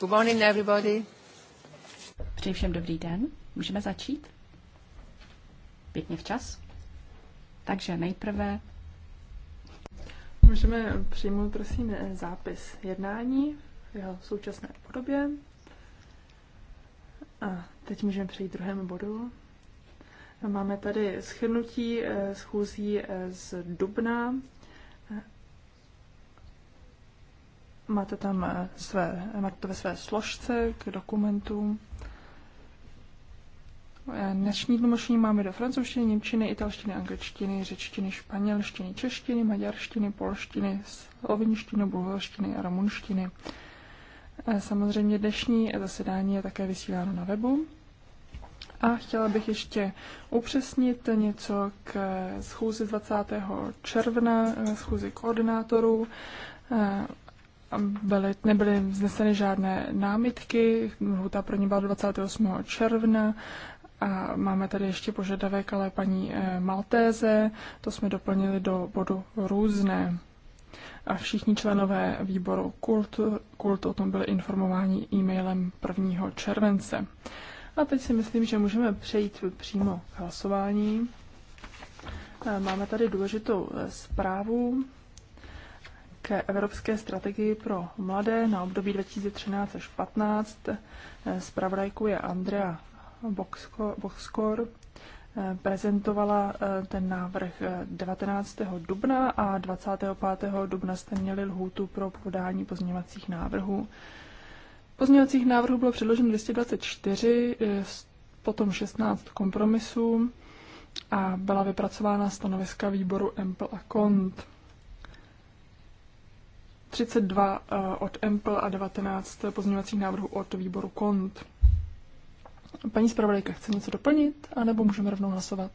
Good morning, everybody. Přeji všem dobrý den. Můžeme začít? Pěkně včas. Takže nejprve... Můžeme přijmout, prosím, zápis jednání v jeho současné podobě. A teď můžeme přejít druhému bodu. Máme tady schrnutí eh, schůzí eh, z Dubna Máte tam eh, své, máte to ve své složce k dokumentům. Eh, dnešní tlumočení máme do francouzštiny, němčiny, italštiny, angličtiny, řečtiny, španělštiny, češtiny, maďarštiny, polštiny, slovinštiny, bulharštiny a rumunštiny. Eh, samozřejmě dnešní zasedání je také vysíláno na webu. A chtěla bych ještě upřesnit něco k schůzi 20. června, schůzi koordinátorů byly, nebyly vzneseny žádné námitky, lhuta pro ní byla 28. června a máme tady ještě požadavek ale paní eh, Maltéze, to jsme doplnili do bodu různé. A všichni členové výboru kult, kult o tom byli informováni e-mailem 1. července. A teď si myslím, že můžeme přejít přímo k hlasování. Eh, máme tady důležitou eh, zprávu ke Evropské strategii pro mladé na období 2013 až 15. Spravodajku je Andrea Boxkor. Prezentovala eh, ten návrh 19. Eh, dubna a 25. dubna jste měli lhůtu pro podání pozměňovacích návrhů. Pozměňovacích návrhů bylo předloženo 224, eh, potom 16 kompromisů a byla vypracována stanoviska výboru Empl a Kont. 32 eh, od EMPL a 19 pozměňovacích návrhů od výboru KONT. Paní zpravodajka chce něco doplnit, anebo můžeme rovnou hlasovat?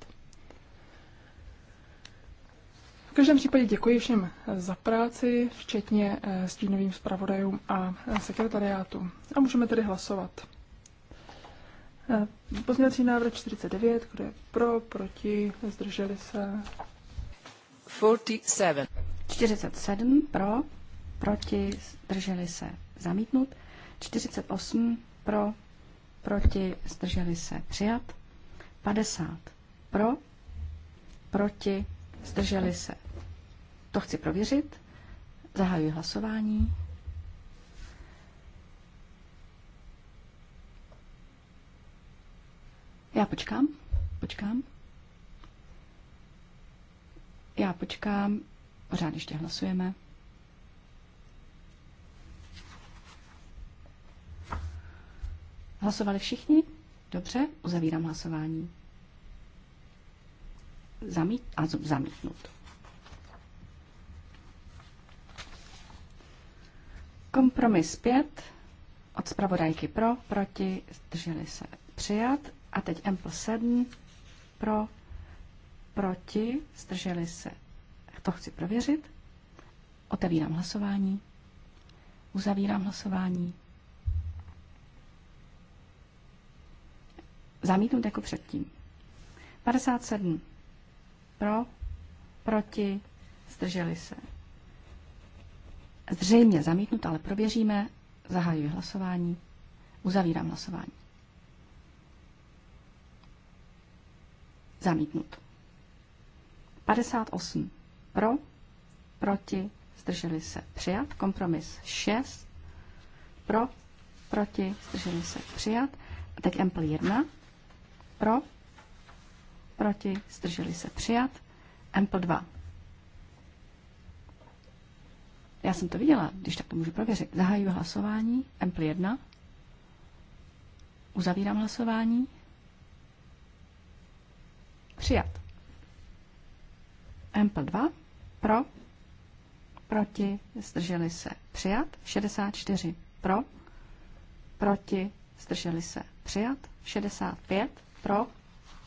V každém případě děkuji všem za práci, včetně eh, stínovým zpravodajům a sekretariátu. A můžeme tedy hlasovat. Eh, pozměňovací návrh 49, kdo je pro, proti, zdrželi se. 47. 47 pro, proti, zdrželi se zamítnut, 48 pro, proti, zdrželi se přijat, 50 pro, proti, zdrželi se. To chci prověřit, zahajuji hlasování. Já počkám, počkám. Já počkám, pořád ještě hlasujeme. Hlasovali všichni? Dobře, uzavírám hlasování. Zamít a zamítnout. Kompromis 5 od zpravodajky pro, proti, zdrželi se přijat. A teď M plus 7 pro, proti, zdrželi se. To chci prověřit. Otevírám hlasování. Uzavírám hlasování. zamítnout jako předtím. 57. Pro, proti, zdrželi se. Zřejmě zamítnut, ale prověříme. Zahajuji hlasování. Uzavírám hlasování. Zamítnut. 58. Pro, proti, zdrželi se. Přijat. Kompromis 6. Pro, proti, zdrželi se. Přijat. A teď ampl 1 pro, proti, zdrželi se přijat, Ample 2. Já jsem to viděla, když tak to můžu prověřit. Zahajuji hlasování, Ample 1, uzavírám hlasování, přijat. Ample 2, pro, proti, zdrželi se přijat, 64 pro, proti, zdrželi se přijat, 65 pro,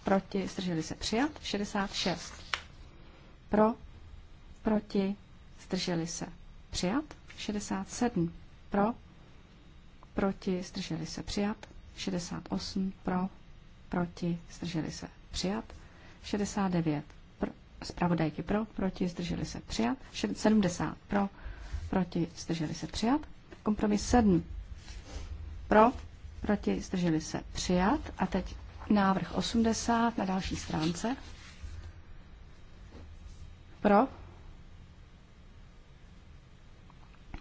proti, zdrželi se přijat, 66 pro, proti, zdrželi se přijat, 67 pro, proti, zdrželi se přijat, 68 pro, proti, zdrželi se přijat, 69 pro, zpravodajky pro, proti, zdrželi se přijat, 70 pro, proti, zdrželi se přijat, kompromis 7 pro, proti, zdrželi se přijat a teď Návrh 80 na další stránce. Pro.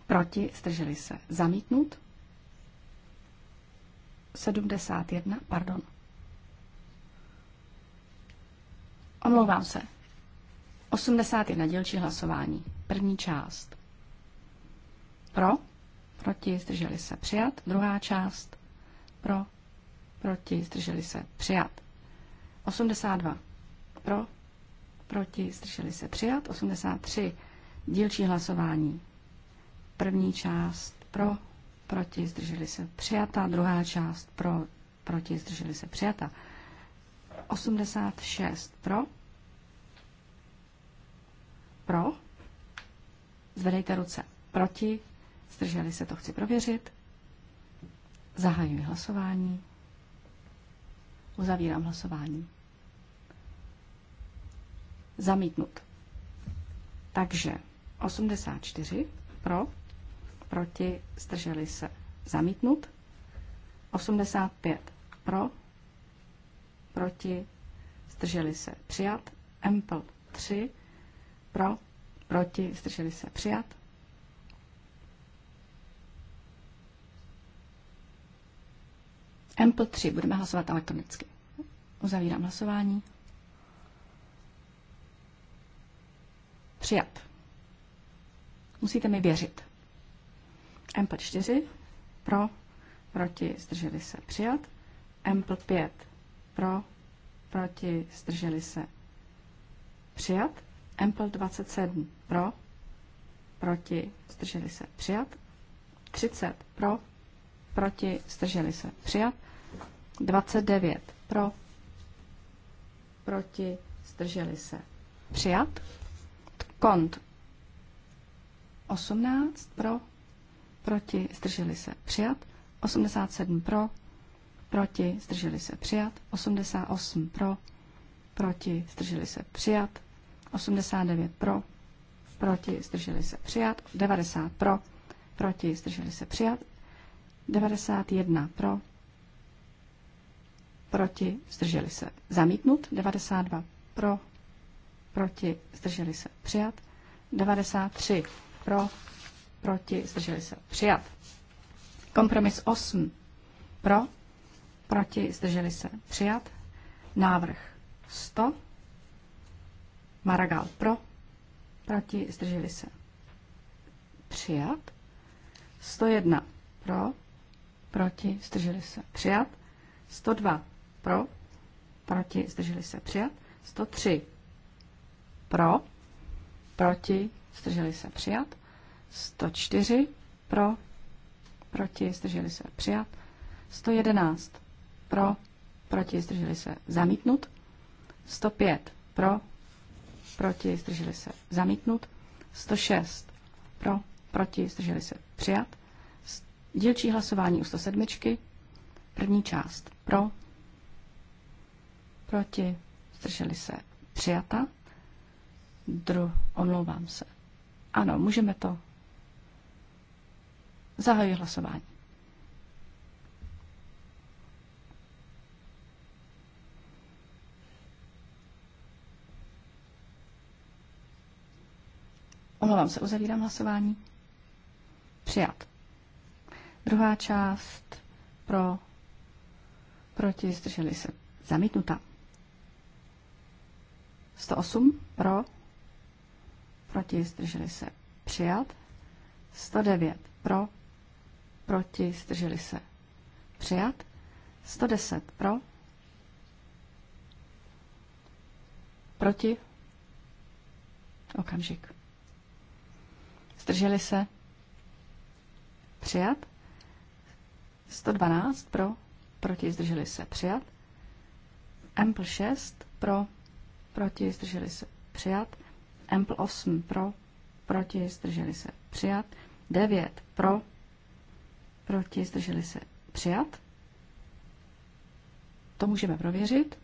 Proti. Zdrželi se. Zamítnut. 71, pardon. Omlouvám se. 81 Dělčí hlasování. První část. Pro. Proti. Zdrželi se. Přijat. Druhá část. Pro proti, zdrželi se, přijat. 82 pro, proti, zdrželi se, přijat. 83 dílčí hlasování. První část pro, proti, zdrželi se, přijata. Druhá část pro, proti, zdrželi se, přijata. 86 pro, pro, zvedejte ruce proti, zdrželi se, to chci prověřit. Zahajuji hlasování. Uzavírám hlasování. Zamítnut. Takže 84 pro, proti, strželi se. Zamítnut. 85 pro, proti, strželi se. Přijat. Empl 3 pro, proti, strželi se. Přijat. mp 3. Budeme hlasovat elektronicky. Uzavírám hlasování. Přijat. Musíte mi věřit. mp 4. Pro. Proti. Zdrželi se. Přijat. mp 5. Pro. Proti. Zdrželi se. Přijat. mp 27. Pro. Proti. Zdrželi se. Přijat. 30. Pro proti, zdrželi se, přijat. 29 pro, proti, zdrželi se, přijat. Kont 18 pro, proti, zdrželi se, přijat. 87 pro, proti, zdrželi se, přijat. 88 pro, proti, zdrželi se, přijat. 89 pro, proti, zdrželi se, přijat. 90 pro, proti, zdrželi se, přijat. 91 pro, proti, zdrželi se. Zamítnut 92 pro, proti, zdrželi se. Přijat 93 pro, proti, zdrželi se. Přijat. Kompromis 8 pro, proti, zdrželi se. Přijat. Návrh 100. Maragal pro, proti, zdrželi se. Přijat. 101 pro, proti, zdrželi se přijat. 102 pro, proti, zdrželi se přijat. 103 pro, proti, zdrželi se přijat. 104 pro, proti, zdrželi se přijat. 111 pro, proti, zdrželi se zamítnut. 105 pro, proti, zdrželi se zamítnut. 106 pro, proti, zdrželi se přijat. Dílčí hlasování u 107. První část pro, proti, zdrželi se, přijata. Dru, omlouvám se. Ano, můžeme to. Zahajuji hlasování. Omlouvám se, uzavírám hlasování. Přijat. Druhá část pro, proti, zdrželi se, zamítnuta. 108 pro, proti, zdrželi se, přijat. 109 pro, proti, zdrželi se, přijat. 110 pro, proti, okamžik. Zdrželi se, přijat. 112 pro, proti zdrželi se přijat. Ample 6 pro, proti zdrželi se přijat. Ample 8 pro, proti zdrželi se přijat. 9 pro, proti zdrželi se přijat. To můžeme prověřit.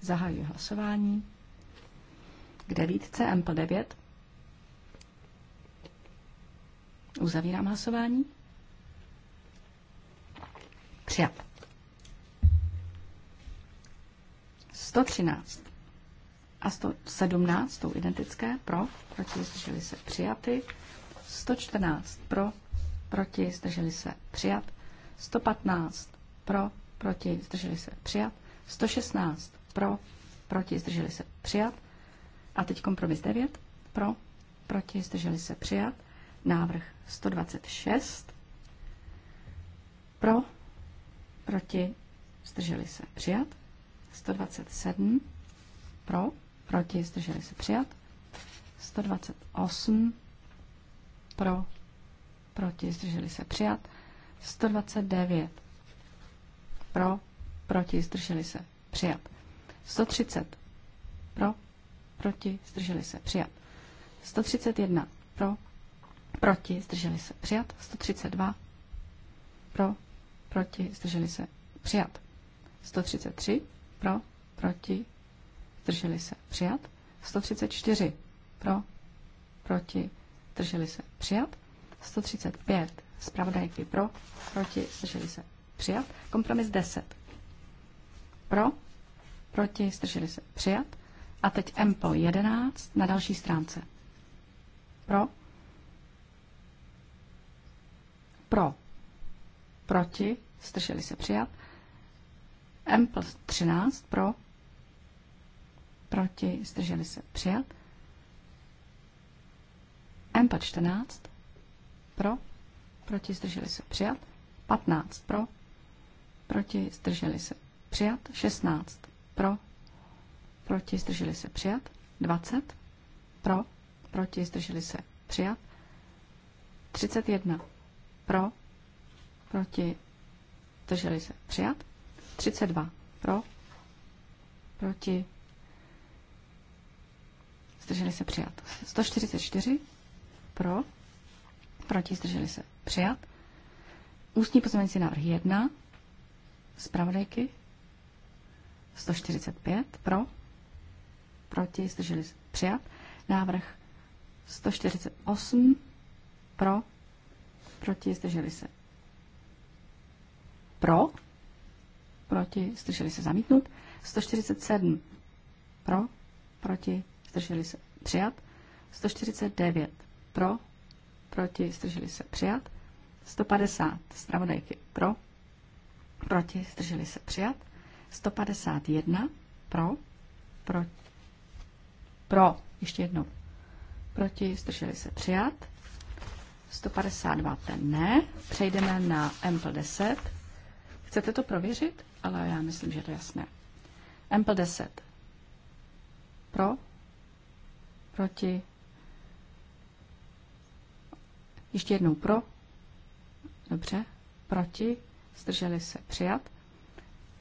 Zahajuji hlasování. K devítce Ample 9. Uzavírám hlasování. Přijat. 113 a 117 jsou identické pro, proti zdrželi se přijaty. 114 pro, proti zdrželi se přijat. 115 pro, proti zdrželi se přijat. 116 pro, proti zdrželi se přijat. A teď kompromis 9 pro, proti zdrželi se přijat. Návrh 126 pro, proti, zdrželi se přijat. 127 pro, proti, zdrželi se přijat. 128 pro, proti, zdrželi se přijat. 129 pro, proti, zdrželi se přijat. 130 pro, proti, zdrželi se přijat. 131 pro, proti, zdrželi se přijat. 132 pro, proti, zdrželi se, přijat. 133 pro, proti, zdrželi se, přijat. 134 pro, proti, zdrželi se, přijat. 135 zpravodajky pro, proti, zdrželi se, přijat. Kompromis 10 pro, proti, zdrželi se, přijat. A teď MPO 11 na další stránce. Pro, pro, proti, zdrželi se přijat. M plus 13 pro, proti, zdrželi se přijat. M plus 14 pro, proti, zdrželi se přijat. 15 pro, proti, zdrželi se přijat. 16 pro, proti, zdrželi se přijat. 20 pro, proti, zdrželi se přijat. 31 pro, proti, drželi se, přijat. 32 pro, proti, zdrželi se, přijat. 144 pro, proti, zdrželi se, přijat. Ústní pozměňující návrh 1, zpravodajky, 145 pro, proti, zdrželi se, přijat. Návrh 148 pro, proti, zdrželi se, pro, proti, zdrželi se zamítnut, 147 pro, proti, zdrželi se přijat, 149 pro, proti, zdrželi se přijat, 150 zpravodajky pro, proti, zdrželi se přijat, 151 pro, pro, pro, ještě jednou, proti, zdrželi se přijat, 152 ten ne, přejdeme na MPL 10 Chcete to prověřit? Ale já myslím, že to je jasné. Ample 10. Pro? Proti? Ještě jednou pro? Dobře. Proti? Zdrželi se přijat.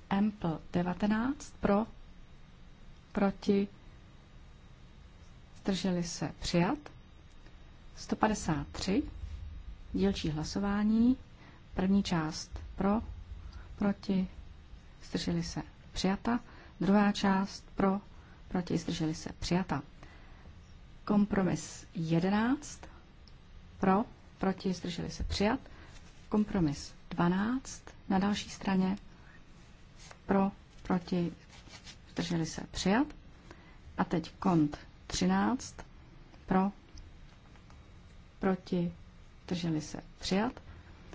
Ample 19. Pro? Proti? Zdrželi se přijat. 153. Dílčí hlasování. První část pro, proti, zdrželi se, přijata. Druhá část pro, proti, zdrželi se, přijata. Kompromis 11, pro, proti, zdrželi se, přijat. Kompromis 12, na další straně, pro, proti, zdrželi se, přijat. A teď kont 13, pro, proti, zdrželi se, přijat.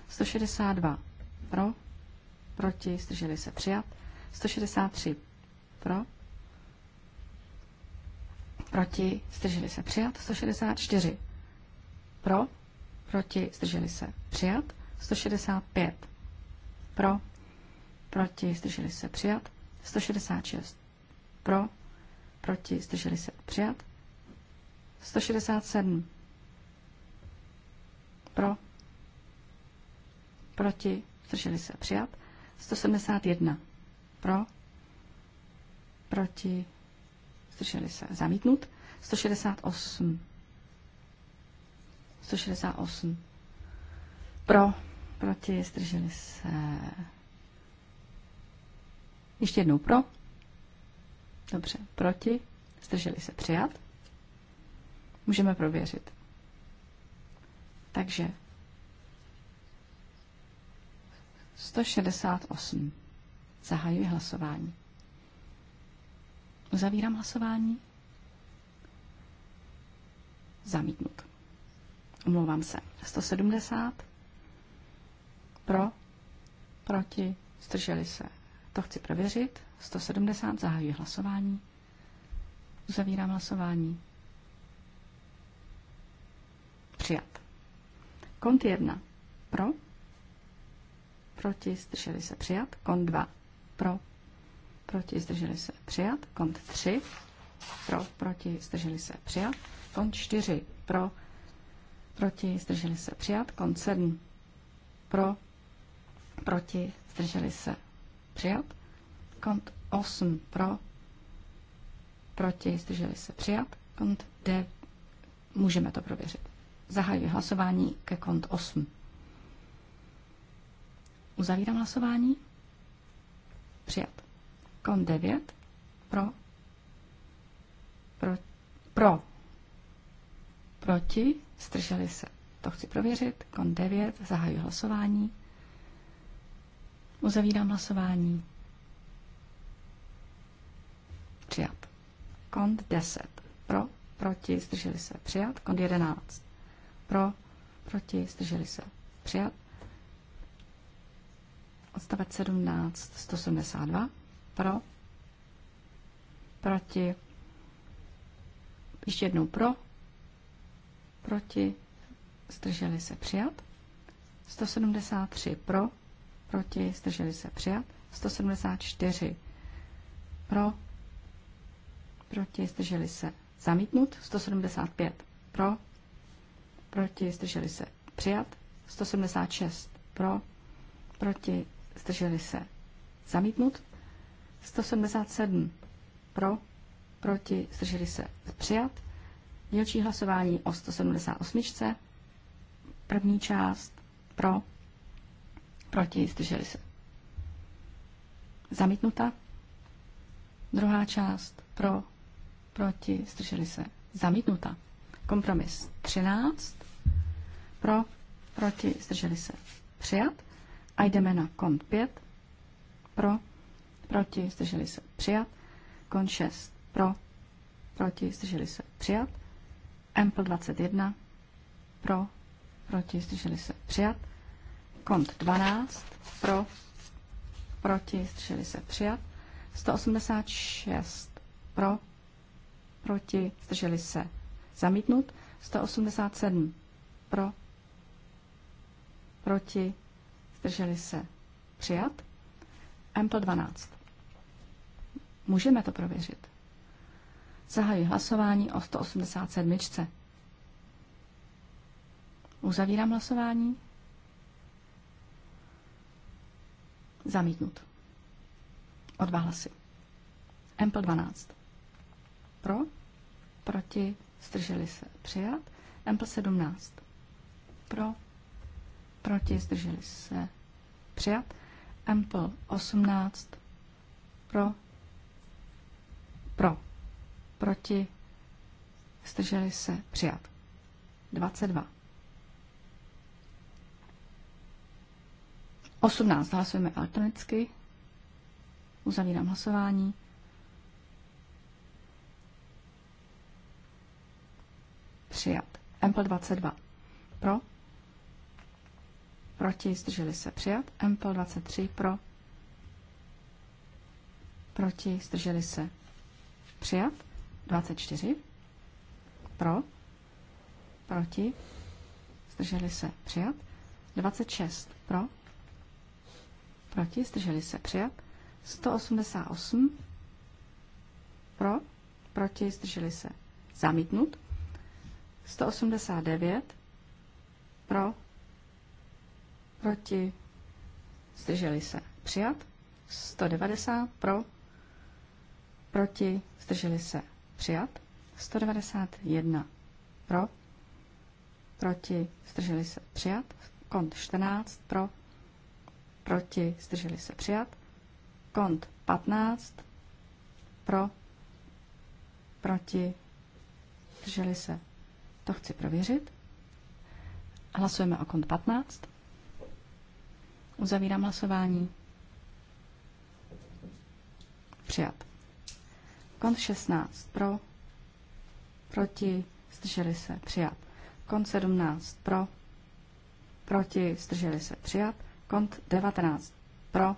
162 pro, proti, zdrželi se přijat. 163 pro, proti, zdrželi se přijat. 164 pro, proti, zdrželi se přijat. 165 pro, proti, zdrželi se přijat. 166 pro, proti, zdrželi se přijat. 167 pro, proti, zdrželi se přijat. 171 pro, proti, zdrželi se, zamítnut. 168 168 pro, proti, zdrželi se. Ještě jednou pro. Dobře, proti, zdrželi se přijat. Můžeme prověřit. Takže 168. Zahajuji hlasování. Uzavírám hlasování. Zamítnut. Omlouvám se. 170. Pro. Proti. Zdrželi se. To chci prověřit. 170. Zahajuji hlasování. Uzavírám hlasování. Přijat. Kont 1. Pro proti, zdrželi se přijat, kon 2 pro, proti, zdrželi se přijat, kon 3 pro, proti, zdrželi se přijat, kon 4 pro, proti, zdrželi se přijat, kon 7 pro, proti, zdrželi se přijat, kont 8 pro, proti, zdrželi se přijat, kont D, můžeme to prověřit. Zahajuji hlasování ke kont 8. Uzavírám hlasování. Přijat. Kon 9. Pro. Pro. Pro. Proti. Strželi se. To chci prověřit. Kon 9. Zahajuji hlasování. Uzavírám hlasování. Přijat. Kont 10. Pro, proti, zdrželi se. Přijat. Kont 11. Pro, proti, zdrželi se. Přijat. Odstavec 17, 172. Pro. Proti. Ještě jednou pro. Proti. Zdrželi se přijat. 173 pro. Proti. Zdrželi se přijat. 174 pro. Proti. Zdrželi se zamítnut. 175 pro. Proti. Zdrželi se přijat. 176 pro. Proti zdrželi se. Zamítnut. 177 pro, proti, zdrželi se. Přijat. Dílčí hlasování o 178. První část pro, proti, zdrželi se. Zamítnuta. Druhá část pro, proti, zdrželi se. Zamítnuta. Kompromis 13. Pro, proti, zdrželi se. Přijat. A jdeme na kont 5. Pro, proti, zdrželi se přijat. Kont 6. Pro, proti, zdrželi se přijat. Ample 21. Pro, proti, zdrželi se přijat. Kont 12. Pro, proti, zdrželi se přijat. 186 pro, proti, zdrželi se zamítnut. 187 pro, proti, Zdrželi se? Přijat? mpl 12. Můžeme to prověřit. Zahajuji hlasování o 187. Uzavírám hlasování. Zamítnut. O dva hlasy. Ample 12. Pro, proti, zdrželi se, přijat. mpl 17. Pro, proti, zdrželi se přijat. Ample 18 pro, pro, proti, zdrželi se přijat. 22. 18 hlasujeme elektronicky. Uzavírám hlasování. Přijat. Ample 22 pro, proti, zdrželi se přijat. Empl 23 pro, proti, zdrželi se přijat. 24 pro, proti, zdrželi se přijat. 26 pro, proti, zdrželi se přijat. 188 pro, proti, zdrželi se zamítnut. 189 pro, proti, zdrželi se přijat, 190 pro, proti, zdrželi se přijat, 191 pro, proti, zdrželi se přijat, kont 14 pro, proti, zdrželi se přijat, kont 15 pro, proti, zdrželi se. To chci prověřit. Hlasujeme o kont 15. Uzavírám hlasování. Přijat. Kont 16 pro, proti, zdrželi se, přijat. Kont 17 pro, proti, zdrželi se, přijat. Kont 19 pro,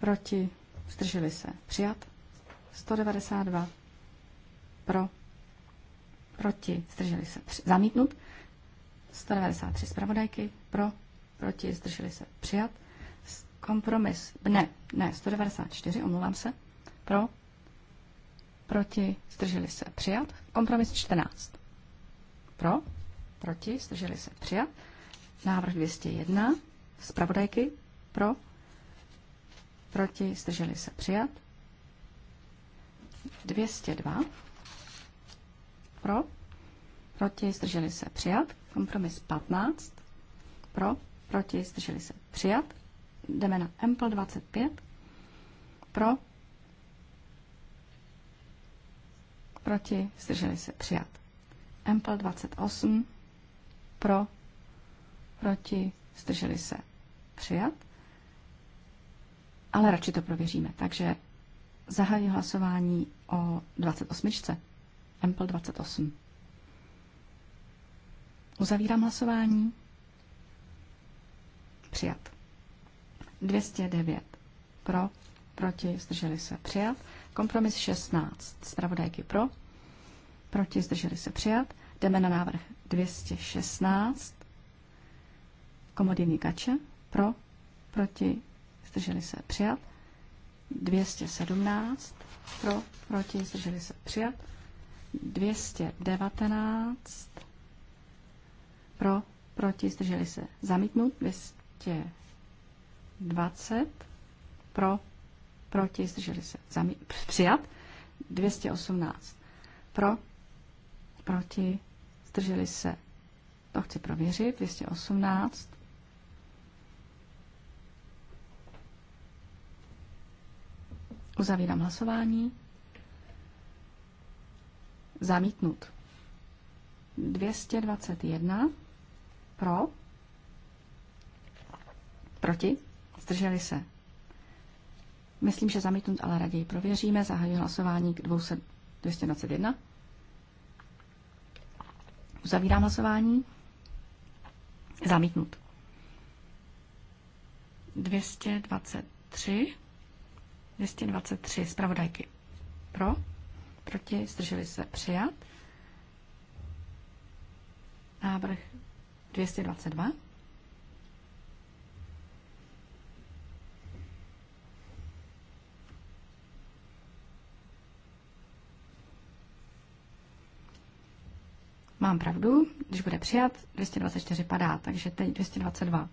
proti, zdrželi se, přijat. 192 pro, proti, zdrželi se, při, zamítnut. 193 zpravodajky pro, proti, zdrželi se, přijat. Kompromis, ne, ne, 194, omlouvám se, pro, proti, zdrželi se, přijat. Kompromis 14, pro, proti, zdrželi se, přijat. Návrh 201, zpravodajky, pro, proti, zdrželi se, přijat. 202, pro, proti, zdrželi se, přijat. Kompromis 15, pro, proti, zdrželi se přijat. Jdeme na Ample 25, pro, proti, zdrželi se přijat. Ample 28, pro, proti, zdrželi se přijat. Ale radši to prověříme. Takže zahájí hlasování o 28. Ample 28. Uzavírám hlasování. Přijat. 209 pro, proti, zdrželi se. Přijat. Kompromis 16. Zpravodajky pro, proti, zdrželi se. Přijat. Jdeme na návrh 216. Komodiny kače, pro, proti, zdrželi se. Přijat. 217 pro, proti, zdrželi se. Přijat. 219 pro, proti, zdrželi se zamítnout, 200, 220 pro, proti, zdrželi se, zamí, přijat. 218 pro, proti, zdrželi se, to chci prověřit, 218. Uzavírám hlasování. Zamítnut. 221 pro, Proti? Zdrželi se. Myslím, že zamítnut, ale raději prověříme. Zahajuji hlasování k 221. Uzavírám hlasování. Zamítnut. 223. 223 zpravodajky. Pro, proti, zdrželi se přijat. Návrh 222. Mám pravdu, když bude přijat, 224 padá, takže teď 222.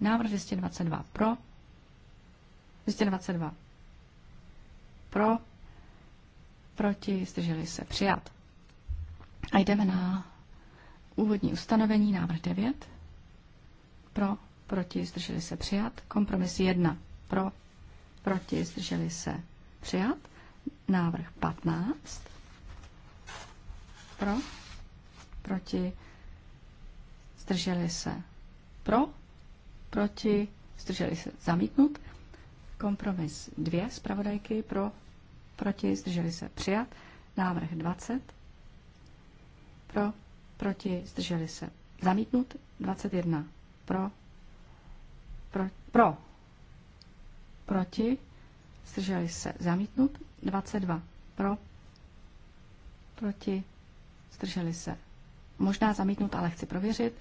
Návrh 222 pro. 222 pro. Proti, zdrželi se, přijat. A jdeme na úvodní ustanovení, návrh 9. Pro, proti, zdrželi se, přijat. Kompromis 1 pro, proti, zdrželi se, přijat. Návrh 15 pro? Proti? Zdrželi se? Pro? Proti? Zdrželi se? Zamítnut? Kompromis 2 zpravodajky pro, proti, zdrželi se přijat. Návrh 20 pro, proti, zdrželi se zamítnut. 21 pro, pro, pro proti, zdrželi se zamítnut. 22 pro, proti, Zdrželi se. Možná zamítnout, ale chci prověřit.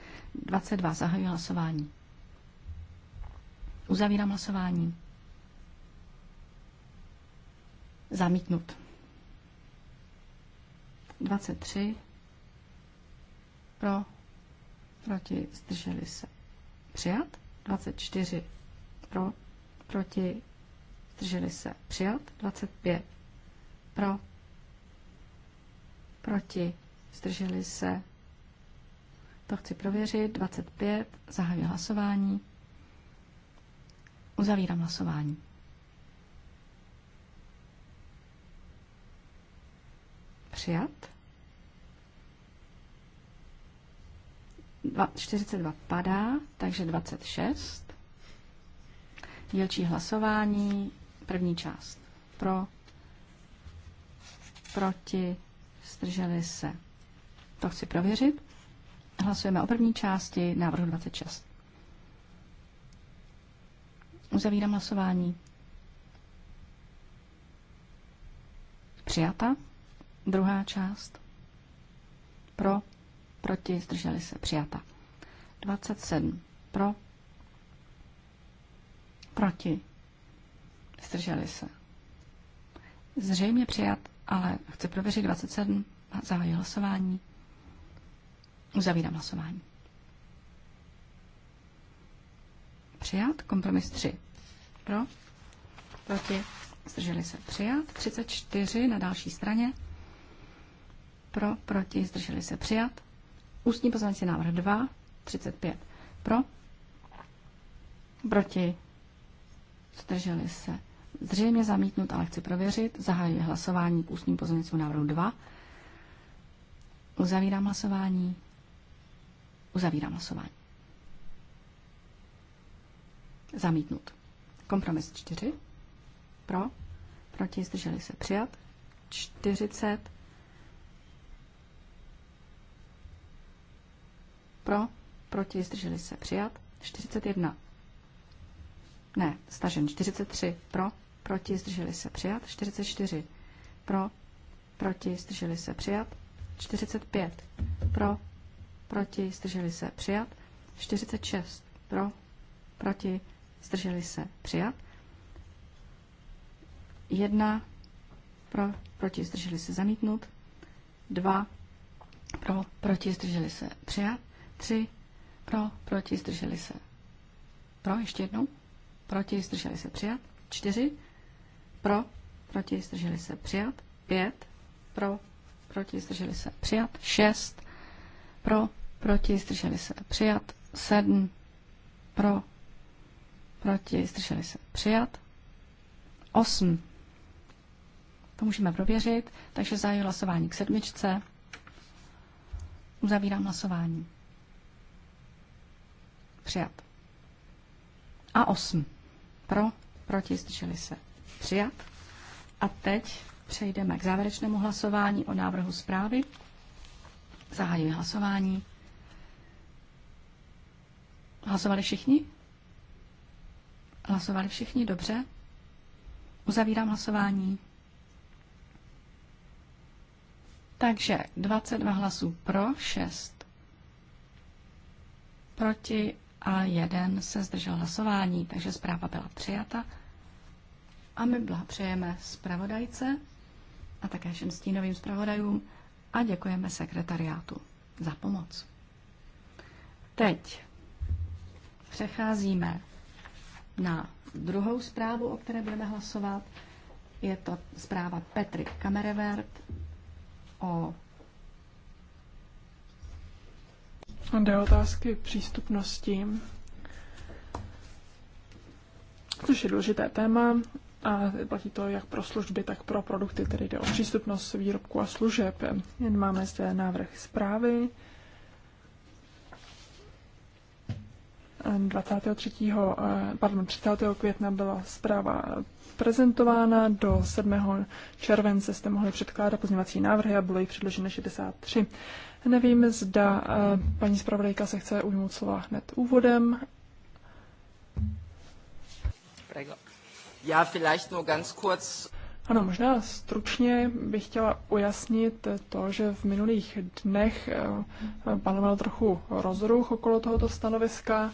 22. Zahajuji hlasování. Uzavírám hlasování. Zamítnut. 23. Pro. Proti. Zdrželi se. Přijat. 24. Pro. Proti. Zdrželi se. Přijat. 25. Pro. Proti zdrželi se. To chci prověřit. 25, zahajuji hlasování. Uzavírám hlasování. Přijat. 42 padá, takže 26. Dílčí hlasování, první část. Pro, proti, zdrželi se to chci prověřit. Hlasujeme o první části návrhu 26. Uzavírám hlasování. Přijata. Druhá část. Pro, proti, zdrželi se. Přijata. 27. Pro, proti, zdrželi se. Zřejmě přijat, ale chci prověřit 27 a hlasování. Uzavírám hlasování. Přijat. Kompromis 3. Pro. Proti. Zdrželi se. Přijat. 34 na další straně. Pro. Proti. Zdrželi se. Přijat. Ústní pozvanci návrh 2. 35. Pro. Proti. Zdrželi se. Zřejmě zamítnut, ale chci prověřit. Zahajuji hlasování k ústním pozměňovacímu návrhu 2. Uzavírám hlasování. Uzavírám hlasování. Zamítnut. Kompromis 4. Pro. Proti zdrželi se přijat. 40. Pro. Proti zdrželi se přijat. 41. Ne, stažen 43. Pro. Proti zdrželi se přijat. 44. Pro. Proti zdrželi se přijat. 45. Pro proti, zdrželi se, přijat. 46 pro, proti, zdrželi se, přijat. 1 pro, proti, zdrželi se, zamítnut. 2 pro, proti, zdrželi se, přijat. 3 pro, proti, zdrželi se, pro, ještě jednou, proti, zdrželi se, přijat. 4 pro, proti, zdrželi se, přijat. 5 pro, proti, zdrželi se, přijat. 6 pro, proti, zdrželi se přijat. sedm. pro, proti, zdrželi se přijat. osm. To můžeme prověřit, takže zájí hlasování k sedmičce. Uzavírám hlasování. Přijat. A osm. Pro, proti, zdrželi se. Přijat. A teď přejdeme k závěrečnému hlasování o návrhu zprávy. Zahájím hlasování. Hlasovali všichni? Hlasovali všichni, dobře. Uzavírám hlasování. Takže 22 hlasů pro, 6 proti a jeden se zdržel hlasování, takže zpráva byla přijata. A my blahopřejeme zpravodajce a také všem stínovým zpravodajům a děkujeme sekretariátu za pomoc. Teď přecházíme na druhou zprávu, o které budeme hlasovat. Je to zpráva Petry Kamerevert o Jde otázky přístupnosti, což je důležité téma. A platí to jak pro služby, tak pro produkty, tedy jde o přístupnost výrobku a služeb. Jen máme zde návrh zprávy. 23. Eh, pardon, 30. května byla zpráva prezentována. Do 7. července jste mohli předkládat pozměňovací návrhy a bylo jich předloženo 63. Nevím, zda eh, paní zpravodajka se chce ujmout slova hned úvodem. Prego. Já vielleicht nur ganz kurz. Ano, možná stručně bych chtěla ujasnit to, že v minulých dnech eh, panoval trochu rozruch okolo tohoto stanoviska,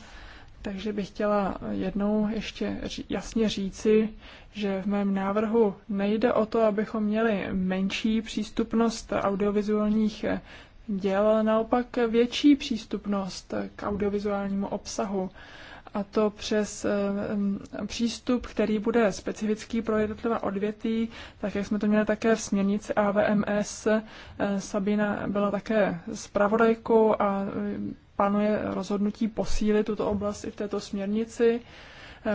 takže bych chtěla jednou ještě jasně říci, že v mém návrhu nejde o to, abychom měli menší přístupnost audiovizuálních eh, děl, ale naopak větší přístupnost k audiovizuálnímu obsahu a to přes přístup, který bude specifický pro jednotlivá odvětví, tak jak jsme to měli také v směrnici AVMS. Eh, Sabina byla také zpravodajkou a panuje rozhodnutí posílit tuto oblast i v této směrnici.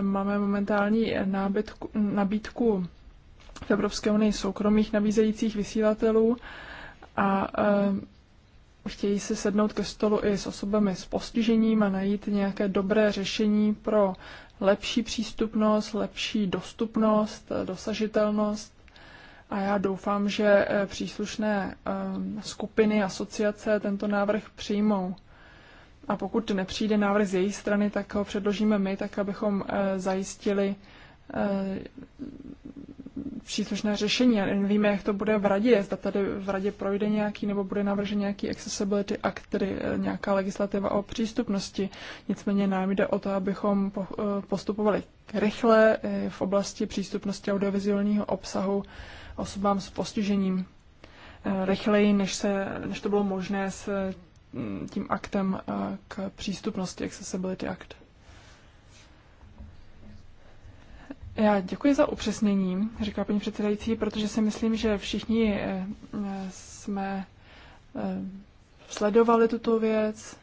Máme momentální nábytku, nabídku v Evropské unii soukromých nabízejících vysílatelů a chtějí si sednout ke stolu i s osobami s postižením a najít nějaké dobré řešení pro lepší přístupnost, lepší dostupnost, eh, dosažitelnost. A já doufám, že eh, příslušné eh, skupiny, asociace tento návrh přijmou. A pokud nepřijde návrh z její strany, tak ho předložíme my, tak abychom zajistili příslušné řešení. A nevíme, jak to bude v radě, zda tady v radě projde nějaký nebo bude navržen nějaký accessibility act, tedy eh, nějaká legislativa o přístupnosti. Nicméně nám jde o to, abychom eh, postupovali rychle eh, v oblasti přístupnosti audiovizuálního obsahu osobám s postižením rychleji, než, se, než to bylo možné s mm, tím aktem k přístupnosti Accessibility Act. Já děkuji za upřesnění, říká paní předsedající, protože si myslím, že všichni eh, eh, jsme eh, sledovali tuto věc.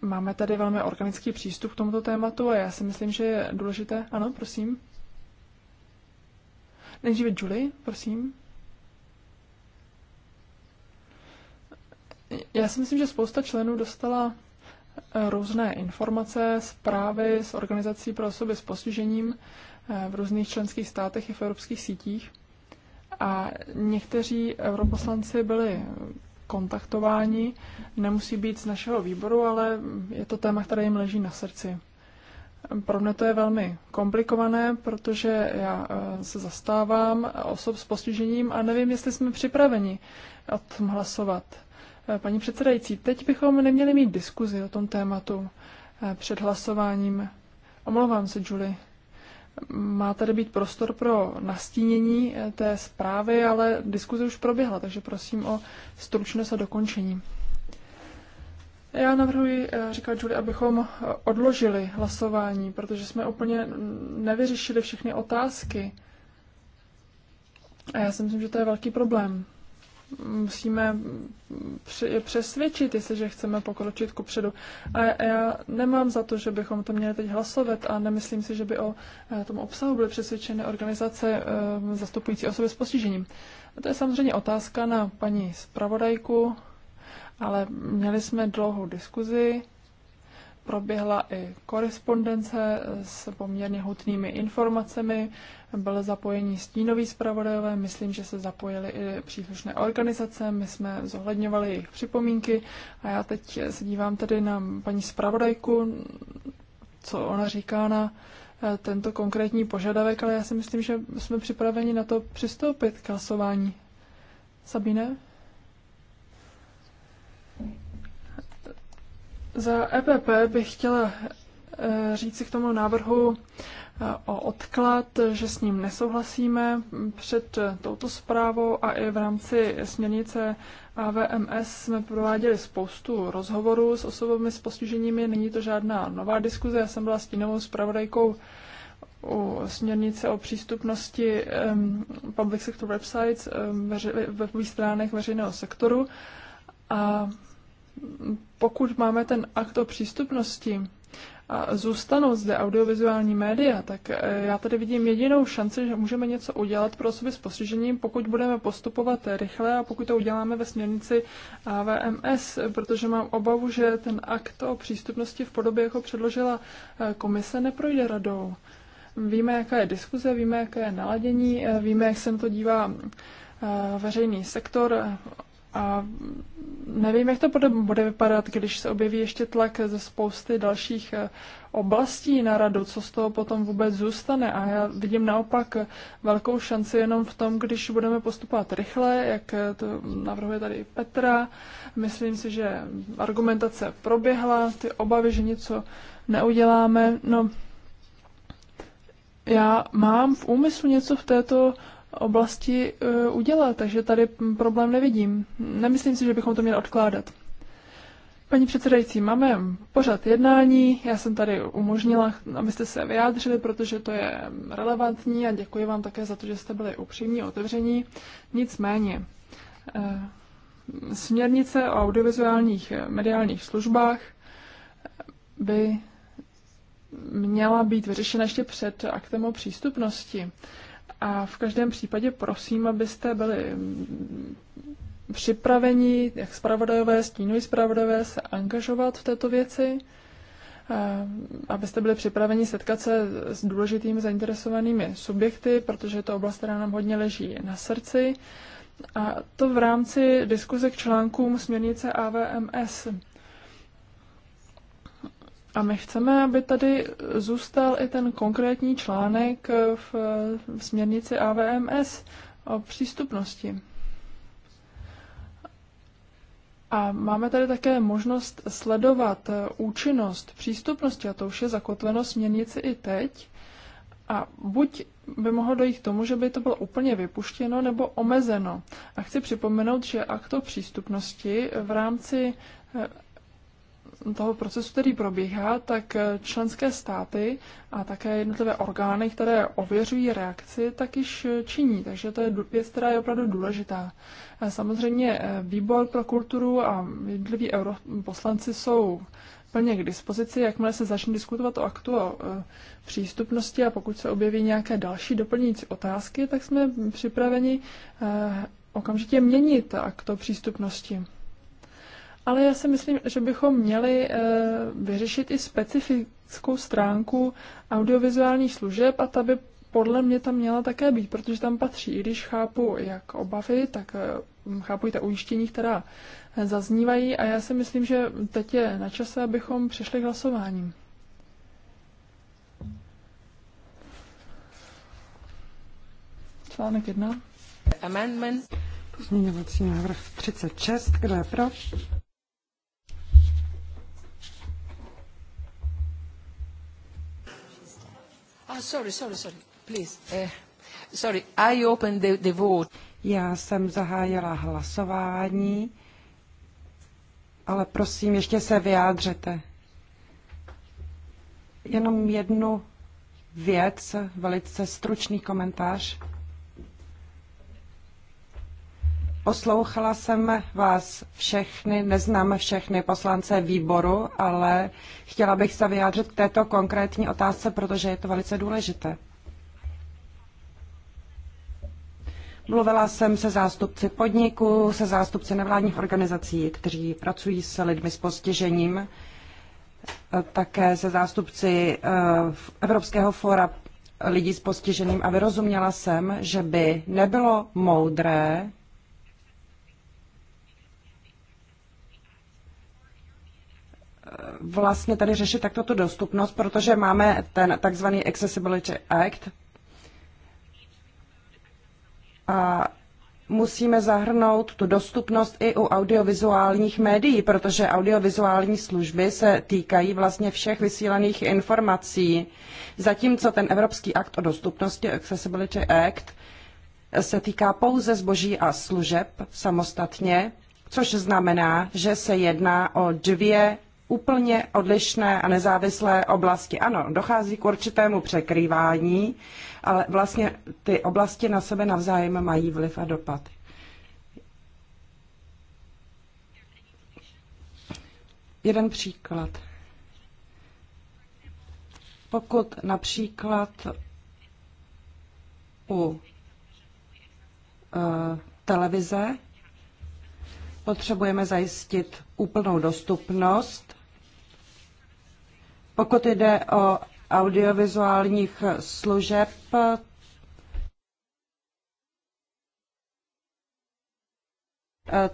Máme tady velmi organický přístup k tomuto tématu a já si myslím, že je důležité. Ano, prosím. Nejdříve Julie, prosím. Já si myslím, že spousta členů dostala různé informace, zprávy z organizací pro osoby s postižením eh, v různých členských státech i v evropských sítích. A někteří europoslanci byli kontaktováni, nemusí být z našeho výboru, ale je to téma, které jim leží na srdci. Pro mě to je velmi komplikované, protože já eh, se zastávám osob s postižením a nevím, jestli jsme připraveni o tom hlasovat. Paní předsedající, teď bychom neměli mít diskuzi o tom tématu eh, před hlasováním. Omlouvám se, Julie. Má tady být prostor pro nastínění eh, té zprávy, ale diskuze už proběhla, takže prosím o stručnost a dokončení. Já navrhuji, eh, říká Julie, abychom odložili hlasování, protože jsme úplně nevyřešili všechny otázky. A já si myslím, že to je velký problém musíme je přesvědčit, jestliže chceme pokročit ku předu. A já nemám za to, že bychom to měli teď hlasovat a nemyslím si, že by o eh, tom obsahu byly přesvědčeny organizace eh, zastupující osoby s postižením. A to je samozřejmě otázka na paní zpravodajku, ale měli jsme dlouhou diskuzi proběhla i korespondence s poměrně hutnými informacemi, byly zapojení stínoví zpravodajové, myslím, že se zapojily i příslušné organizace, my jsme zohledňovali jejich připomínky a já teď se dívám tedy na paní zpravodajku, co ona říká na eh, tento konkrétní požadavek, ale já si myslím, že jsme připraveni na to přistoupit k hlasování. Sabine? Za EPP bych chtěla eh, říci k tomu návrhu eh, o odklad, že s ním nesouhlasíme před eh, touto zprávou a i v rámci směrnice AVMS jsme prováděli spoustu rozhovorů s osobami s postiženími. Není to žádná nová diskuze. Já jsem byla s tím zpravodajkou u směrnice o přístupnosti um, public sector websites um, veři, webových stránek veřejného sektoru. A pokud máme ten akt o přístupnosti a zůstanou zde audiovizuální média, tak eh, já tady vidím jedinou šanci, že můžeme něco udělat pro osoby s postižením, pokud budeme postupovat rychle a pokud to uděláme ve směrnici AVMS, protože mám obavu, že ten akt o přístupnosti v podobě, jako předložila eh, komise, neprojde radou. Víme, jaká je diskuze, víme, jaké je naladění, eh, víme, jak se to dívá veřejný sektor, a nevím, jak to bude vypadat, když se objeví ještě tlak ze spousty dalších eh, oblastí na radu, co z toho potom vůbec zůstane. A já vidím naopak velkou šanci jenom v tom, když budeme postupovat rychle, jak eh, to navrhuje tady Petra. Myslím si, že argumentace proběhla, ty obavy, že něco neuděláme. No, já mám v úmyslu něco v této oblasti eh, udělat, takže tady problém nevidím. Nemyslím si, že bychom to měli odkládat. Paní předsedající, máme pořád jednání. Já jsem tady umožnila, abyste se vyjádřili, protože to je relevantní a děkuji vám také za to, že jste byli upřímní, otevření. Nicméně, eh, směrnice o audiovizuálních eh, mediálních službách by měla být vyřešena ještě před aktem o přístupnosti. A v každém případě prosím, abyste byli připraveni, jak zpravodajové, stínují zpravodajové, se angažovat v této věci, abyste byli připraveni setkat se s důležitými zainteresovanými subjekty, protože je to oblast, která nám hodně leží na srdci. A to v rámci diskuze k článkům směrnice AVMS. A my chceme, aby tady zůstal i ten konkrétní článek v, v směrnici AVMS o přístupnosti. A máme tady také možnost sledovat účinnost přístupnosti, a to už je zakotveno směrnici i teď. A buď by mohlo dojít k tomu, že by to bylo úplně vypuštěno nebo omezeno. A chci připomenout, že akt o přístupnosti v rámci toho procesu, který probíhá, tak členské státy a také jednotlivé orgány, které ověřují reakci, tak již činí. Takže to je věc, která je opravdu důležitá. Samozřejmě eh, výbor pro kulturu a jednotliví poslanci jsou plně k dispozici, jakmile se začne diskutovat o aktu o eh, přístupnosti a pokud se objeví nějaké další doplňující otázky, tak jsme připraveni eh, okamžitě měnit akt o přístupnosti ale já si myslím, že bychom měli eh, vyřešit i specifickou stránku audiovizuálních služeb a ta by podle mě tam měla také být, protože tam patří, i když chápu jak obavy, tak eh, hm, chápu i ta ujištění, která eh, zaznívají a já si myslím, že teď je na čase, abychom přišli k hlasování. Článek jedna. Amendment. Pozměňovací návrh 36, kdo je pro? sorry, sorry, sorry. Please. Eh, sorry, I opened the, the vote. Já jsem zahájila hlasování, ale prosím, ještě se vyjádřete. Jenom jednu věc, velice stručný komentář. Poslouchala jsem vás všechny, neznám všechny poslance výboru, ale chtěla bych se vyjádřit k této konkrétní otázce, protože je to velice důležité. Mluvila jsem se zástupci podniků, se zástupci nevládních organizací, kteří pracují s lidmi s postižením, také se zástupci eh, Evropského fóra lidí s postižením a vyrozuměla jsem, že by nebylo moudré vlastně tady řešit takto tu dostupnost, protože máme ten takzvaný Accessibility Act a musíme zahrnout tu dostupnost i u audiovizuálních médií, protože audiovizuální služby se týkají vlastně všech vysílaných informací. Zatímco ten Evropský akt o dostupnosti, Accessibility Act, se týká pouze zboží a služeb samostatně, což znamená, že se jedná o dvě úplně odlišné a nezávislé oblasti. Ano, dochází k určitému překrývání, ale vlastně ty oblasti na sebe navzájem mají vliv a dopad. Jeden příklad. Pokud například u eh, televize potřebujeme zajistit úplnou dostupnost pokud jde o audiovizuálních služeb,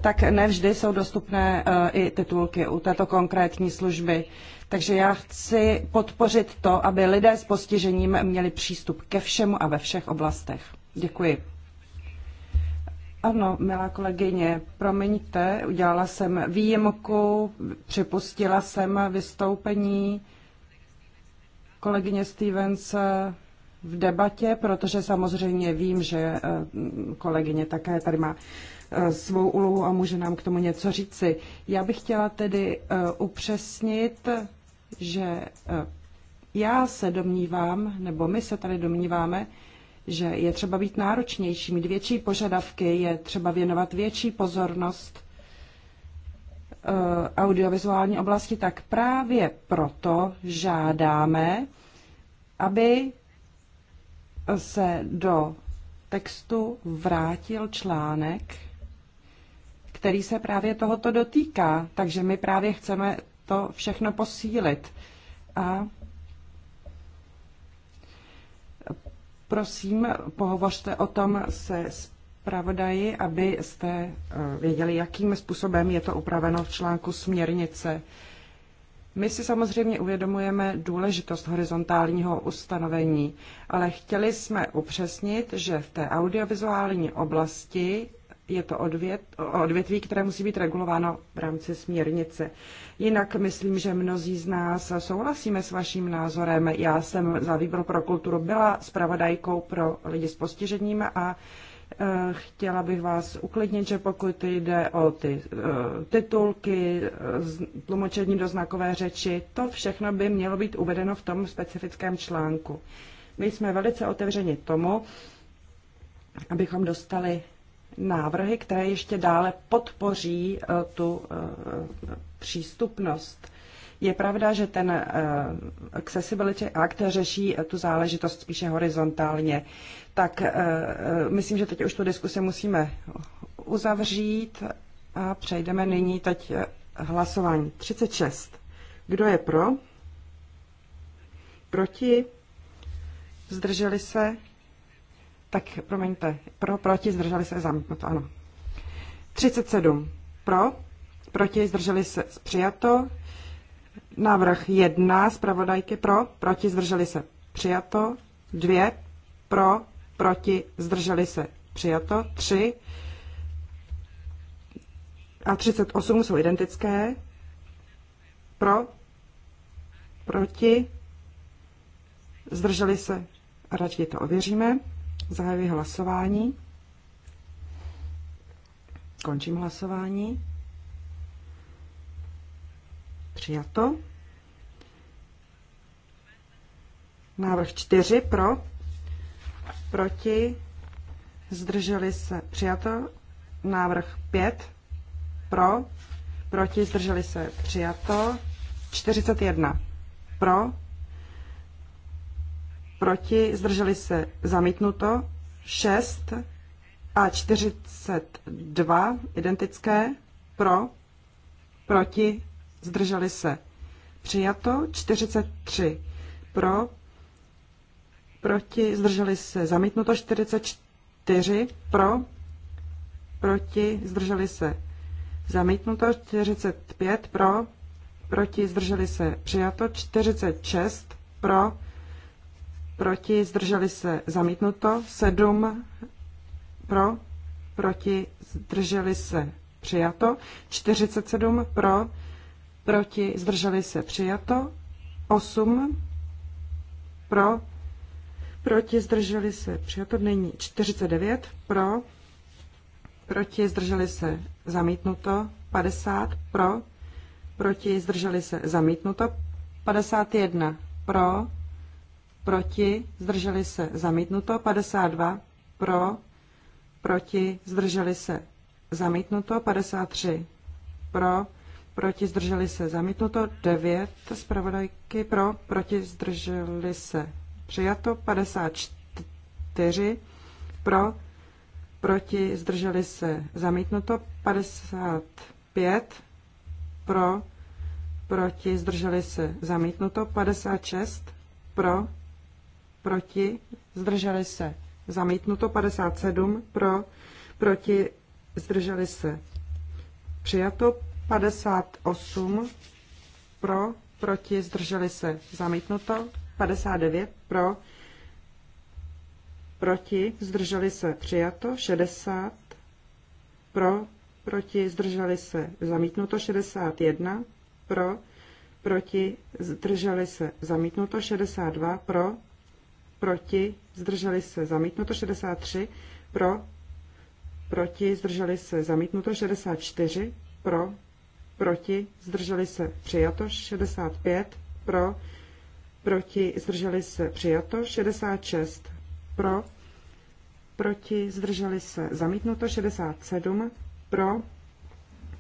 tak nevždy jsou dostupné e, i titulky u této konkrétní služby. Takže já chci podpořit to, aby lidé s postižením měli přístup ke všemu a ve všech oblastech. Děkuji. Ano, milá kolegyně, promiňte, udělala jsem výjimku, připustila jsem vystoupení kolegyně Stevens v debatě, protože samozřejmě vím, že eh, kolegyně také tady má eh, svou úlohu a může nám k tomu něco říci. Já bych chtěla tedy eh, upřesnit, že já se domnívám, nebo my se tady domníváme, že je třeba být náročnější, mít větší požadavky, je třeba věnovat větší pozornost Eh, audiovizuální oblasti, tak právě proto žádáme, aby se do textu vrátil článek, který se právě tohoto dotýká. Takže my právě chceme to všechno posílit. A prosím, pohovořte o tom se zpravodaji, abyste eh, věděli, jakým způsobem je to upraveno v článku směrnice. My si samozřejmě uvědomujeme důležitost horizontálního ustanovení, ale chtěli jsme upřesnit, že v té audiovizuální oblasti je to odvět, odvětví, které musí být regulováno v rámci směrnice. Jinak myslím, že mnozí z nás souhlasíme s vaším názorem. Já jsem za výbor pro kulturu byla zpravodajkou pro lidi s postižením a Eh, chtěla bych vás uklidnit, že pokud jde o ty eh, titulky, eh, tlumočení do znakové řeči, to všechno by mělo být uvedeno v tom specifickém článku. My jsme velice otevřeni tomu, abychom dostali návrhy, které ještě dále podpoří tu přístupnost. Je pravda, že ten Accessibility Act řeší tu záležitost spíše horizontálně. Tak eh, eh, myslím, že teď už tu diskusi musíme uzavřít a přejdeme nyní teď eh, hlasování. 36. Kdo je pro? Proti? Zdrželi se? Tak promiňte, pro, proti, zdrželi se, zamítnuto, ano. 37. Pro, proti, zdrželi se, přijato. Návrh 1, zpravodajky pro, proti, zdrželi se, přijato. 2, pro, proti, zdrželi se, přijato. 3 a 38 jsou identické. Pro, proti, zdrželi se, radši to ověříme. Zahajuji hlasování. Končím hlasování. Přijato. Návrh 4 pro, proti, zdrželi se přijato. Návrh 5 pro, proti, zdrželi se přijato. 41 pro, proti, zdrželi se zamítnuto. 6 a 42 identické pro, proti, zdrželi se přijato. 43 pro, proti, zdrželi se zamítnuto 44 pro, proti, zdrželi se zamítnuto 45 pro, proti, zdrželi se přijato 46 pro, proti, zdrželi se zamítnuto 7 pro, proti, zdrželi se přijato 47 pro, proti, zdrželi se přijato 8 pro, proti, zdrželi se, to není 49 pro, proti, zdrželi se, zamítnuto. 50 pro, proti, zdrželi se, zamítnuto. 51 pro, proti, zdrželi se, zamítnuto. 52 pro, proti, zdrželi se, zamítnuto. 53 pro, proti, zdrželi se, zamítnuto. 9 zpravodajky pro, proti, zdrželi se, přijato, 54 pro, proti, zdrželi se, zamítnuto, 55 pro, proti, zdrželi se, zamítnuto, 56 pro, proti, zdrželi se, zamítnuto, 57 pro, proti, zdrželi se, přijato, 58 pro, proti, zdrželi se, zamítnuto, 59 pro, proti, zdrželi se, přijato, 60 pro, proti, zdrželi se, zamítnuto, 61 pro, proti, zdrželi se, zamítnuto, 62 pro, proti, zdrželi se, zamítnuto, 63 pro, proti, zdrželi se, zamítnuto, 64 pro, proti, zdrželi se, přijato, 65 pro, proti, zdrželi se, přijato, 66 pro, proti, zdrželi se, zamítnuto, 67 pro,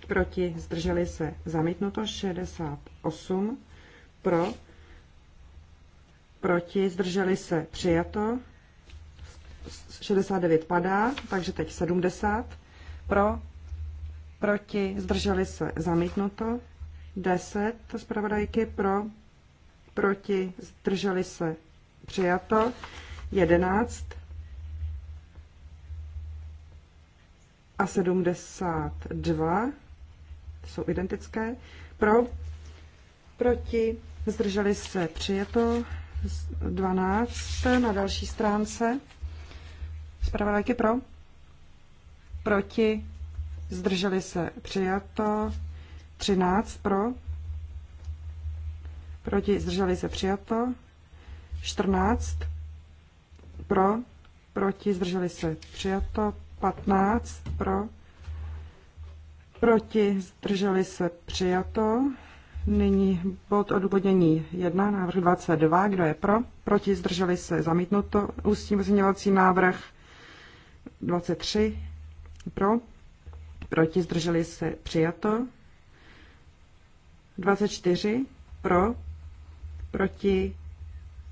proti, zdrželi se, zamítnuto, 68 pro, proti, zdrželi se, přijato, 69 padá, takže teď 70 pro, proti, zdrželi se, zamítnuto, 10 zpravodajky pro, proti, zdrželi se, přijato. 11 a 72 jsou identické. Pro, proti, zdrželi se, přijato. 12 na další stránce. taky pro, proti, zdrželi se, přijato. 13 pro, proti, zdrželi se přijato. 14 pro, proti, zdrželi se přijato. 15 pro, proti, zdrželi se přijato. Nyní bod odůvodnění 1, návrh 22, kdo je pro, proti, zdrželi se zamítnuto. Ústní pozměňovací návrh 23 pro, proti, zdrželi se přijato. 24 pro, proti,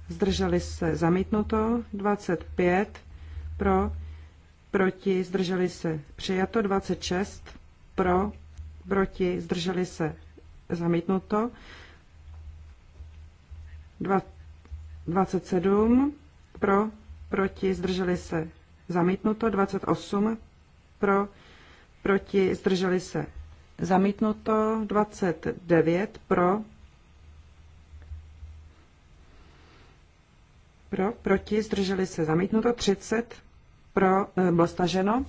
zdrželi se zamítnuto, 25 pro, proti, zdrželi se přijato, 26 pro, proti, zdrželi se zamítnuto, 27 pro, proti, zdrželi se zamítnuto, 28 pro, proti, zdrželi se zamítnuto, 29 pro, Pro, proti, zdrželi se zamítnuto. 30 pro, e, bylo staženo.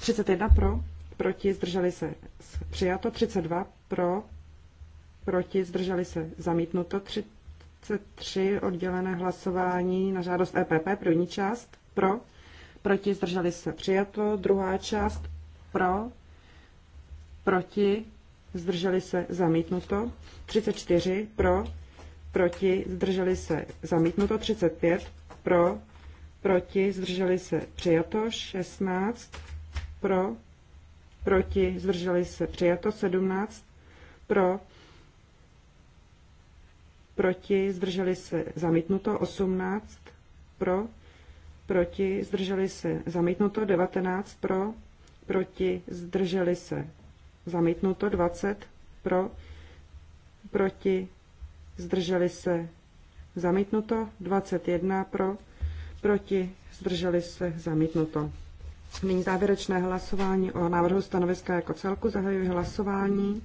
31 pro, proti, zdrželi se přijato. 32 pro, proti, zdrželi se zamítnuto. 33 oddělené hlasování na žádost EPP, první část pro, proti, zdrželi se přijato. Druhá část pro, proti, zdrželi se zamítnuto. 34 pro, proti, zdrželi se zamítnuto 35, pro, proti, zdrželi se přijato 16, pro, proti, zdrželi se přijato 17, pro, proti, zdrželi se zamítnuto 18, pro, proti, zdrželi se zamítnuto 19, pro, proti, zdrželi se zamítnuto 20, pro, proti, zdrželi se zamítnuto, 21 pro, proti, zdrželi se zamítnuto. Nyní závěrečné hlasování o návrhu stanoviska jako celku. Zahajuji hlasování.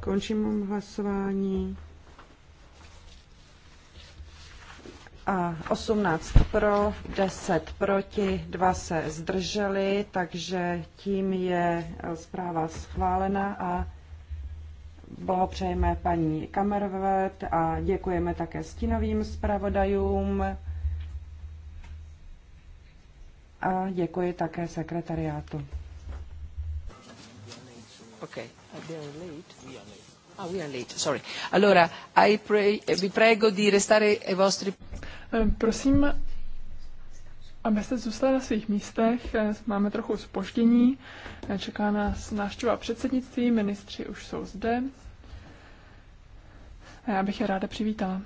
Končím hlasování. A 18 pro, 10 proti, 2 se zdrželi, takže tím je zpráva schválena a Blahopřejeme paní Kamervet a děkujeme také stínovým zpravodajům. A děkuji také sekretariátu. Okay. Ah, we are late, sorry. Allora, I pray, vi prego di restare vostri... Eh, prosím, Abyste zůstali na svých místech, eh, máme trochu spoždění. Eh, čeká nás návštěva předsednictví, ministři už jsou zde. A já bych je ráda přivítala.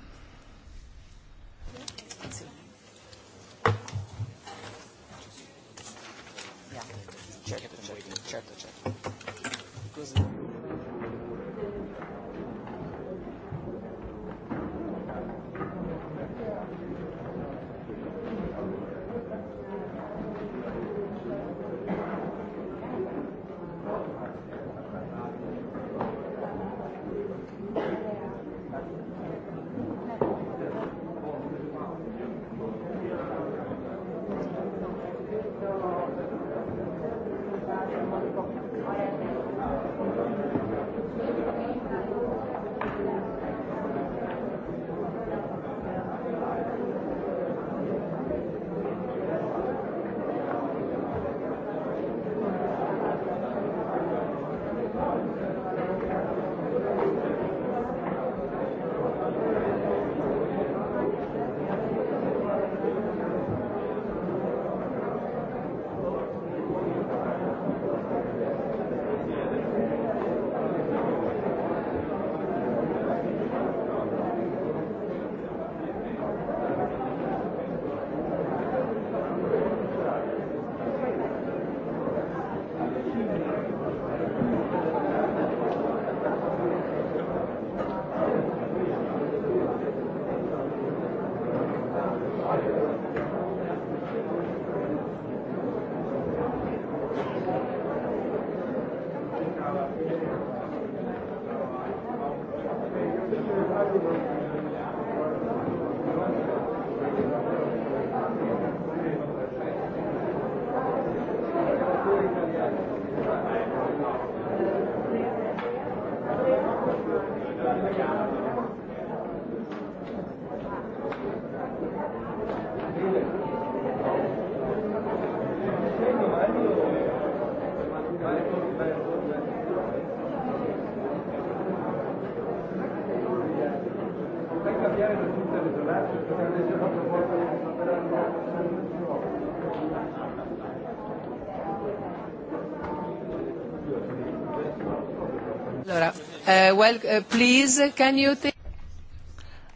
Uh, well, uh, please, can you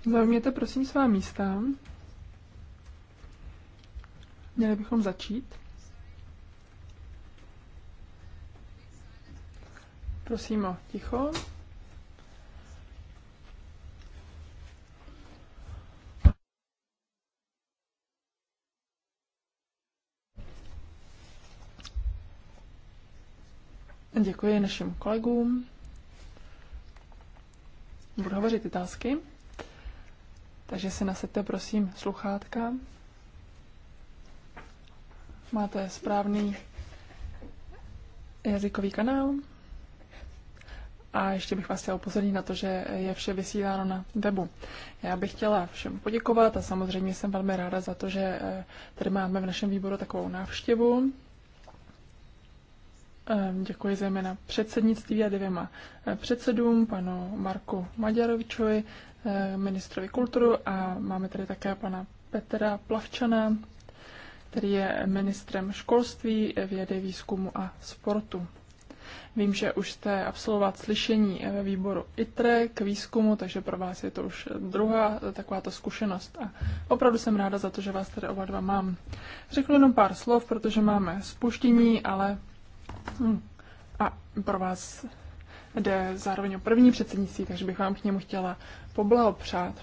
Zaujměte prosím svá místa. Měli bychom začít. Prosím o ticho. Děkuji našim kolegům. Budu hovořit italsky, takže si nasaďte prosím sluchátka. Máte správný jazykový kanál. A ještě bych vás chtěla upozornit na to, že je vše vysíláno na webu. Já bych chtěla všem poděkovat a samozřejmě jsem velmi ráda za to, že eh, tady máme v našem výboru takovou návštěvu. Ehm, děkuji zejména předsednictví a dvěma eh, předsedům, panu Marku Maďarovičovi, eh, ministrovi kulturu a máme tady také pana Petra Plavčana, který je ministrem školství, vědy, výzkumu a sportu. Vím, že už jste absolvovat slyšení ve výboru ITRE k výzkumu, takže pro vás je to už druhá takováto zkušenost. A opravdu jsem ráda za to, že vás tady oba dva mám. Řeknu jenom pár slov, protože máme spuštění, ale a pro vás jde zároveň o první předsednictví, takže bych vám k němu chtěla poblahopřát.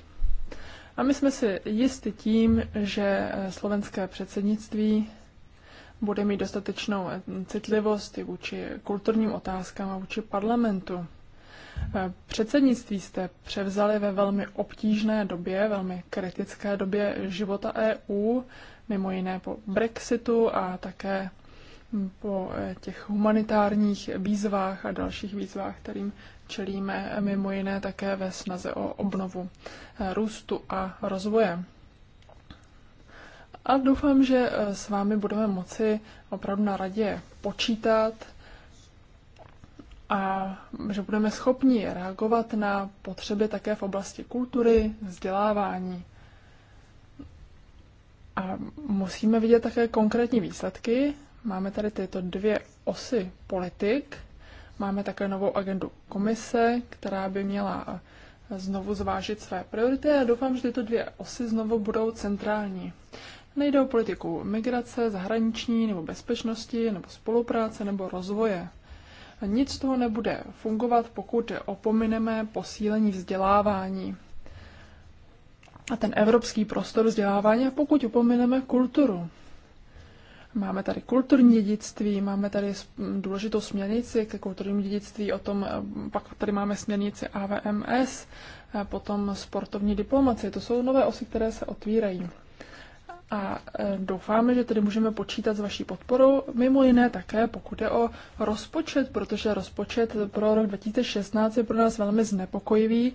A my jsme si jisti tím, že slovenské předsednictví bude mít dostatečnou citlivost i vůči kulturním otázkám a vůči parlamentu. Předsednictví jste převzali ve velmi obtížné době, velmi kritické době života EU, mimo jiné po Brexitu a také po eh, těch humanitárních výzvách a dalších výzvách, kterým čelíme eh, mimo jiné také ve snaze o obnovu eh, růstu a rozvoje. A doufám, že s vámi budeme moci opravdu na radě počítat a že budeme schopni reagovat na potřeby také v oblasti kultury, vzdělávání. A musíme vidět také konkrétní výsledky, Máme tady tyto dvě osy politik. Máme také novou agendu komise, která by měla eh, znovu zvážit své priority a doufám, že tyto dvě osy znovu budou centrální. Nejde o politiku migrace, zahraniční nebo bezpečnosti, nebo spolupráce, nebo rozvoje. Nic z toho nebude fungovat, pokud opomineme posílení vzdělávání a ten evropský prostor vzdělávání a pokud opomineme kulturu. Máme tady kulturní dědictví, máme tady důležitou směrnici ke kulturnímu dědictví, o tom eh, pak tady máme směrnici AVMS, eh, potom sportovní diplomacie. To jsou nové osy, které se otvírají. A eh, doufáme, že tedy můžeme počítat s vaší podporou, mimo jiné také, pokud je o rozpočet, protože rozpočet pro rok 2016 je pro nás velmi znepokojivý.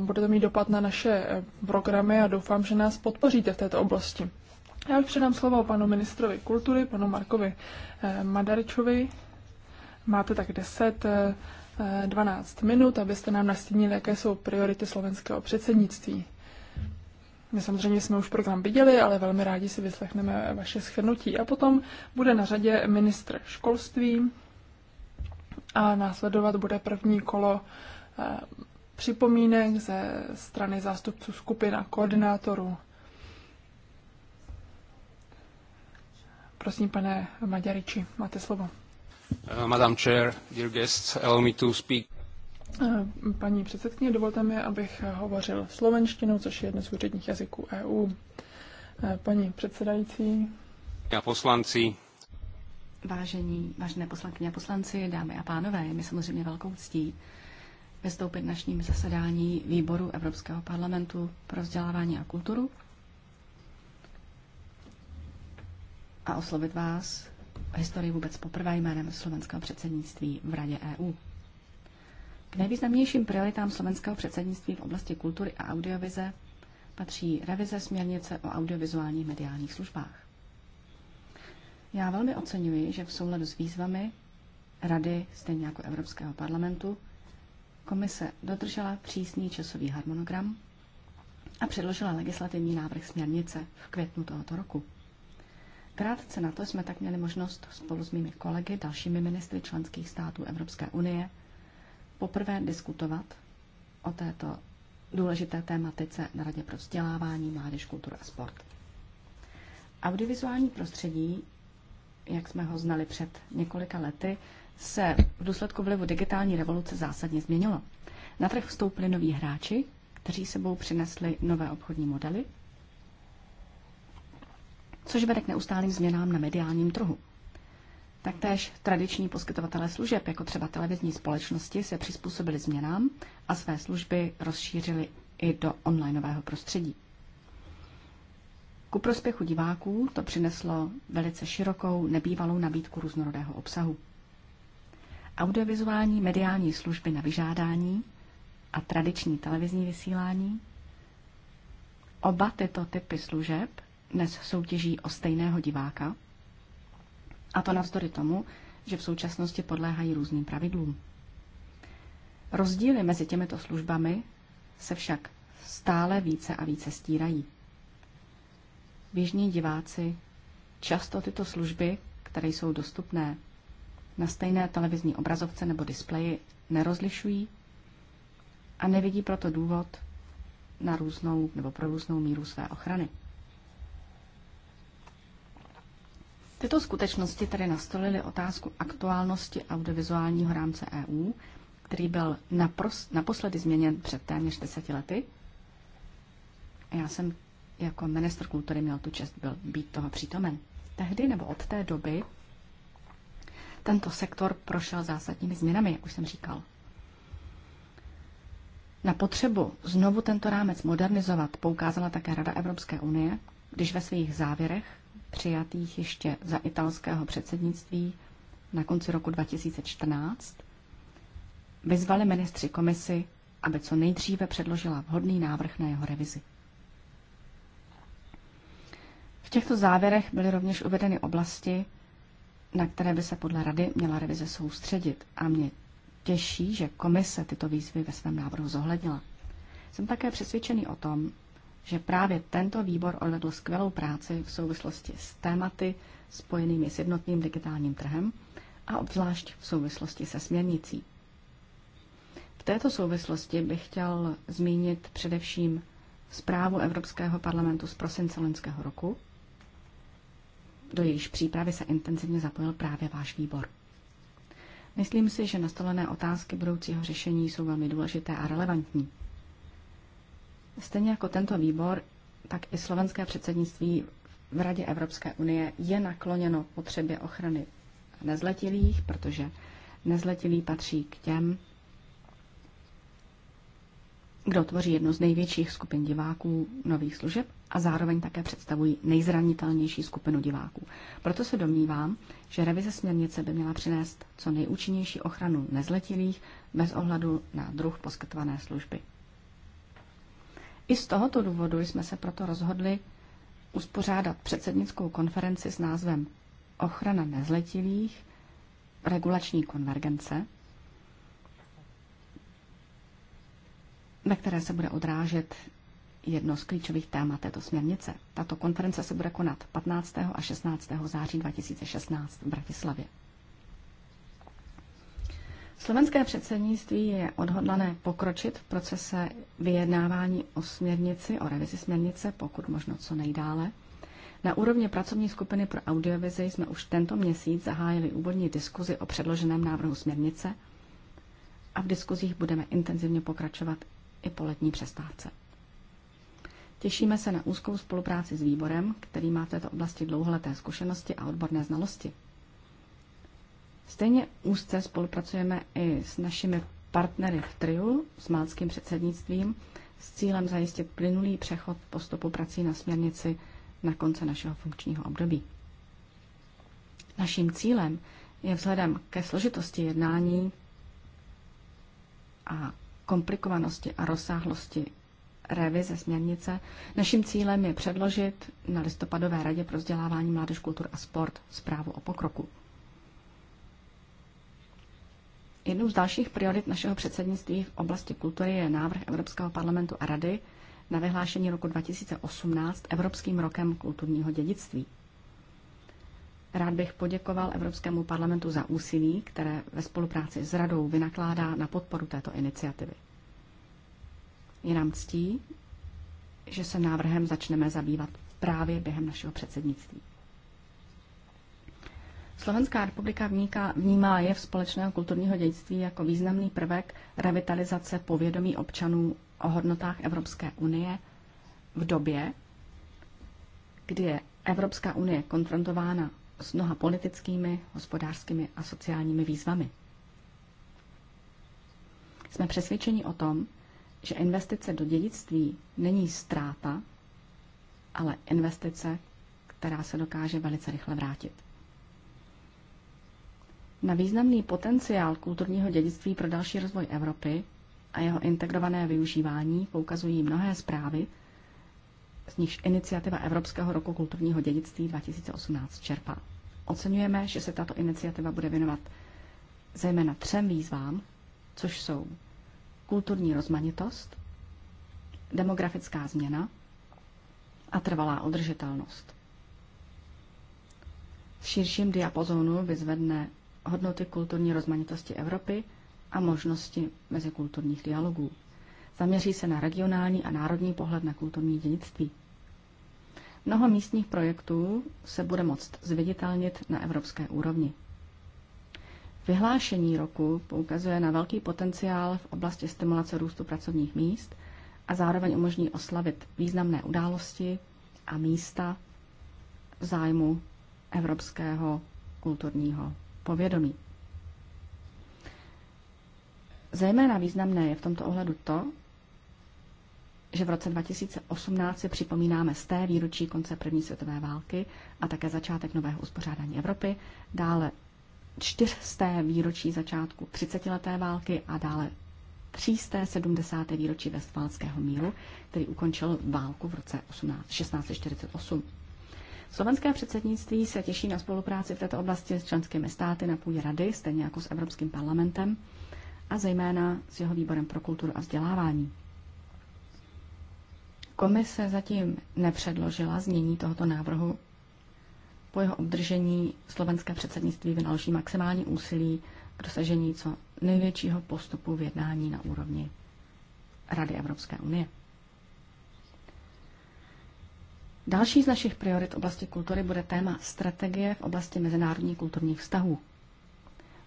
Bude to mít dopad na naše programy a doufám, že nás podpoříte v této oblasti. Já předám slovo panu ministrovi kultury, panu Markovi eh, Madarčovi. Máte tak 10, 12 eh, eh, minut, abyste nám nastínili, jaké jsou priority slovenského předsednictví. My samozřejmě jsme už program viděli, ale velmi rádi si vyslechneme vaše schrnutí. A potom bude na řadě ministr školství a následovat bude první kolo připomínek ze strany zástupců skupin a koordinátorů. Prosím, pane Maďariči, máte slovo. Eh, Madam Chair, dear guests, allow me to speak. Eh, paní předsedkyně, dovolte mi, abych hovořil slovenštinou, což je jedno z úředních jazyků EU. Eh, paní předsedající. Já poslanci. Vážení, vážené poslankyně a poslanci, dámy a pánové, je mi samozřejmě velkou ctí vystoupit dnešním zasedání výboru Evropského parlamentu pro vzdělávání a kulturu a oslovit vás historii vůbec poprvé jménem slovenského předsednictví v Radě EU. K nejvýznamnějším prioritám slovenského předsednictví v oblasti kultury a audiovize patří revize směrnice o audiovizuálních mediálních službách. Já velmi oceňuji, že v souladu s výzvami Rady, stejně jako Evropského parlamentu, komise dodržela přísný časový harmonogram a předložila legislativní návrh směrnice v květnu tohoto roku. Krátce na to jsme tak měli možnost spolu s mými kolegy, dalšími ministry členských států Evropské unie, poprvé diskutovat o této důležité tématice na Radě pro vzdělávání, mládež, kulturu a sport. Audiovizuální prostředí, jak jsme ho znali před několika lety, se v důsledku vlivu digitální revoluce zásadně změnilo. Na trh vstoupili noví hráči, kteří sebou přinesli nové obchodní modely, což vede k neustálým změnám na mediálním trhu. Taktéž tradiční poskytovatelé služeb, jako třeba televizní společnosti, se přizpůsobili změnám a své služby rozšířili i do onlineového prostředí. Ku prospěchu diváků to přineslo velice širokou, nebývalou nabídku různorodého obsahu. Audiovizuální mediální služby na vyžádání a tradiční televizní vysílání Oba tyto typy služeb dnes soutěží o stejného diváka, a to navzdory tomu, že v současnosti podléhají různým pravidlům. Rozdíly mezi těmito službami se však stále více a více stírají. Běžní diváci často tyto služby, které jsou dostupné na stejné televizní obrazovce nebo displeji, nerozlišují a nevidí proto důvod na různou nebo pro různou míru své ochrany. Tyto skutečnosti tedy nastolily otázku aktuálnosti audiovizuálního rámce EU, který byl napros- naposledy změněn před téměř deseti lety. já jsem jako minister kultury měl tu čest byl být toho přítomen. Tehdy nebo od té doby tento sektor prošel zásadními změnami, jak už jsem říkal. Na potřebu znovu tento rámec modernizovat poukázala také Rada Evropské unie, když ve svých závěrech, přijatých ještě za italského předsednictví na konci roku 2014, vyzvali ministři komisy, aby co nejdříve předložila vhodný návrh na jeho revizi. V těchto závěrech byly rovněž uvedeny oblasti, na které by se podle Rady měla revize soustředit a mě těší, že komise tyto výzvy ve svém návrhu zohlednila. Jsem také přesvědčený o tom, že právě tento výbor odvedl skvělou práci v souvislosti s tématy spojenými s jednotným digitálním trhem a obzvlášť v souvislosti se směrnicí. V této souvislosti bych chtěl zmínit především zprávu Evropského parlamentu z prosince loňského roku, do jejíž přípravy se intenzivně zapojil právě váš výbor. Myslím si, že nastolené otázky budoucího řešení jsou velmi důležité a relevantní. Stejně jako tento výbor, tak i slovenské předsednictví v Radě Evropské unie je nakloněno potřebě ochrany nezletilých, protože nezletilí patří k těm, kdo tvoří jednu z největších skupin diváků nových služeb a zároveň také představují nejzranitelnější skupinu diváků. Proto se domnívám, že revize směrnice by měla přinést co nejúčinnější ochranu nezletilých bez ohledu na druh poskytované služby. I z tohoto důvodu jsme se proto rozhodli uspořádat předsednickou konferenci s názvem Ochrana nezletilých, regulační konvergence, ve které se bude odrážet jedno z klíčových témat této směrnice. Tato konference se bude konat 15. a 16. září 2016 v Bratislavě. Slovenské předsednictví je odhodlané pokročit v procese vyjednávání o směrnici, o revizi směrnice, pokud možno co nejdále. Na úrovni pracovní skupiny pro audiovizi jsme už tento měsíc zahájili úvodní diskuzi o předloženém návrhu směrnice a v diskuzích budeme intenzivně pokračovat i po letní přestávce. Těšíme se na úzkou spolupráci s výborem, který má v této oblasti dlouholeté zkušenosti a odborné znalosti. Stejně úzce spolupracujeme i s našimi partnery v TRIU, s mánským předsednictvím, s cílem zajistit plynulý přechod postupu prací na směrnici na konce našeho funkčního období. Naším cílem je vzhledem ke složitosti jednání a komplikovanosti a rozsáhlosti revize směrnice. Naším cílem je předložit na listopadové radě pro vzdělávání mládež, kultur a sport zprávu o pokroku. Jednou z dalších priorit našeho předsednictví v oblasti kultury je návrh Evropského parlamentu a Rady na vyhlášení roku 2018 Evropským rokem kulturního dědictví. Rád bych poděkoval Evropskému parlamentu za úsilí, které ve spolupráci s Radou vynakládá na podporu této iniciativy. Je nám ctí, že se návrhem začneme zabývat právě během našeho předsednictví. Slovenská republika vníká, vnímá jev společného kulturního dědictví jako významný prvek revitalizace povědomí občanů o hodnotách Evropské unie v době, kdy je Evropská unie konfrontována s mnoha politickými, hospodářskými a sociálními výzvami. Jsme přesvědčeni o tom, že investice do dědictví není ztráta, ale investice, která se dokáže velice rychle vrátit na významný potenciál kulturního dědictví pro další rozvoj Evropy a jeho integrované využívání poukazují mnohé zprávy, z nichž iniciativa Evropského roku kulturního dědictví 2018 čerpá. Oceňujeme, že se tato iniciativa bude věnovat zejména třem výzvám, což jsou kulturní rozmanitost, demografická změna a trvalá udržitelnost. V širším diapozonu vyzvedne hodnoty kulturní rozmanitosti Evropy a možnosti mezikulturních dialogů. Zaměří se na regionální a národní pohled na kulturní dědictví. Mnoho místních projektů se bude moct zviditelnit na evropské úrovni. Vyhlášení roku poukazuje na velký potenciál v oblasti stimulace růstu pracovních míst a zároveň umožní oslavit významné události a místa v zájmu evropského kulturního povědomí. Zejména významné je v tomto ohledu to, že v roce 2018 si připomínáme z té výročí konce první světové války a také začátek nového uspořádání Evropy, dále čtyřsté výročí začátku 30-leté války a dále 370. výročí Westfalského míru, který ukončil válku v roce 1648. Slovenské předsednictví se těší na spolupráci v této oblasti s členskými státy na půdě rady, stejně jako s Evropským parlamentem a zejména s jeho výborem pro kulturu a vzdělávání. Komise zatím nepředložila znění tohoto návrhu. Po jeho obdržení slovenské předsednictví vynaloží maximální úsilí k dosažení co největšího postupu v jednání na úrovni Rady Evropské unie. Další z našich priorit v oblasti kultury bude téma strategie v oblasti mezinárodních kulturních vztahů.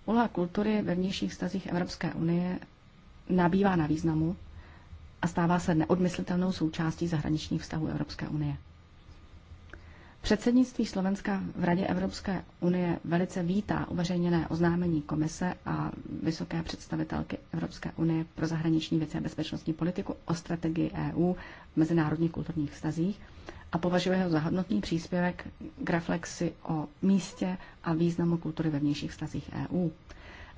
Úloha kultury ve vnějších vztazích Evropské unie nabývá na významu a stává se neodmyslitelnou součástí zahraničních vztahů Evropské unie. Předsednictví Slovenska v Radě Evropské unie velice vítá uveřejněné oznámení komise a vysoké představitelky Evropské unie pro zahraniční věci a bezpečnostní politiku o strategii EU v mezinárodních kulturních vztazích a považuje ho za hodnotný příspěvek k reflexi o místě a významu kultury ve vnějších vztazích EU.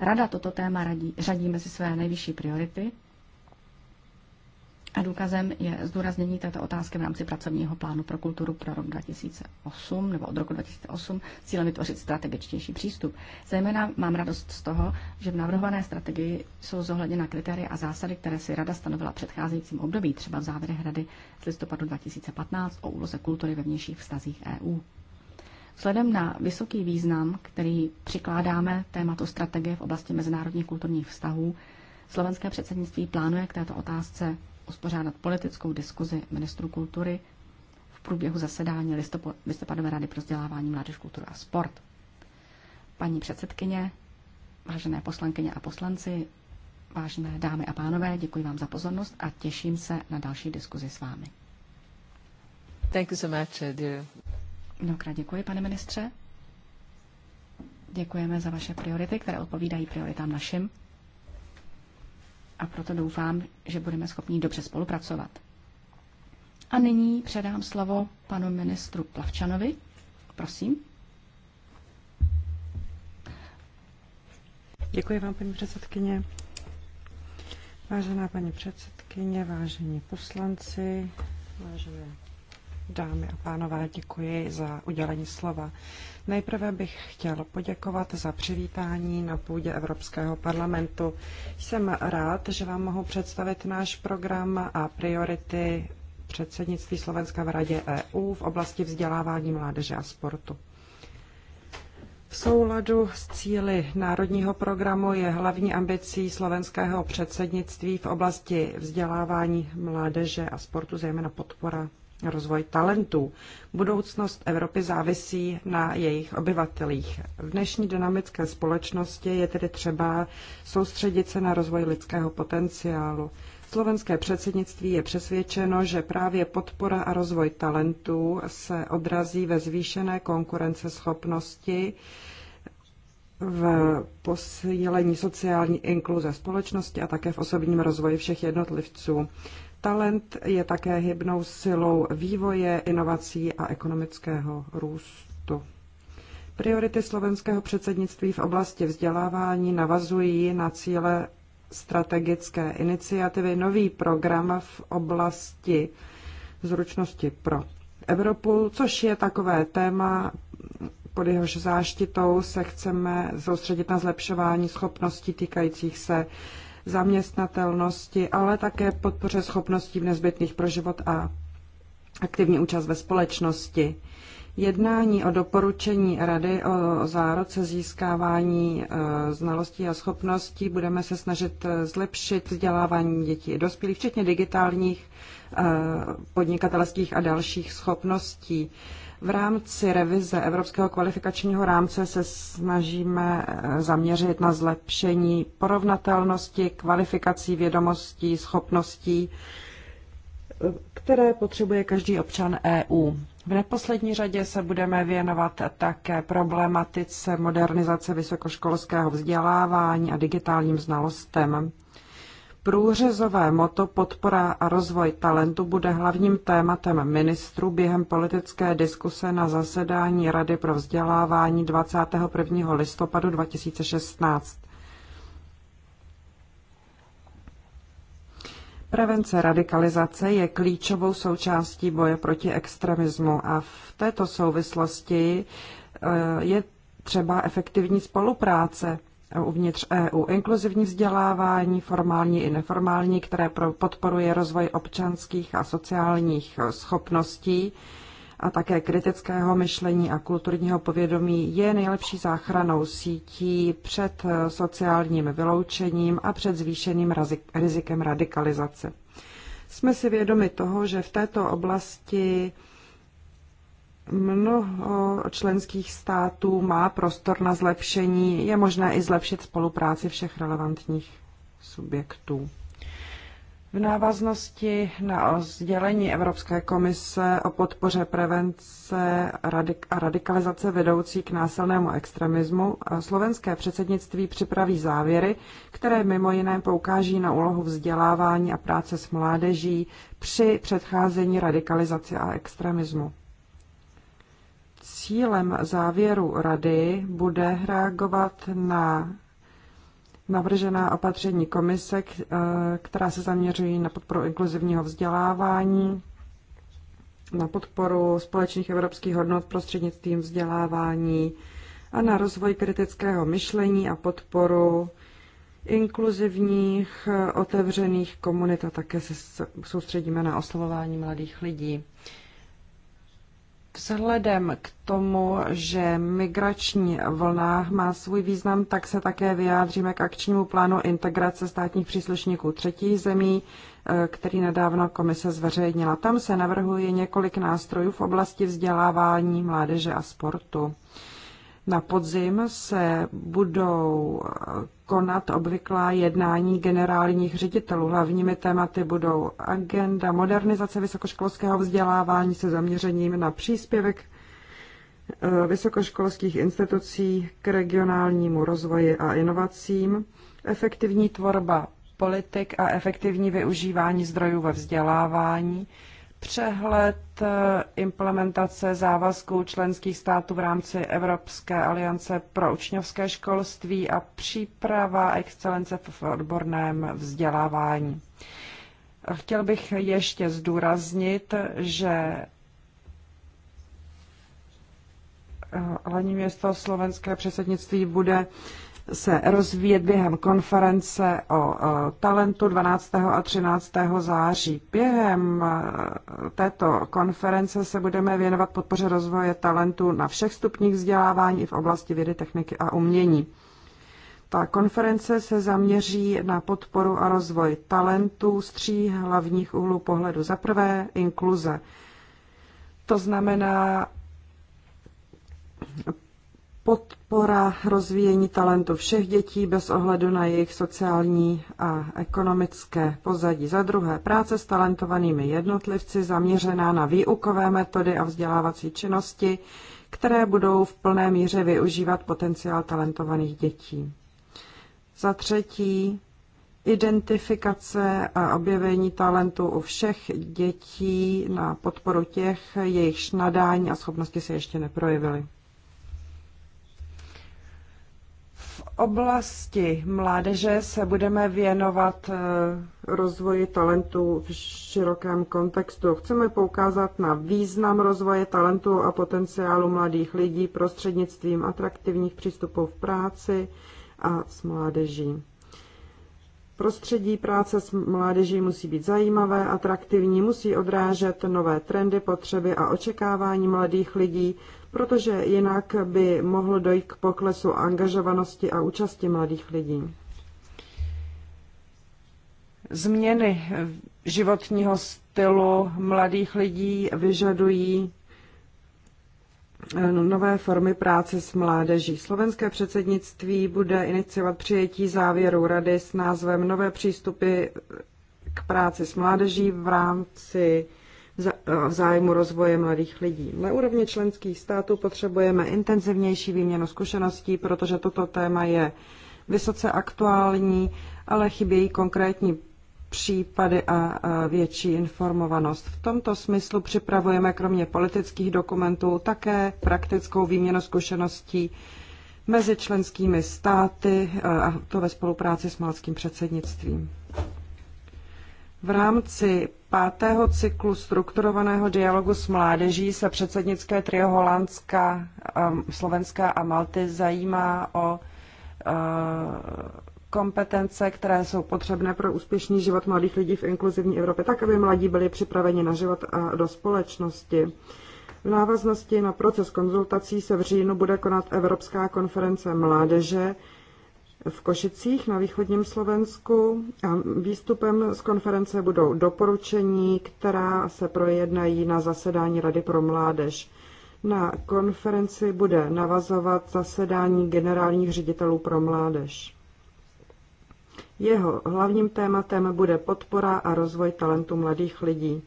Rada toto téma radí, řadí mezi své nejvyšší priority a důkazem je zdůraznění této otázky v rámci pracovního plánu pro kulturu pro rok 2008 nebo od roku 2008 s cílem vytvořit strategičtější přístup. Zejména mám radost z toho, že v navrhované strategii jsou zohledněna kritéria a zásady, které si Rada stanovila předcházejícím období, třeba v závěrech Rady z listopadu 2015 o úloze kultury ve vnějších vztazích EU. Vzhledem na vysoký význam, který přikládáme tématu strategie v oblasti mezinárodních kulturních vztahů, slovenské předsednictví plánuje k této otázce uspořádat politickou diskuzi ministrů kultury v průběhu zasedání listopadové rady pro vzdělávání mládež, kulturu a sport. Paní předsedkyně, vážené poslankyně a poslanci, vážené dámy a pánové, děkuji vám za pozornost a těším se na další diskuzi s vámi. Thank you so much, uh, dear. Mnohokrát děkuji, pane ministře. Děkujeme za vaše priority, které odpovídají prioritám našim a proto doufám, že budeme schopni dobře spolupracovat. A nyní předám slovo panu ministru Plavčanovi. Prosím. Děkuji vám, paní předsedkyně. Vážená paní předsedkyně, vážení poslanci, vážené Dámy a pánové, děkuji za udělení slova. Nejprve bych chtěl poděkovat za přivítání na půdě Evropského parlamentu. Jsem rád, že vám mohu představit náš program a priority předsednictví Slovenska v Radě EU v oblasti vzdělávání mládeže a sportu. V souladu s cíly národního programu je hlavní ambicí slovenského předsednictví v oblasti vzdělávání mládeže a sportu zejména podpora rozvoj talentů. Budoucnost Evropy závisí na jejich obyvatelích. V dnešní dynamické společnosti je tedy třeba soustředit se na rozvoj lidského potenciálu. Slovenské předsednictví je přesvědčeno, že právě podpora a rozvoj talentů se odrazí ve zvýšené konkurenceschopnosti, v posílení sociální inkluze společnosti a také v osobním rozvoji všech jednotlivců. Talent je také hybnou silou vývoje, inovací a ekonomického růstu. Priority slovenského předsednictví v oblasti vzdělávání navazují na cíle strategické iniciativy nový program v oblasti zručnosti pro Evropu, což je takové téma, pod jehož záštitou se chceme soustředit na zlepšování schopností týkajících se zaměstnatelnosti, ale také podpoře schopností v nezbytných pro život a aktivní účast ve společnosti. Jednání o doporučení Rady o zároce získávání e, znalostí a schopností budeme se snažit e, zlepšit vzdělávání dětí i dospělých, včetně digitálních e, podnikatelských a dalších schopností. V rámci revize Evropského kvalifikačního rámce se snažíme eh, zaměřit na zlepšení porovnatelnosti, kvalifikací, vědomostí, schopností, které potřebuje každý občan EU. V neposlední řadě se budeme věnovat také problematice modernizace vysokoškolského vzdělávání a digitálním znalostem. Průřezové moto podpora a rozvoj talentu bude hlavním tématem ministru během politické diskuse na zasedání Rady pro vzdělávání 21. listopadu 2016. Prevence radikalizace je klíčovou součástí boje proti extremismu a v této souvislosti eh, je třeba efektivní spolupráce uvnitř EU. Inkluzivní vzdělávání, formální i neformální, které podporuje rozvoj občanských a sociálních schopností a také kritického myšlení a kulturního povědomí je nejlepší záchranou sítí před sociálním vyloučením a před zvýšeným rizikem radikalizace. Jsme si vědomi toho, že v této oblasti Mnoho členských států má prostor na zlepšení. Je možné i zlepšit spolupráci všech relevantních subjektů. V návaznosti na sdělení Evropské komise o podpoře prevence a radikalizace vedoucí k násilnému extremismu slovenské předsednictví připraví závěry, které mimo jiné poukáží na úlohu vzdělávání a práce s mládeží při předcházení radikalizaci a extremismu. Cílem závěru rady bude reagovat na navržená opatření komise, eh, která se zaměřují na podporu inkluzivního vzdělávání, na podporu společných evropských hodnot prostřednictvím vzdělávání a na rozvoj kritického myšlení a podporu inkluzivních, eh, otevřených komunit a také se soustředíme na oslovování mladých lidí. Vzhledem k tomu, že migrační vlna má svůj význam, tak se také vyjádříme k akčnímu plánu integrace státních příslušníků třetí zemí, eh, který nedávno komise zveřejnila. Tam se navrhuje několik nástrojů v oblasti vzdělávání, mládeže a sportu. Na podzim se budou konat obvyklá jednání generálních ředitelů. Hlavními tématy budou agenda modernizace vysokoškolského vzdělávání se zaměřením na příspěvek eh, vysokoškolských institucí k regionálnímu rozvoji a inovacím, efektivní tvorba politik a efektivní využívání zdrojů ve vzdělávání, přehled eh, implementace závazků členských států v rámci Evropské aliance pro učňovské školství a příprava excelence v odborném vzdělávání. Chtěl bych ještě zdůraznit, že eh, hlavní město slovenské předsednictví bude se rozvíjet během konference o talentu 12. a 13. září. Během e, této konference se budeme věnovat podpoře rozvoje talentu na všech stupních vzdělávání i v oblasti vědy, techniky a umění. Ta konference se zaměří na podporu a rozvoj talentů z tří hlavních úhlů pohledu. Za prvé inkluze. To znamená podpora rozvíjení talentu všech dětí bez ohledu na jejich sociální a ekonomické pozadí. Za druhé, práce s talentovanými jednotlivci zaměřená na výukové metody a vzdělávací činnosti, které budou v plné míře využívat potenciál talentovaných dětí. Za třetí, identifikace a objevení talentu u všech dětí na podporu těch, jejichž nadání a schopnosti se ještě neprojevily. oblasti mládeže se budeme věnovat eh, rozvoji talentů v širokém kontextu. Chceme poukázat na význam rozvoje talentů a potenciálu mladých lidí prostřednictvím atraktivních přístupů v práci a s mládeží. Prostředí práce s mládeží musí být zajímavé, atraktivní, musí odrážet nové trendy, potřeby a očekávání mladých lidí, protože jinak by mohlo dojít k poklesu angažovanosti a účasti mladých lidí. Změny životního stylu mladých lidí vyžadují eh, nové formy práce s mládeží. Slovenské předsednictví bude iniciovat přijetí závěru Rady s názvem Nové přístupy k práci s mládeží v rámci Eh, v zájmu rozvoje mladých lidí. Na úrovni členských států potřebujeme intenzivnější výměnu zkušeností, protože toto téma je vysoce aktuální, ale chybějí konkrétní případy a větší informovanost. V tomto smyslu připravujeme kromě politických dokumentů také praktickou výměnu zkušeností mezi členskými státy eh, a to ve spolupráci s malským předsednictvím. V rámci pátého cyklu strukturovaného dialogu s mládeží se předsednické trio Holandska, um, Slovenska a Malty zajímá o uh, kompetence, které jsou potřebné pro úspěšný život mladých lidí v inkluzivní Evropě, tak aby mladí byli připraveni na život a do společnosti. V návaznosti na proces konzultací se v říjnu bude konat Evropská konference mládeže, v Košicích na východním Slovensku. A výstupem z konference budou doporučení, která se projednají na zasedání Rady pro mládež. Na konferenci bude navazovat zasedání generálních ředitelů pro mládež. Jeho hlavním tématem bude podpora a rozvoj talentu mladých lidí.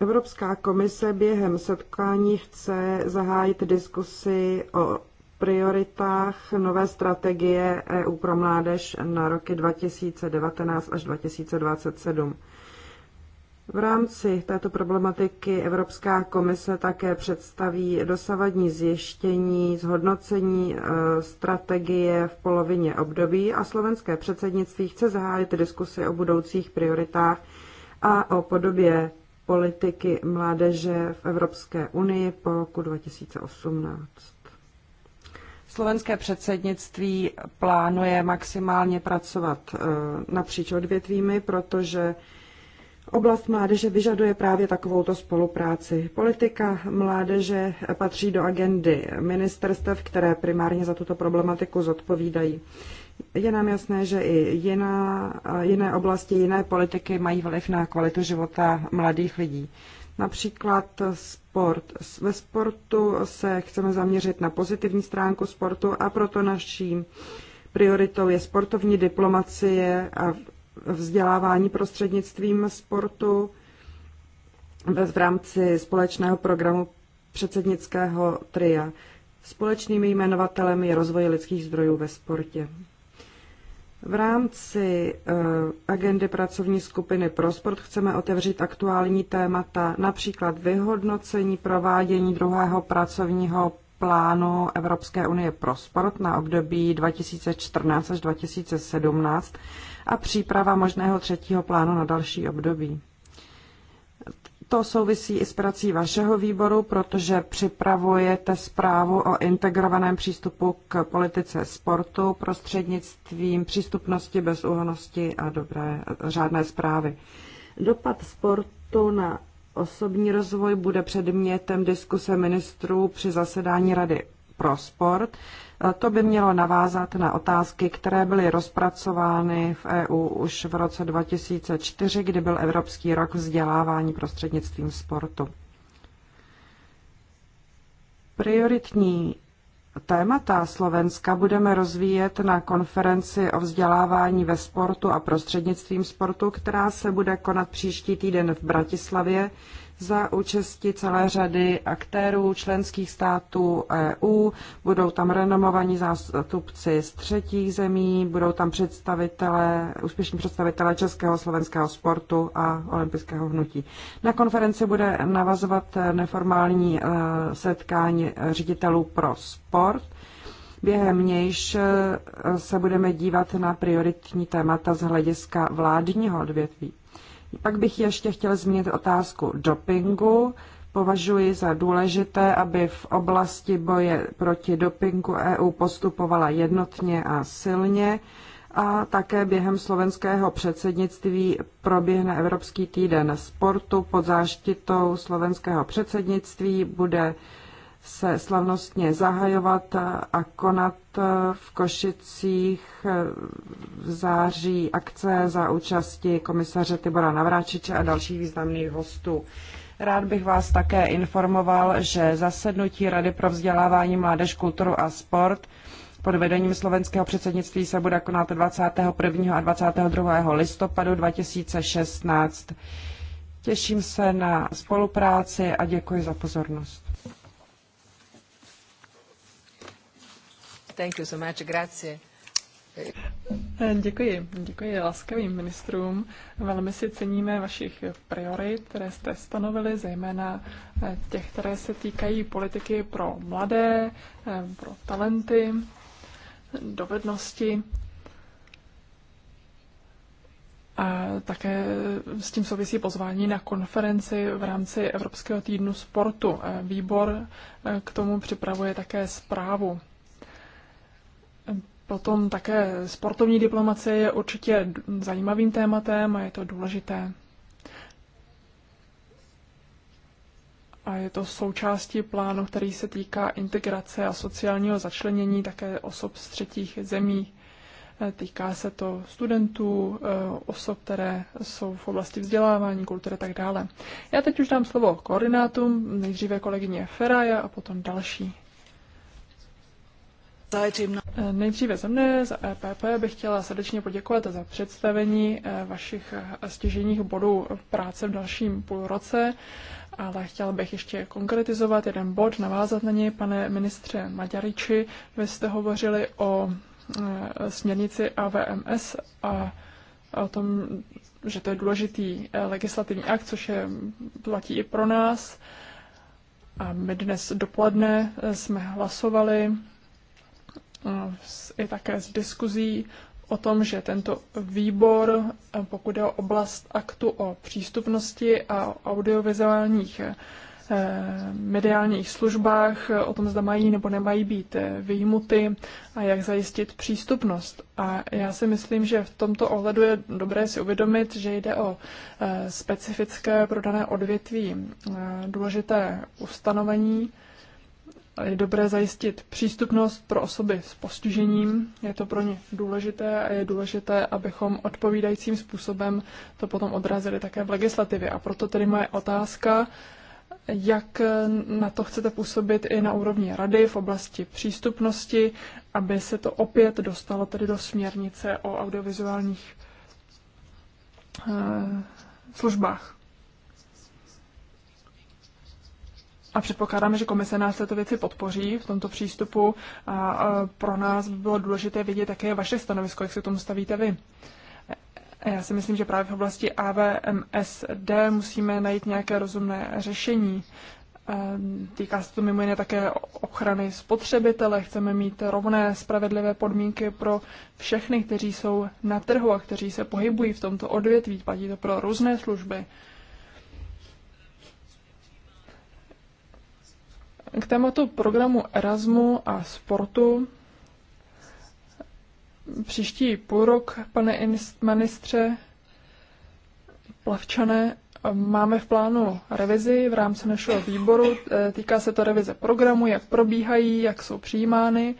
Evropská komise během setkání chce zahájit diskusi o prioritách nové strategie EU pro mládež na roky 2019 až 2027. V rámci této problematiky Evropská komise také představí dosavadní zjištění, zhodnocení e, strategie v polovině období a slovenské předsednictví chce zahájit diskusy o budoucích prioritách a o podobě politiky mládeže v Evropské unii po roku 2018. Slovenské předsednictví plánuje maximálně pracovat eh, napříč odvětvími, protože Oblast mládeže vyžaduje právě takovouto spolupráci. Politika mládeže patří do agendy ministerstev, které primárně za tuto problematiku zodpovídají. Je nám jasné, že i jiná, jiné oblasti, jiné politiky mají vliv na kvalitu života mladých lidí. Například sport. Ve sportu se chceme zaměřit na pozitivní stránku sportu a proto naší prioritou je sportovní diplomacie a vzdělávání prostřednictvím sportu v rámci společného programu předsednického tria. Společným jmenovatelem je rozvoj lidských zdrojů ve sportě. V rámci eh, agendy pracovní skupiny pro sport chceme otevřít aktuální témata, například vyhodnocení provádění druhého pracovního plánu Evropské unie pro sport na období 2014 až 2017 a příprava možného třetího plánu na další období. To souvisí i s prací vašeho výboru, protože připravujete zprávu o integrovaném přístupu k politice sportu prostřednictvím přístupnosti, bezúhonosti a dobré řádné zprávy. Dopad sportu na osobní rozvoj bude předmětem diskuse ministrů při zasedání Rady pro sport, to by mělo navázat na otázky, které byly rozpracovány v EU už v roce 2004, kdy byl Evropský rok vzdělávání prostřednictvím sportu. Prioritní témata Slovenska budeme rozvíjet na konferenci o vzdělávání ve sportu a prostřednictvím sportu, která se bude konat příští týden v Bratislavě za účasti celé řady aktérů členských států EU. Budou tam renomovaní zástupci z třetích zemí, budou tam představitelé, úspěšní představitelé českého, slovenského sportu a olympijského hnutí. Na konferenci bude navazovat neformální eh, setkání ředitelů pro sport. Během nějž eh, se budeme dívat na prioritní témata z hlediska vládního odvětví. Pak bych ještě chtěl zmínit otázku dopingu. Považuji za důležité, aby v oblasti boje proti dopingu EU postupovala jednotně a silně a také během slovenského předsednictví proběhne Evropský týden sportu pod záštitou slovenského předsednictví. Bude se slavnostně zahajovat a konat v Košicích v září akce za účasti komisaře Tibora Navráčiče a dalších významných hostů. Rád bych vás také informoval, že zasednutí Rady pro vzdělávání, mládež, kulturu a sport pod vedením slovenského předsednictví se bude konat 21. a 22. listopadu 2016. Těším se na spolupráci a děkuji za pozornost. Thank you so much. Grazie. Eh, děkuji, děkuji laskavým ministrům. Velmi si ceníme vašich priorit, které jste stanovili, zejména eh, těch, které se týkají politiky pro mladé, eh, pro talenty, dovednosti. A také s tím souvisí pozvání na konferenci v rámci Evropského týdnu sportu. Výbor k tomu připravuje také zprávu. Potom také sportovní diplomace je určitě zajímavým tématem a je to důležité. A je to součástí plánu, který se týká integrace a sociálního začlenění také osob z třetích zemí. E, týká se to studentů, e, osob, které jsou v oblasti vzdělávání, kultury a tak dále. Já teď už dám slovo koordinátům, nejdříve kolegyně Feraja a potom další. Eh, nejdříve ze mne, za EPP, bych chtěla srdečně poděkovat za představení eh, vašich eh, stěženích bodů práce v dalším půlroce, ale chtěla bych ještě konkretizovat jeden bod, navázat na něj, pane ministře Maďariči. Vy jste hovořili o směrnici AVMS a o tom, že to je důležitý legislativní akt, což je, platí i pro nás. A my dnes dopoledne jsme hlasovali i také z diskuzí o tom, že tento výbor, eh, pokud je o oblast aktu o přístupnosti a audiovizuálních eh, mediálních službách, eh, o tom, zda mají nebo nemají být vyjmuty a jak zajistit přístupnost. A já si myslím, že v tomto ohledu je dobré si uvědomit, že jde o specifické pro dané odvětví důležité ustanovení, je dobré zajistit přístupnost pro osoby s postižením. Je to pro ně důležité a je důležité, abychom odpovídajícím způsobem to potom odrazili také v legislativě. A proto tedy moje otázka, jak na to chcete působit i na úrovni rady v oblasti přístupnosti, aby se to opět dostalo tedy do směrnice o audiovizuálních eh, službách. A předpokládáme, že komise nás této věci podpoří v tomto přístupu a pro nás by bylo důležité vidět, jaké je vaše stanovisko, jak se k tomu stavíte vy. Já si myslím, že právě v oblasti AVMSD musíme najít nějaké rozumné řešení. Týká se to mimo jiné také ochrany spotřebitele. Chceme mít rovné, spravedlivé podmínky pro všechny, kteří jsou na trhu a kteří se pohybují v tomto odvětví. Platí to pro různé služby. K tématu programu Erasmu a sportu příští půl rok, pane ministře Plavčané, máme v plánu revizi v rámci našeho výboru. E, týká se to revize programu, jak probíhají, jak jsou přijímány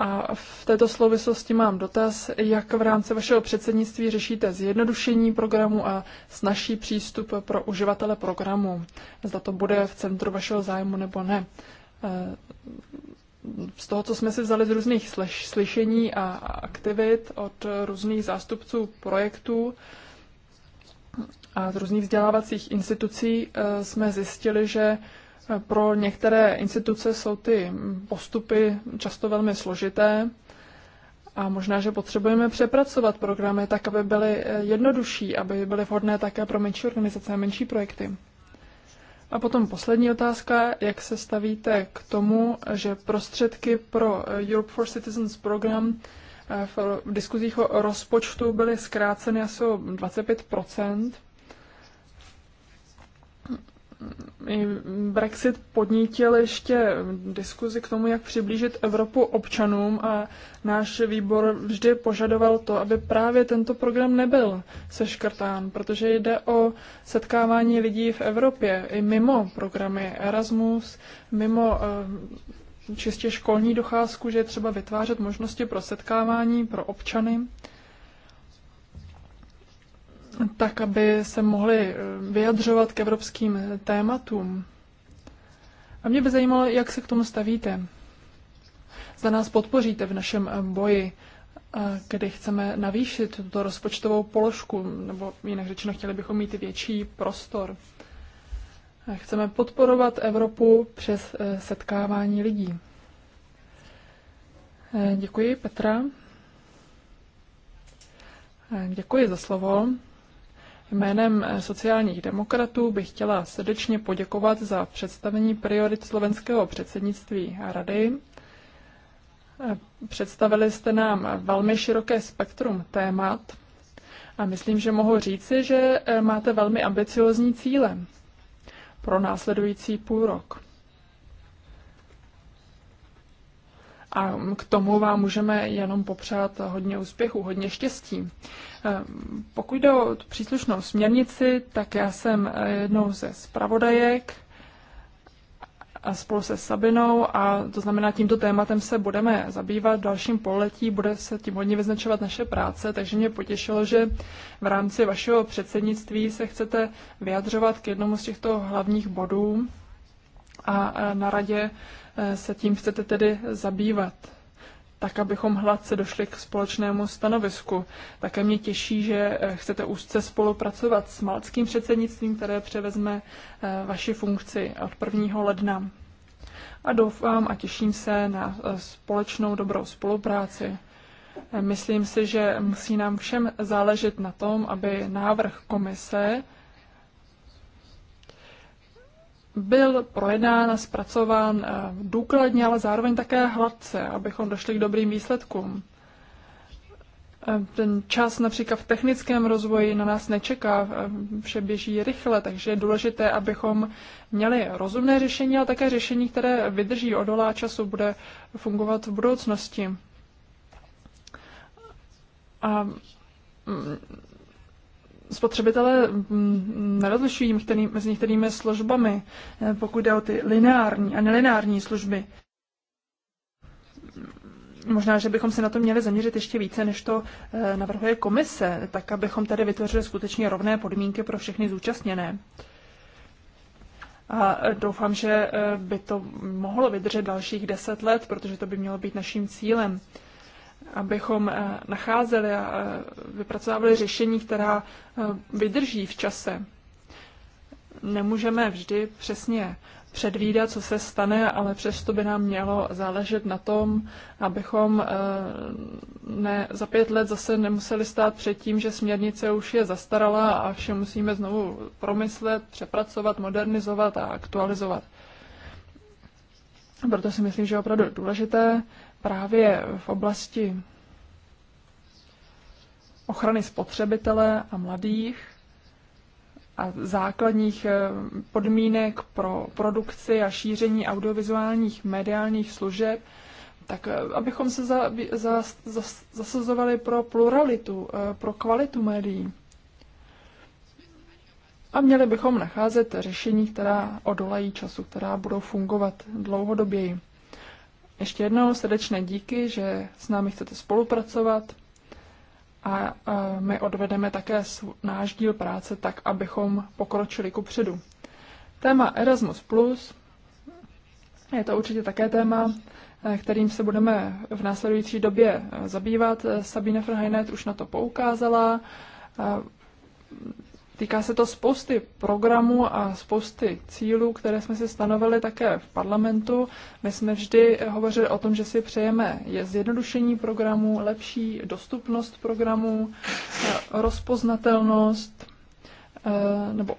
a v této souvislosti mám dotaz, jak v rámci vašeho předsednictví řešíte zjednodušení programu a snažší přístup pro uživatele programu. Zda to bude v centru vašeho zájmu nebo ne. Eh, z toho, co jsme si vzali z různých slyšení a aktivit od různých zástupců projektů, a z různých vzdělávacích institucí eh, jsme zjistili, že pro některé instituce jsou ty postupy často velmi složité a možná, že potřebujeme přepracovat programy tak, aby byly eh, jednodušší, aby byly vhodné také pro menší organizace a menší projekty. A potom poslední otázka, jak se stavíte k tomu, že prostředky pro eh, Europe for Citizens program eh, v diskuzích o rozpočtu byly zkráceny asi o 25 Brexit podnítil ještě diskuzi k tomu, jak přiblížit Evropu občanům a náš výbor vždy požadoval to, aby právě tento program nebyl seškrtán, protože jde o setkávání lidí v Evropě i mimo programy Erasmus, mimo eh, čistě školní docházku, že je třeba vytvářet možnosti pro setkávání pro občany tak aby se mohli eh, vyjadřovat k evropským tématům. A mě by zajímalo, jak se k tomu stavíte. Za nás podpoříte v našem eh, boji, kdy chceme navýšit tuto rozpočtovou položku, nebo jinak řečeno, chtěli bychom mít větší prostor. Chceme podporovat Evropu přes eh, setkávání lidí. Děkuji, Petra. Děkuji za slovo. Jménem eh, sociálních demokratů bych chtěla srdečně poděkovat za představení priorit slovenského předsednictví a rady. Eh, představili jste nám velmi široké spektrum témat a myslím, že mohu říci, že eh, máte velmi ambiciozní cíle pro následující půl rok. A k tomu vám můžeme jenom popřát hodně úspěchu, hodně štěstí. Eh, pokud jde o příslušnou směrnici, tak já jsem eh, jednou ze zpravodajek a spolu se Sabinou a to znamená, tímto tématem se budeme zabývat v dalším poletí, bude se tím hodně vyznačovat naše práce, takže mě potěšilo, že v rámci vašeho předsednictví se chcete vyjadřovat k jednomu z těchto hlavních bodů a eh, na radě Eh, se tím chcete tedy zabývat, tak abychom hladce došli k společnému stanovisku. Také mě těší, že eh, chcete úzce spolupracovat s malckým předsednictvím, které převezme eh, vaši funkci od 1. ledna. A doufám a těším se na společnou dobrou spolupráci. Myslím si, že musí nám všem záležet na tom, aby návrh komise byl projednán a zpracován eh, důkladně, ale zároveň také hladce, abychom došli k dobrým výsledkům. Eh, ten čas například v technickém rozvoji na nás nečeká, eh, vše běží rychle, takže je důležité, abychom měli rozumné řešení, ale také řešení, které vydrží, odolá času, bude fungovat v budoucnosti. A mm, spotřebitelé mm, mm, nerozlišují mezi některými službami, eh, pokud jde o ty lineární a nelineární služby. Možná, že bychom se na to měli zaměřit ještě více, než to eh, navrhuje komise, tak abychom tady vytvořili skutečně rovné podmínky pro všechny zúčastněné. A eh, doufám, že by to mohlo vydržet dalších deset let, protože to by mělo být naším cílem abychom eh, nacházeli a eh, vypracovávali řešení, která eh, vydrží v čase. Nemůžeme vždy přesně předvídat, co se stane, ale přesto by nám mělo záležet na tom, abychom ne, za pět let zase nemuseli stát před tím, že směrnice už je zastarala a vše musíme znovu promyslet, přepracovat, modernizovat a aktualizovat. Proto si myslím, že je opravdu důležité, právě v oblasti ochrany spotřebitele a mladých a základních eh, podmínek pro produkci a šíření audiovizuálních mediálních služeb, tak eh, abychom se za, za, za, zasazovali pro pluralitu, eh, pro kvalitu médií. A měli bychom nacházet řešení, která odolají času, která budou fungovat dlouhodoběji. Ještě jednou srdečné díky, že s námi chcete spolupracovat a my odvedeme také náš díl práce tak, abychom pokročili ku předu. Téma Erasmus Plus je to určitě také téma, eh, kterým se budeme v následující době eh, zabývat. Eh, Sabine Verheinet už na to poukázala. Týká se to spousty programů a spousty cílů, které jsme si stanovili také v parlamentu. My jsme vždy hovořili o tom, že si přejeme je zjednodušení programů, lepší dostupnost programů, eh, rozpoznatelnost eh, nebo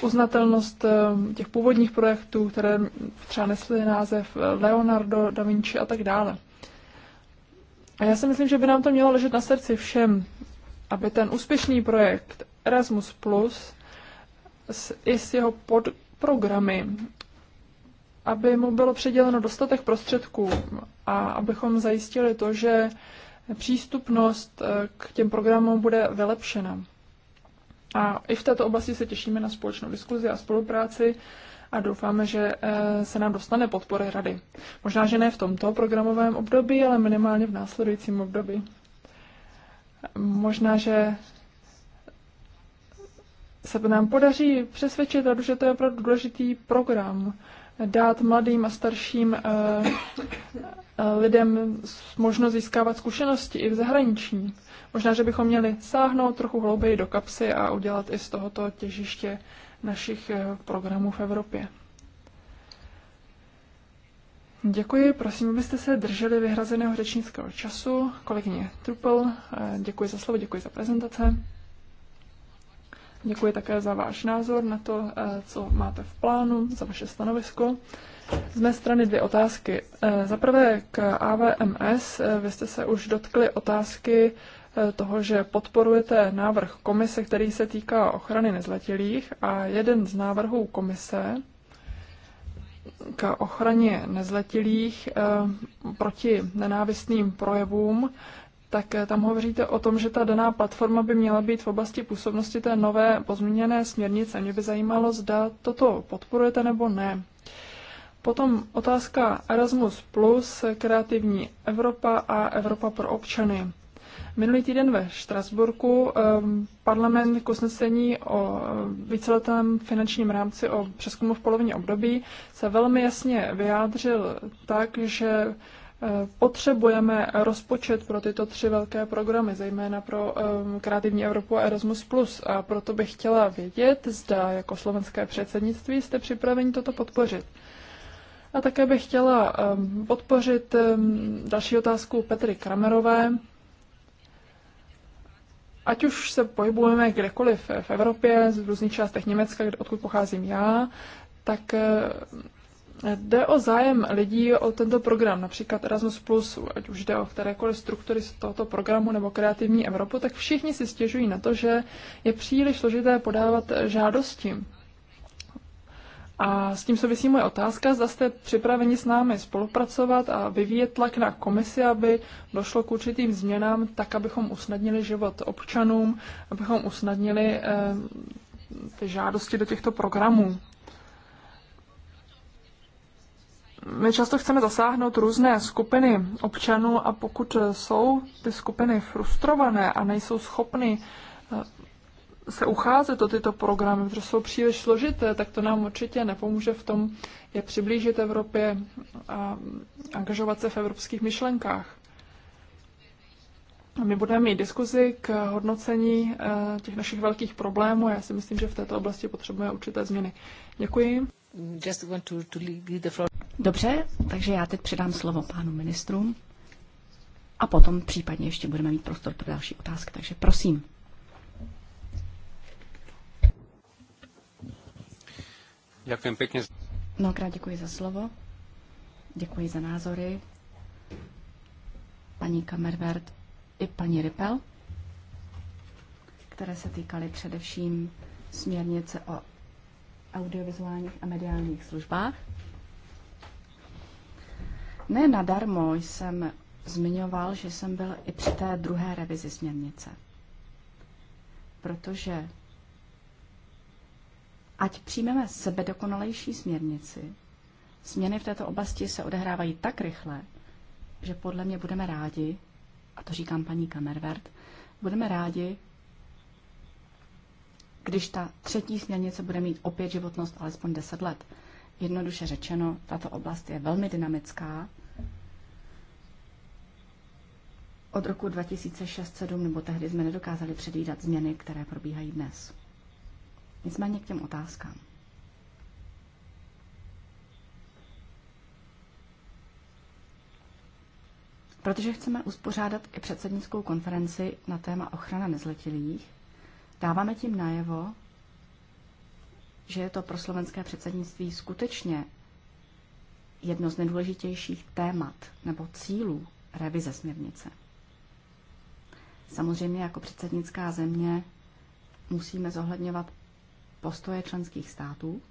uznatelnost eh, těch původních projektů, které třeba nesly název Leonardo da Vinci a tak dále. A já si myslím, že by nám to mělo ležet na srdci všem, aby ten úspěšný projekt Erasmus Plus s, i s jeho podprogramy, aby mu bylo předěleno dostatek prostředků a abychom zajistili to, že přístupnost eh, k těm programům bude vylepšena. A i v této oblasti se těšíme na společnou diskuzi a spolupráci a doufáme, že eh, se nám dostane podpory rady. Možná, že ne v tomto programovém období, ale minimálně v následujícím období. Možná, že se nám podaří přesvědčit radu, že to je opravdu důležitý program, dát mladým a starším eh, eh, lidem možnost získávat zkušenosti i v zahraničí. Možná, že bychom měli sáhnout trochu hlouběji do kapsy a udělat i z tohoto těžiště našich eh, programů v Evropě. Děkuji, prosím, abyste se drželi vyhrazeného řečnického času. Kolegyně Trupel, děkuji za slovo, děkuji za prezentace. Děkuji také za váš názor na to, eh, co máte v plánu, za vaše stanovisko. Z mé strany dvě otázky. Eh, za prvé k AVMS. Eh, vy jste se už dotkli otázky toho, že podporujete návrh komise, který se týká ochrany nezletilých a jeden z návrhů komise k ochraně nezletilých proti nenávistným projevům tak eh, tam hovoříte o tom, že ta daná platforma by měla být v oblasti působnosti té nové pozměněné směrnice. Mě by zajímalo, zda toto podporujete nebo ne. Potom otázka Erasmus+, Kreativní Evropa a Evropa pro občany. Minulý týden ve Štrasburku ehm, parlament k usnesení o ehm, víceletém finančním rámci o přeskumu v polovině období se velmi jasně vyjádřil tak, že Potřebujeme rozpočet pro tyto tři velké programy, zejména pro um, Kreativní Evropu a Erasmus+. A proto bych chtěla vědět, zda jako slovenské předsednictví jste připraveni toto podpořit. A také bych chtěla um, podpořit um, další otázku Petry Kramerové. Ať už se pohybujeme kdekoliv v Evropě, v různých částech Německa, odkud pocházím já, tak Jde o zájem lidí o tento program, například Erasmus+, ať už jde o kterékoliv struktury z tohoto programu nebo kreativní Evropu, tak všichni si stěžují na to, že je příliš složité podávat žádosti. A s tím souvisí moje otázka, zda jste připraveni s námi spolupracovat a vyvíjet tlak na komisi, aby došlo k určitým změnám, tak abychom usnadnili život občanům, abychom usnadnili eh, ty žádosti do těchto programů my často chceme zasáhnout různé skupiny občanů a pokud jsou ty skupiny frustrované a nejsou schopny eh, se ucházet o tyto programy, protože jsou příliš složité, tak to nám určitě nepomůže v tom je přiblížit Evropě a angažovat se v evropských myšlenkách. My budeme mít diskuzi k hodnocení eh, těch našich velkých problémů a já si myslím, že v této oblasti potřebujeme určité změny. Děkuji just want to, to leave the floor. Dobře, takže já teď předám slovo pánu ministru a potom případně ještě budeme mít prostor pro další otázky, takže prosím. No, pěkně. Mnohokrát děkuji za slovo, děkuji za názory paní Kamervert i paní Ripel, které se týkaly především směrnice o audiovizuálních a mediálních službách. Ne nadarmo jsem zmiňoval, že jsem byl i při té druhé revizi směrnice. Protože ať přijmeme sebedokonalejší směrnici, změny v této oblasti se odehrávají tak rychle, že podle mě budeme rádi, a to říkám paní Kamervert, budeme rádi, když ta třetí směrnice bude mít opět životnost alespoň 10 let. Jednoduše řečeno, tato oblast je velmi dynamická. Od roku 2006-2007 nebo tehdy jsme nedokázali předvídat změny, které probíhají dnes. Nicméně k těm otázkám. Protože chceme uspořádat i předsednickou konferenci na téma ochrana nezletilých, Dáváme tím najevo, že je to pro slovenské předsednictví skutečně jedno z nejdůležitějších témat nebo cílů revize směrnice. Samozřejmě jako předsednická země musíme zohledňovat postoje členských států,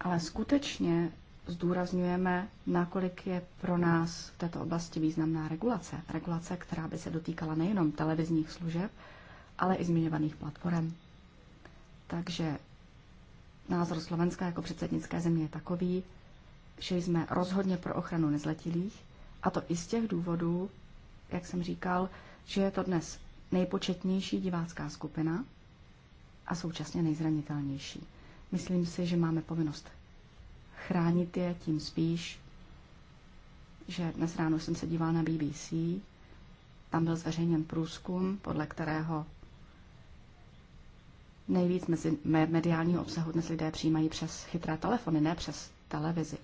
ale skutečně zdůrazňujeme, nakolik je pro nás v této oblasti významná regulace. Regulace, která by se dotýkala nejenom televizních služeb, ale i zmiňovaných platform. Takže názor Slovenska jako předsednické země je takový, že jsme rozhodně pro ochranu nezletilých, a to i z těch důvodů, jak jsem říkal, že je to dnes nejpočetnější divácká skupina a současně nejzranitelnější. Myslím si, že máme povinnost chránit je tím spíš, že dnes ráno jsem se díval na BBC, tam byl zveřejněn průzkum, podle kterého nejvíc mezi mediálního obsahu dnes lidé přijímají přes chytré telefony, ne přes televizi.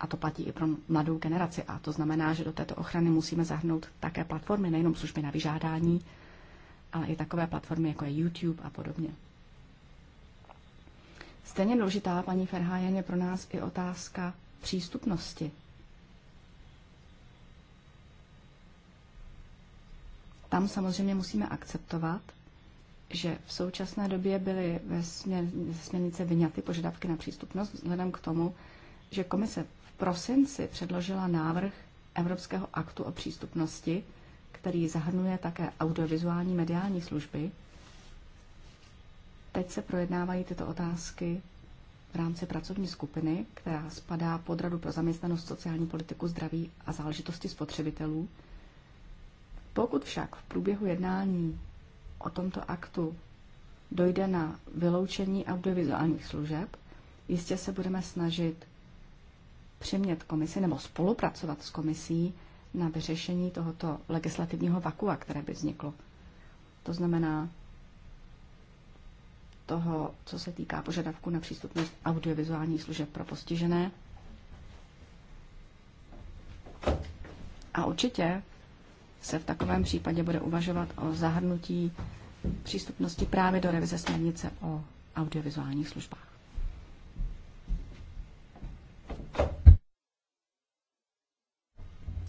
A to platí i pro mladou generaci. A to znamená, že do této ochrany musíme zahrnout také platformy, nejenom služby na vyžádání, ale i takové platformy, jako je YouTube a podobně. Stejně důležitá, paní Ferhájen, je pro nás i otázka přístupnosti. Tam samozřejmě musíme akceptovat, že v současné době byly ve směrnice vyňaty požadavky na přístupnost vzhledem k tomu, že komise v prosinci předložila návrh Evropského aktu o přístupnosti, který zahrnuje také audiovizuální mediální služby Teď se projednávají tyto otázky v rámci pracovní skupiny, která spadá pod Radu pro zaměstnanost, sociální politiku, zdraví a záležitosti spotřebitelů. Pokud však v průběhu jednání o tomto aktu dojde na vyloučení audiovizuálních služeb, jistě se budeme snažit přimět komisi nebo spolupracovat s komisí na vyřešení tohoto legislativního vakua, které by vzniklo. To znamená, toho, co se týká požadavku na přístupnost audiovizuálních služeb pro postižené. A určitě se v takovém případě bude uvažovat o zahrnutí přístupnosti právě do revize směrnice o audiovizuálních službách.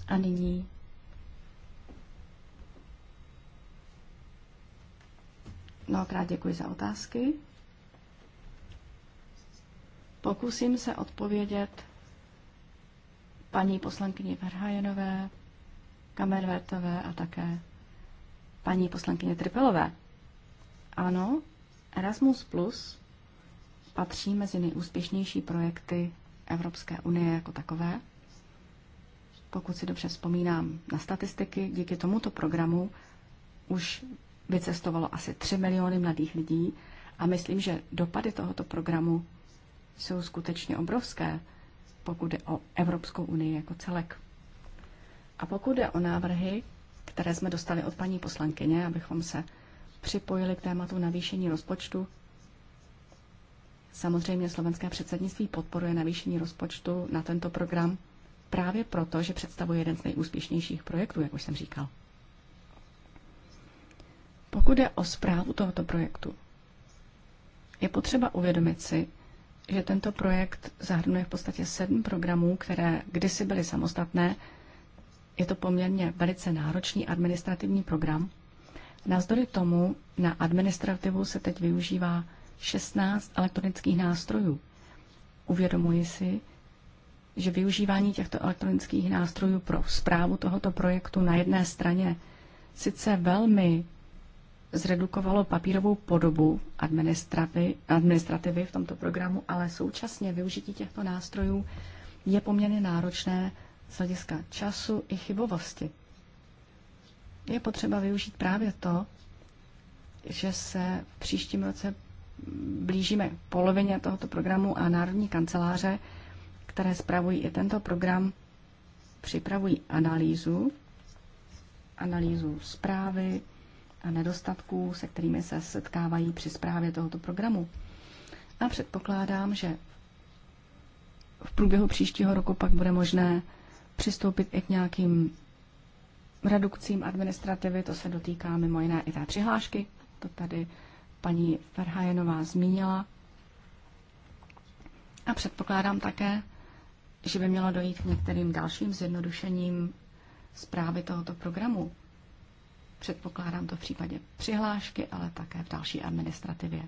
A nyní Mnohokrát děkuji za otázky. Pokusím se odpovědět paní poslankyni Verhajenové, Kamervertové a také paní poslankyně Tripelové. Ano, Erasmus Plus patří mezi nejúspěšnější projekty Evropské unie jako takové. Pokud si dobře vzpomínám na statistiky, díky tomuto programu už vycestovalo asi 3 miliony mladých lidí a myslím, že dopady tohoto programu jsou skutečně obrovské, pokud jde o Evropskou unii jako celek. A pokud jde o návrhy, které jsme dostali od paní poslankyně, abychom se připojili k tématu navýšení rozpočtu, samozřejmě slovenské předsednictví podporuje navýšení rozpočtu na tento program právě proto, že představuje jeden z nejúspěšnějších projektů, jak už jsem říkal. Pokud je o zprávu tohoto projektu, je potřeba uvědomit si, že tento projekt zahrnuje v podstatě sedm programů, které kdysi byly samostatné. Je to poměrně velice náročný administrativní program. Nazdory tomu na administrativu se teď využívá 16 elektronických nástrojů. Uvědomuji si, že využívání těchto elektronických nástrojů pro zprávu tohoto projektu na jedné straně sice velmi zredukovalo papírovou podobu administrativy, administrativy v tomto programu, ale současně využití těchto nástrojů je poměrně náročné z hlediska času i chybovosti. Je potřeba využít právě to, že se v příštím roce blížíme polovině tohoto programu a národní kanceláře, které spravují i tento program, připravují analýzu, analýzu zprávy, nedostatků, se kterými se setkávají při zprávě tohoto programu. A předpokládám, že v průběhu příštího roku pak bude možné přistoupit i k nějakým redukcím administrativy, to se dotýká mimo jiné i té přihlášky, to tady paní Ferhajenová zmínila. A předpokládám také, že by mělo dojít k některým dalším zjednodušením zprávy tohoto programu. Předpokládám to v případě přihlášky, ale také v další administrativě,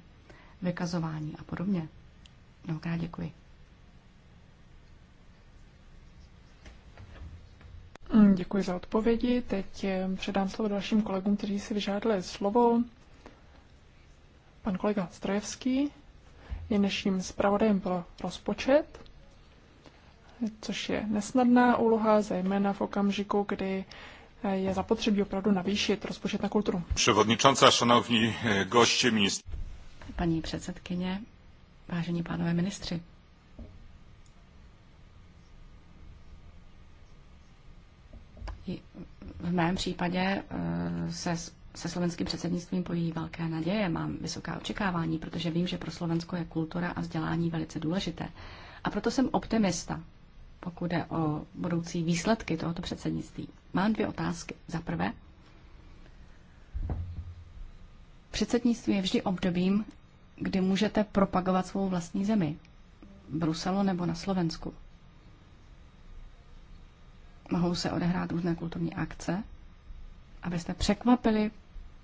vykazování a podobně. Mnohokrát děkuji. Děkuji za odpovědi. Teď eh, předám slovo dalším kolegům, kteří si vyžádali slovo. Pan kolega Strojevský je dnešním zpravodajem pro rozpočet, což je nesnadná úloha, zejména v okamžiku, kdy je zapotřebí opravdu navýšit rozpočet na kulturu. šanovní eh, ministr. Paní předsedkyně, vážení pánové ministři. V mém případě eh, se, se slovenským předsednictvím pojí velké naděje, mám vysoká očekávání, protože vím, že pro Slovensko je kultura a vzdělání velice důležité. A proto jsem optimista, pokud jde o budoucí výsledky tohoto předsednictví. Mám dvě otázky. Za prvé, předsednictví je vždy obdobím, kdy můžete propagovat svou vlastní zemi. Bruselu nebo na Slovensku. Mohou se odehrát různé kulturní akce, abyste překvapili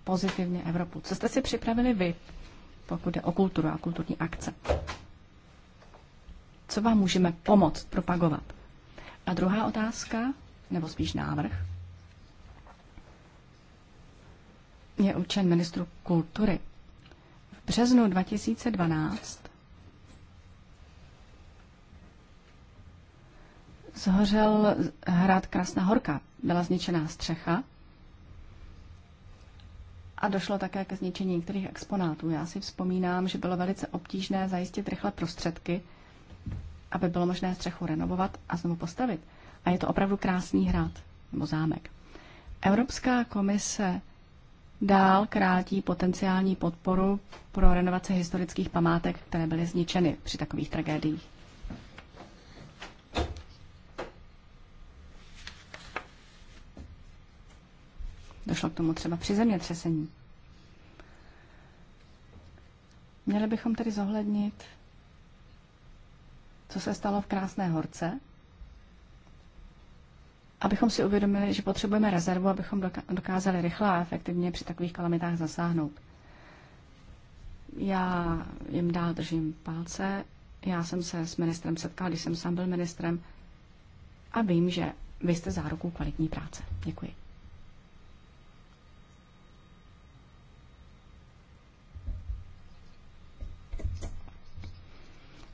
pozitivně Evropu. Co jste si připravili vy, pokud jde o kulturu a kulturní akce? Co vám můžeme pomoct propagovat? A druhá otázka nebo spíš návrh, je určen ministru kultury. V březnu 2012 zhořel hrad Krasná Horka. Byla zničená střecha a došlo také ke zničení některých exponátů. Já si vzpomínám, že bylo velice obtížné zajistit rychle prostředky, aby bylo možné střechu renovovat a znovu postavit. A je to opravdu krásný hrad nebo zámek. Evropská komise dál krátí potenciální podporu pro renovaci historických památek, které byly zničeny při takových tragédiích. Došlo k tomu třeba při zemětřesení. Měli bychom tedy zohlednit, co se stalo v Krásné horce, abychom si uvědomili, že potřebujeme rezervu, abychom dokázali rychle a efektivně při takových kalamitách zasáhnout. Já jim dál držím palce. Já jsem se s ministrem setkal, když jsem sám byl ministrem a vím, že vy jste zárukou kvalitní práce. Děkuji.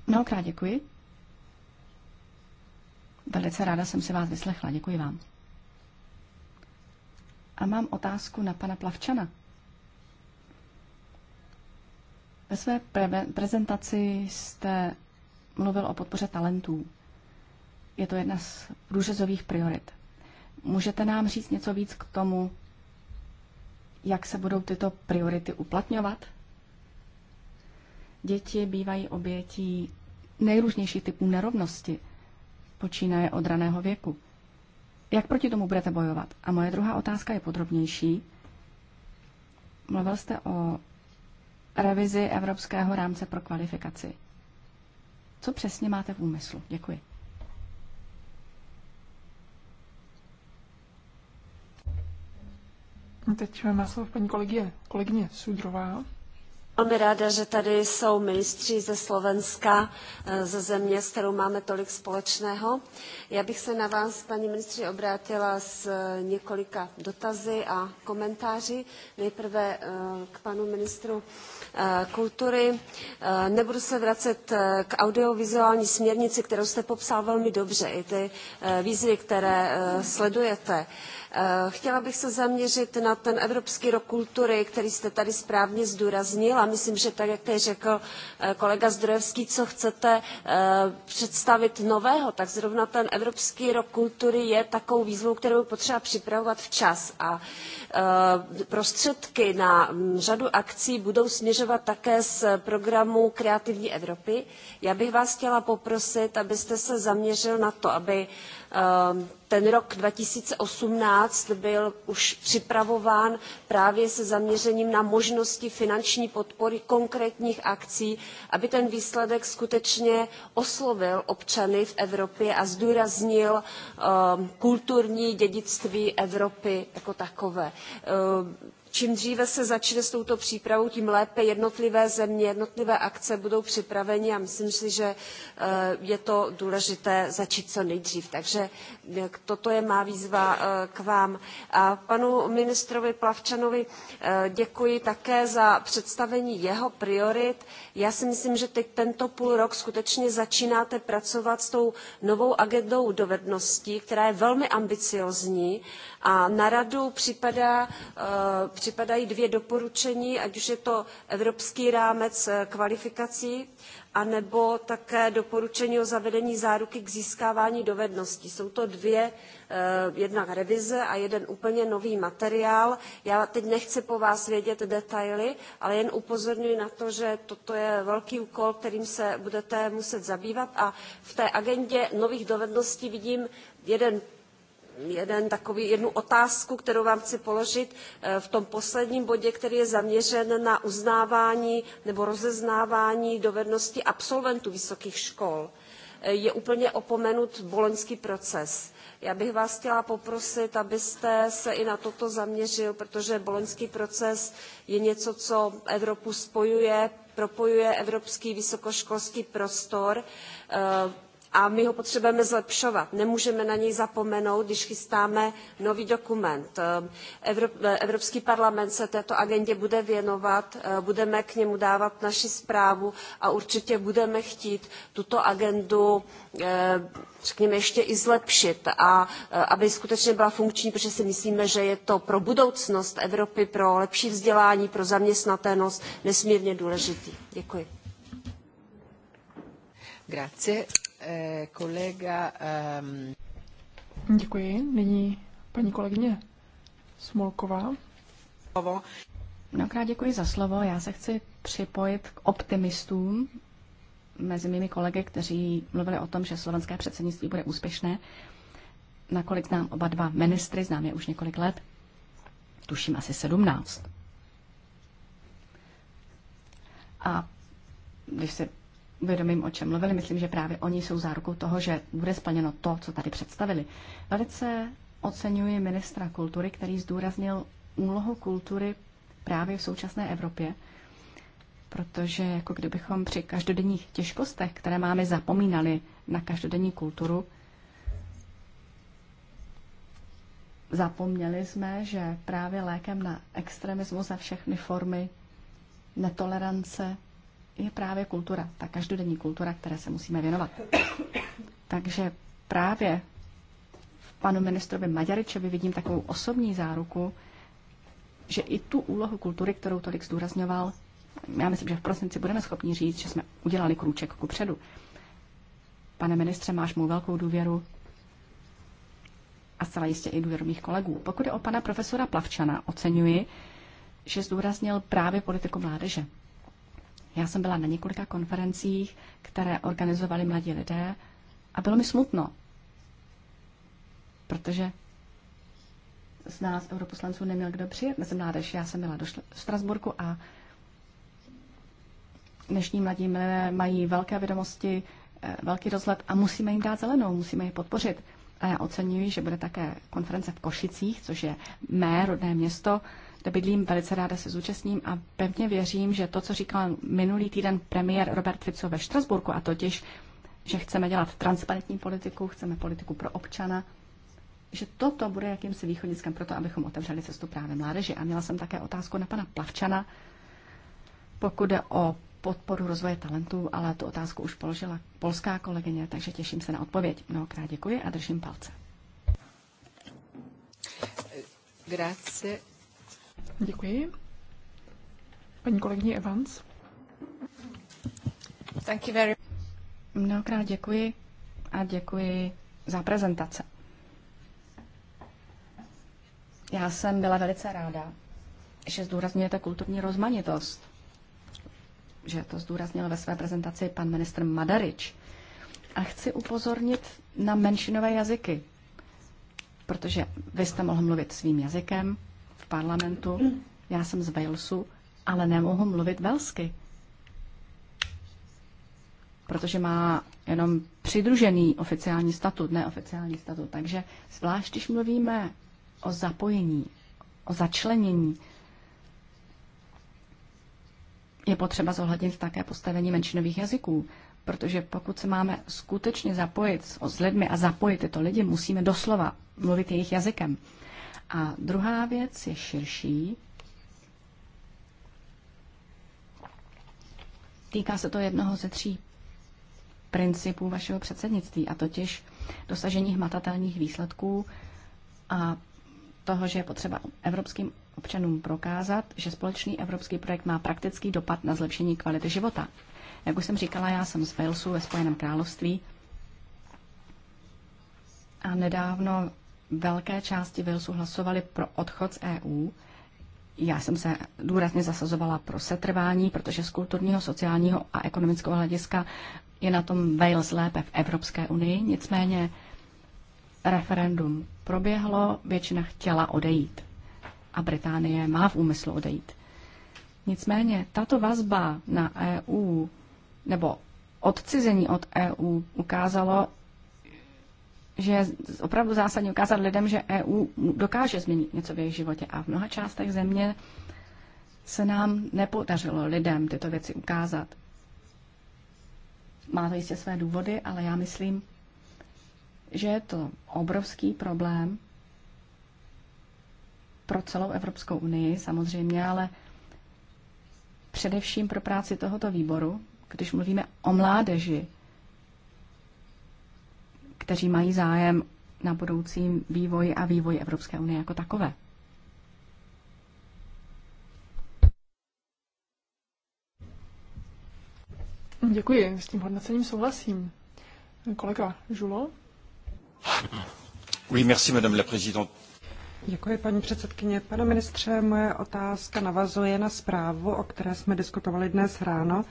Mnohokrát děkuji. Velice ráda jsem si vás vyslechla. Děkuji vám. A mám otázku na pana Plavčana. Ve své pre- prezentaci jste mluvil o podpoře talentů. Je to jedna z průřezových priorit. Můžete nám říct něco víc k tomu, jak se budou tyto priority uplatňovat? Děti bývají obětí nejrůznějších typů nerovnosti počínaje od raného věku. Jak proti tomu budete bojovat? A moje druhá otázka je podrobnější. Mluvil jste o revizi Evropského rámce pro kvalifikaci. Co přesně máte v úmyslu? Děkuji. Teď máme slovo paní kolegyně, kolegyně Sudrová. Velmi ráda, že tady jsou ministři ze Slovenska, eh, ze země, s kterou máme tolik společného. Já bych se na vás, paní ministři, obrátila s eh, několika dotazy a komentáři. Nejprve eh, k panu ministru kultury. Nebudu se vracet k audiovizuální směrnici, kterou jste popsal velmi dobře, i ty výzvy, které sledujete. Eh, chtěla bych se zaměřit na ten Evropský rok kultury, který jste tady správně zdůraznil a myslím, že tak, jak tady řekl eh, kolega Zdrojevský, co chcete eh, představit nového, tak zrovna ten Evropský rok kultury je takovou výzvou, kterou potřeba připravovat včas a prostředky na mm, řadu akcí budou směřovat také z programu Kreativní Evropy. Já bych vás chtěla poprosit, abyste se zaměřil na to, aby Ehm, ten rok 2018 byl už připravován právě se zaměřením na možnosti finanční podpory konkrétních akcí, aby ten výsledek skutečně oslovil občany v Evropě a zdůraznil ehm, kulturní dědictví Evropy jako takové. Ehm, čím dříve se začne s touto přípravou tím lépe jednotlivé země jednotlivé akce budou připraveny a myslím si že eh, je to důležité začít co nejdřív. takže eh, toto je má výzva eh, k vám. a panu ministrovi plavčanovi děkuji také za představení jeho priorit. já si myslím že teď tento půlrok skutečně začínáte pracovat s tou novou agendou dovedností která je velmi ambiciózní a na radu připadá, eh, připadají dvě doporučení, ať už je to evropský rámec eh, kvalifikací, anebo také doporučení o zavedení záruky k získávání dovedností. Jsou to dvě, eh, jedna revize a jeden úplně nový materiál. Já teď nechci po vás vědět detaily, ale jen upozorňuji na to, že toto je velký úkol, kterým se budete muset zabývat a v té agendě nových dovedností vidím jeden jeden takový, jednu otázku, kterou vám chci položit eh, v tom posledním bodě, který je zaměřen na uznávání nebo rozeznávání dovedností absolventů vysokých škol. Eh, je úplně opomenut boloňský proces. Já bych vás chtěla poprosit, abyste se i na toto zaměřil, protože boloňský proces je něco, co Evropu spojuje, propojuje evropský vysokoškolský prostor eh, a my ho potřebujeme zlepšovat. Nemůžeme na něj zapomenout, když chystáme nový dokument. Ehm, Evropský parlament se této agendě bude věnovat, eh, budeme k němu dávat naši zprávu a určitě budeme chtít tuto agendu eh, řekněme ještě i zlepšit a eh, aby skutečně byla funkční, protože si myslíme, že je to pro budoucnost Evropy, pro lepší vzdělání, pro zaměstnatelnost nesmírně důležitý. Děkuji. Grazie kolega... Eh, ehm, děkuji. Nyní paní kolegyně Smolková. Mnohokrát děkuji za slovo. Já se chci připojit k optimistům mezi mými kolegy, kteří mluvili o tom, že slovenské předsednictví bude úspěšné. Nakolik znám oba dva ministry, znám je už několik let, tuším asi sedmnáct. A když se uvědomím, o čem mluvili. Myslím, že právě oni jsou zárukou toho, že bude splněno to, co tady představili. Velice oceňuji ministra kultury, který zdůraznil úlohu kultury právě v současné Evropě, protože jako kdybychom při každodenních těžkostech, které máme, zapomínali na každodenní kulturu, zapomněli jsme, že právě lékem na extremismus a všechny formy netolerance, je právě kultura, ta každodenní kultura, které se musíme věnovat. Takže právě v panu ministrovi Maďaričovi vidím takovou osobní záruku, že i tu úlohu kultury, kterou tolik zdůrazňoval, já myslím, že v prosinci budeme schopni říct, že jsme udělali krůček ku předu. Pane ministře, máš mou velkou důvěru a zcela jistě i důvěru mých kolegů. Pokud je o pana profesora Plavčana, oceňuji, že zdůraznil právě politiku mládeže. Já jsem byla na několika konferencích, které organizovali mladí lidé a bylo mi smutno, protože z nás, europoslanců, neměl kdo přijet mezi mládež. Já jsem byla do Strasburku a dnešní mladí lidé mají velké vědomosti, eh, velký rozhled a musíme jim dát zelenou, musíme je podpořit. A já oceňuji, že bude také konference v Košicích, což je mé rodné město, kde bydlím, velice ráda se zúčastním a pevně věřím, že to, co říkal minulý týden premiér Robert Fico ve Štrasburku, a totiž, že chceme dělat transparentní politiku, chceme politiku pro občana, že toto bude jakýmsi východiskem pro to, abychom otevřeli cestu právě mládeži. A měla jsem také otázku na pana Plavčana, pokud je o podporu rozvoje talentů, ale tu otázku už položila polská kolegyně, takže těším se na odpověď. Mnohokrát děkuji a držím palce. Grazie. Děkuji. Paní kolegyně Evans. Thank you very... Mnohokrát děkuji a děkuji za prezentace. Já jsem byla velice ráda, že zdůrazňujete kulturní rozmanitost. Že to zdůraznil ve své prezentaci pan ministr Madarič. A chci upozornit na menšinové jazyky, protože vy jste mohl mluvit svým jazykem, parlamentu. Já jsem z Walesu, ale nemohu mluvit velsky, protože má jenom přidružený oficiální statut, neoficiální statut. Takže zvlášť, když mluvíme o zapojení, o začlenění, je potřeba zohlednit také postavení menšinových jazyků, protože pokud se máme skutečně zapojit s, lidmi a zapojit tyto lidi, musíme doslova mluvit jejich jazykem. A druhá věc je širší. Týká se to jednoho ze tří principů vašeho předsednictví, a totiž dosažení hmatatelných výsledků a toho, že je potřeba evropským občanům prokázat, že společný evropský projekt má praktický dopad na zlepšení kvality života. Jak už jsem říkala, já jsem z Walesu ve Spojeném království a nedávno velké části Walesu hlasovali pro odchod z EU. Já jsem se důrazně zasazovala pro setrvání, protože z kulturního, sociálního a ekonomického hlediska je na tom Wales lépe v Evropské unii. Nicméně referendum proběhlo, většina chtěla odejít a Británie má v úmyslu odejít. Nicméně tato vazba na EU nebo odcizení od EU ukázalo, že je opravdu zásadně ukázat lidem, že EU dokáže změnit něco v jejich životě. A v mnoha částech země se nám nepodařilo lidem tyto věci ukázat. Má to jistě své důvody, ale já myslím, že je to obrovský problém pro celou Evropskou unii samozřejmě, ale především pro práci tohoto výboru, když mluvíme o mládeži, kteří mají zájem na budoucím vývoji a vývoji Evropské unie jako takové. Děkuji, s tím hodnocením souhlasím. Kolega Žulo? Oui, merci, madame la présidente. Děkuji, paní předsedkyně. Pane ministře, moje otázka navazuje na zprávu, o které jsme diskutovali dnes ráno.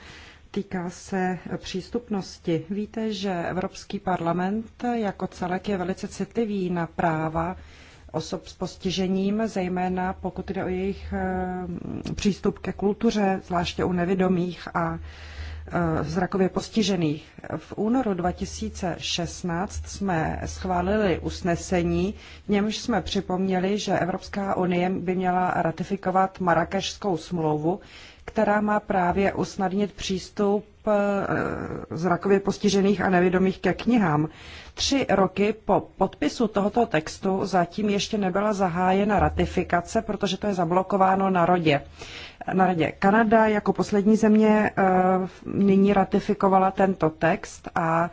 Týká se přístupnosti. Víte, že Evropský parlament jako celek je velice citlivý na práva osob s postižením, zejména pokud jde o jejich eh, přístup ke kultuře, zvláště u nevědomých a eh, zrakově postižených. V únoru 2016 jsme schválili usnesení, v němž jsme připomněli, že Evropská unie by měla ratifikovat Marrakešskou smlouvu, která má právě usnadnit přístup eh, zrakově postižených a nevědomých ke knihám. Tři roky po podpisu tohoto textu zatím ještě nebyla zahájena ratifikace, protože to je zablokováno na rodě. Na radě Kanada jako poslední země eh, nyní ratifikovala tento text a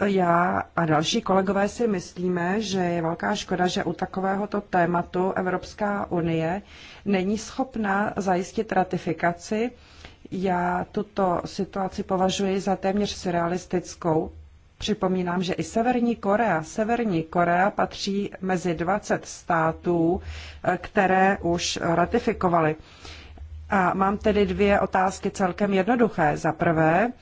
já a další kolegové si myslíme, že je velká škoda, že u takovéhoto tématu Evropská unie není schopna zajistit ratifikaci. Já tuto situaci považuji za téměř surrealistickou. Připomínám, že i Severní Korea. Severní Korea patří mezi 20 států, které už ratifikovaly. A mám tedy dvě otázky celkem jednoduché. Za prvé,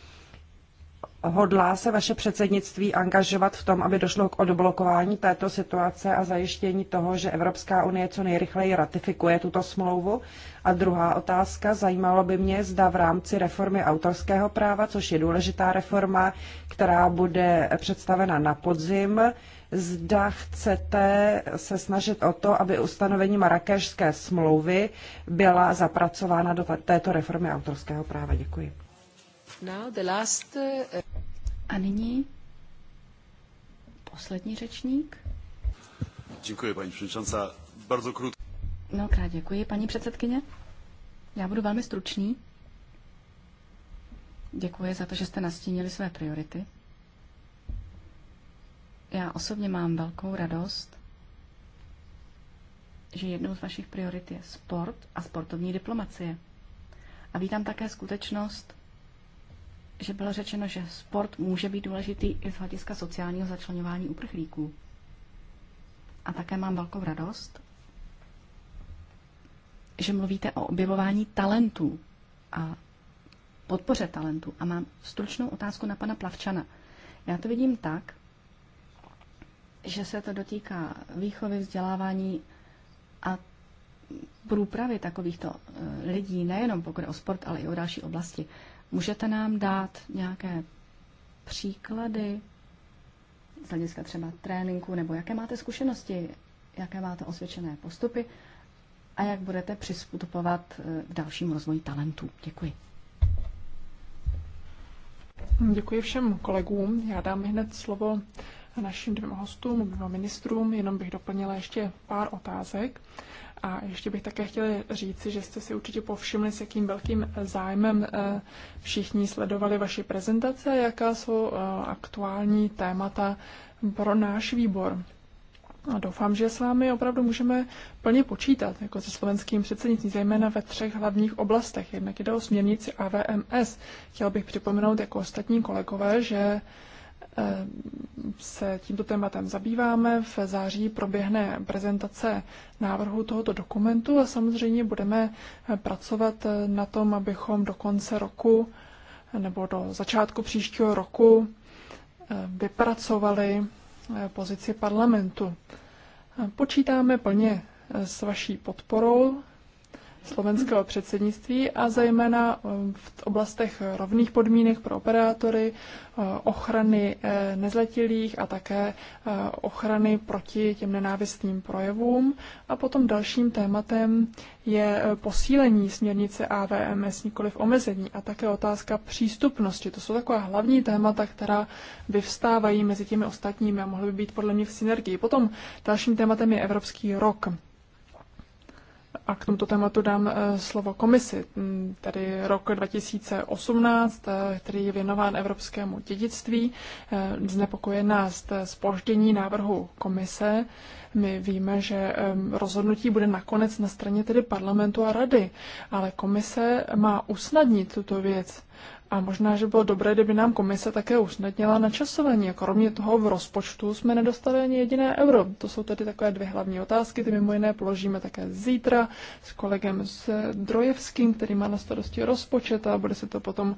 Hodlá se vaše předsednictví angažovat v tom, aby došlo k odblokování této situace a zajištění toho, že Evropská unie co nejrychleji ratifikuje tuto smlouvu? A druhá otázka, zajímalo by mě, zda v rámci reformy autorského práva, což je důležitá reforma, která bude představena na podzim, zda chcete se snažit o to, aby ustanovení Marrakešské smlouvy byla zapracována do této reformy autorského práva. Děkuji. Now the last, uh... A nyní poslední řečník. Děkuji, paní předsedkyně. Bardzo krut. No, krát děkuji, paní předsedkyně. Já budu velmi stručný. Děkuji za to, že jste nastínili své priority. Já osobně mám velkou radost, že jednou z vašich priorit je sport a sportovní diplomacie. A vítám také skutečnost, že bylo řečeno, že sport může být důležitý i z hlediska sociálního začlenování uprchlíků. A také mám velkou radost, že mluvíte o objevování talentů a podpoře talentů. A mám stručnou otázku na pana Plavčana. Já to vidím tak, že se to dotýká výchovy, vzdělávání a průpravy takovýchto eh, lidí, nejenom pokud o sport, ale i o další oblasti. Můžete nám dát nějaké příklady z hlediska třeba tréninku, nebo jaké máte zkušenosti, jaké máte osvědčené postupy a jak budete přistupovat eh, k dalšímu rozvoji talentů. Děkuji. Děkuji všem kolegům. Já dám hned slovo našim dvěma hostům, dvěma ministrům. Jenom bych doplnila ještě pár otázek. A ještě bych také chtěla říci, že jste si určitě povšimli, s jakým velkým eh, zájmem eh, všichni sledovali vaši prezentace, jaká jsou eh, aktuální témata pro náš výbor. A doufám, že s vámi opravdu můžeme plně počítat, jako se slovenským předsednictvím, zejména ve třech hlavních oblastech. Jednak jde o směrnici AVMS. Chtěl bych připomenout jako ostatní kolegové, že Eh, se tímto tématem zabýváme. V září proběhne prezentace návrhu tohoto dokumentu a samozřejmě budeme eh, pracovat eh, na tom, abychom do konce roku nebo do začátku příštího roku vypracovali pozici parlamentu. Počítáme plně s vaší podporou slovenského předsednictví a zejména eh, v oblastech rovných podmínek pro operátory, eh, ochrany eh, nezletilých a také ochrany proti těm nenávistným projevům. A potom dalším tématem je posílení směrnice AVMS, nikoli v omezení, a také otázka přístupnosti. To jsou taková hlavní témata, která vyvstávají mezi těmi ostatními a mohly by být podle mě v synergii. Potom dalším tématem je Evropský rok. A k tomuto tématu dám eh, slovo komisi, mm, tedy rok 2018, eh, který je věnován evropskému dědictví. Eh, Znepokoje nás spoždění návrhu komise. My víme, že rozhodnutí bude nakonec na straně tedy parlamentu a rady, ale komise má usnadnit tuto věc. A možná, že bylo dobré, kdyby nám komise také usnadnila načasování. A kromě toho v rozpočtu jsme nedostali ani jediné euro. To jsou tedy takové dvě hlavní otázky. Ty mimo jiné položíme také zítra s kolegem s Drojevským, který má na starosti rozpočet a bude se to potom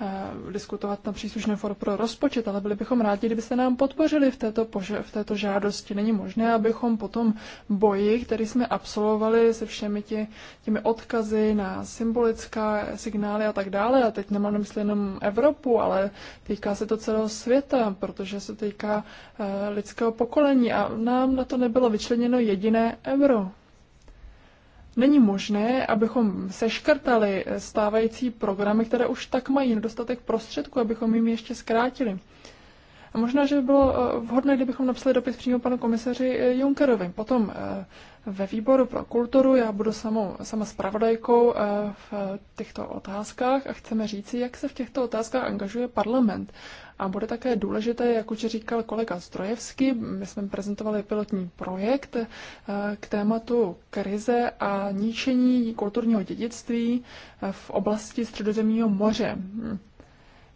eh, diskutovat na příslušné foru pro rozpočet. Ale byli bychom rádi, kdybyste nám podpořili v této, pože- v této žádosti. Není možné, abychom potom boji, který jsme absolvovali se všemi tě, těmi odkazy na symbolická signály a tak dále, a teď nemám na mysli přece jenom Evropu, ale týká se to celého světa, protože se týká eh, lidského pokolení a nám na to nebylo vyčleněno jediné euro. Není možné, abychom seškrtali eh, stávající programy, které už tak mají nedostatek prostředků, abychom jim ještě zkrátili. A možná, že by bylo eh, vhodné, kdybychom napsali dopis přímo panu komisaři Junckerovi. Potom ve výboru pro kulturu já budu samou, sama spravodajkou eh, v těchto otázkách a chceme říci, jak se v těchto otázkách angažuje parlament. A bude také důležité, jak už říkal kolega Zdrojevský, my jsme prezentovali pilotní projekt eh, k tématu krize a ničení kulturního dědictví eh, v oblasti Středozemního moře.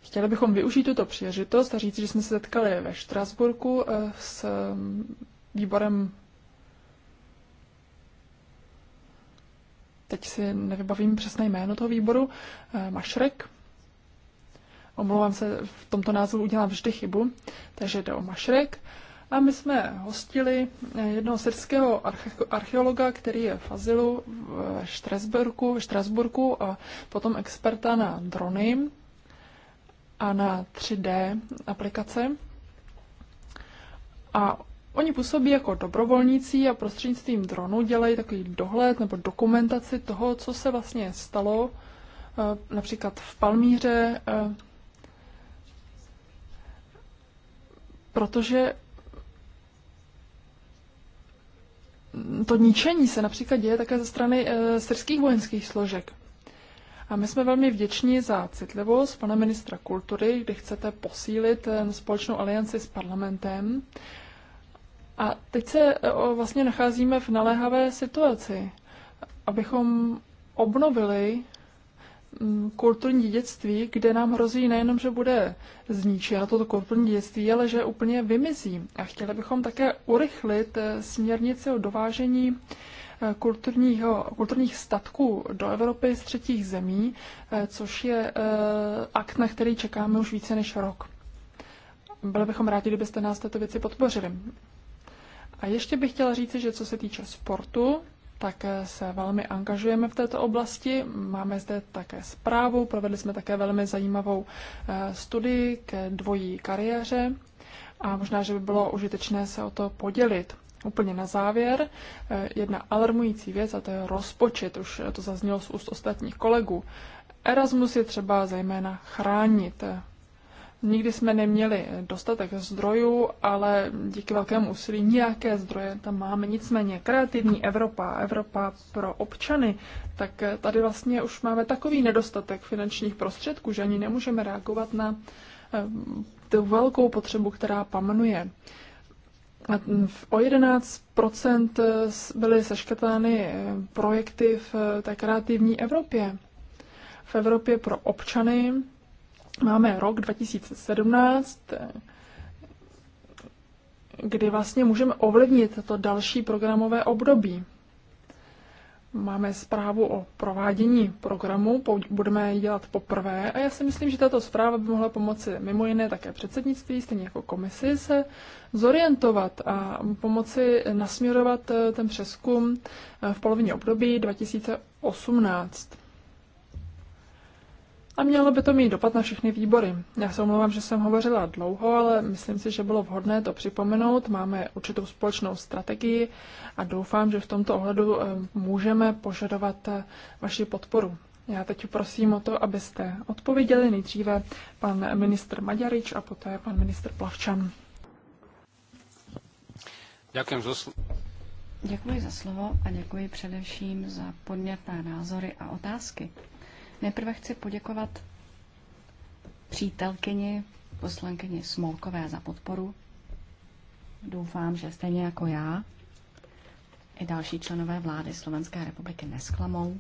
Chtěli bychom využít tuto příležitost a říct, že jsme se setkali ve Štrasburku s mm, výborem teď si nevybavím přesné jméno toho výboru, eh, Mašrek. Omlouvám se, v tomto názvu udělám vždy chybu, takže jde o Mašrek. A my jsme hostili eh, jednoho syrského archeologa, který je v Fazilu v Štrasburku, v Štrasburku a potom experta na drony a na 3D aplikace. A Oni působí jako dobrovolníci a prostřednictvím dronu dělají takový dohled nebo dokumentaci toho, co se vlastně stalo, eh, například v Palmíře, eh, protože to ničení se například děje také ze strany eh, syrských vojenských složek. A my jsme velmi vděční za citlivost pana ministra kultury, kdy chcete posílit společnou alianci s parlamentem a teď se e, vlastně nacházíme v naléhavé situaci, abychom obnovili mm, kulturní dědictví, kde nám hrozí nejenom, že bude zničeno toto kulturní dědictví, ale že úplně vymizí. A chtěli bychom také urychlit e, směrnici o dovážení e, kulturního, kulturních statků do Evropy z třetích zemí, což je akt, na který čekáme už více než rok. Byli bychom rádi, kdybyste nás této věci podpořili. A ještě bych chtěla říci, že co se týče sportu, tak se velmi angažujeme v této oblasti. Máme zde také zprávu, provedli jsme také velmi zajímavou eh, studii ke dvojí kariéře a možná, že by bylo užitečné se o to podělit. Úplně na závěr, eh, jedna alarmující věc, a to je rozpočet, už to zaznělo z úst ostatních kolegů. Erasmus je třeba zejména chránit. Nikdy jsme neměli eh, dostatek zdrojů, ale díky velkému úsilí nějaké zdroje tam máme. Nicméně kreativní Evropa, Evropa pro občany, tak eh, tady vlastně už máme takový nedostatek finančních prostředků, že ani nemůžeme reagovat na eh, tu velkou potřebu, která pamnuje. Mm, o 11 byly seškrtány projekty v té kreativní Evropě. V Evropě pro občany Máme rok 2017, kdy vlastně můžeme ovlivnit to další programové období. Máme zprávu o provádění programu, budeme ji dělat poprvé a já si myslím, že tato zpráva by mohla pomoci mimo jiné také předsednictví, stejně jako komisi, se zorientovat a pomoci nasměrovat eh, ten přeskum eh, v polovině období 2018. A mělo by to mít dopad na všechny výbory. Já se omlouvám, že jsem hovořila dlouho, ale myslím si, že bylo vhodné to připomenout. Máme určitou společnou strategii a doufám, že v tomto ohledu eh, můžeme požadovat eh, vaši podporu. Já teď prosím o to, abyste odpověděli nejdříve pan ministr Maďarič a poté pan ministr Plavčan. Děkuji za slovo. a děkuji především za podnětné názory a otázky. Nejprve chci poděkovat přítelkyni, poslankyni Smolkové za podporu. Doufám, že stejně jako já i další členové vlády Slovenské republiky nesklamou,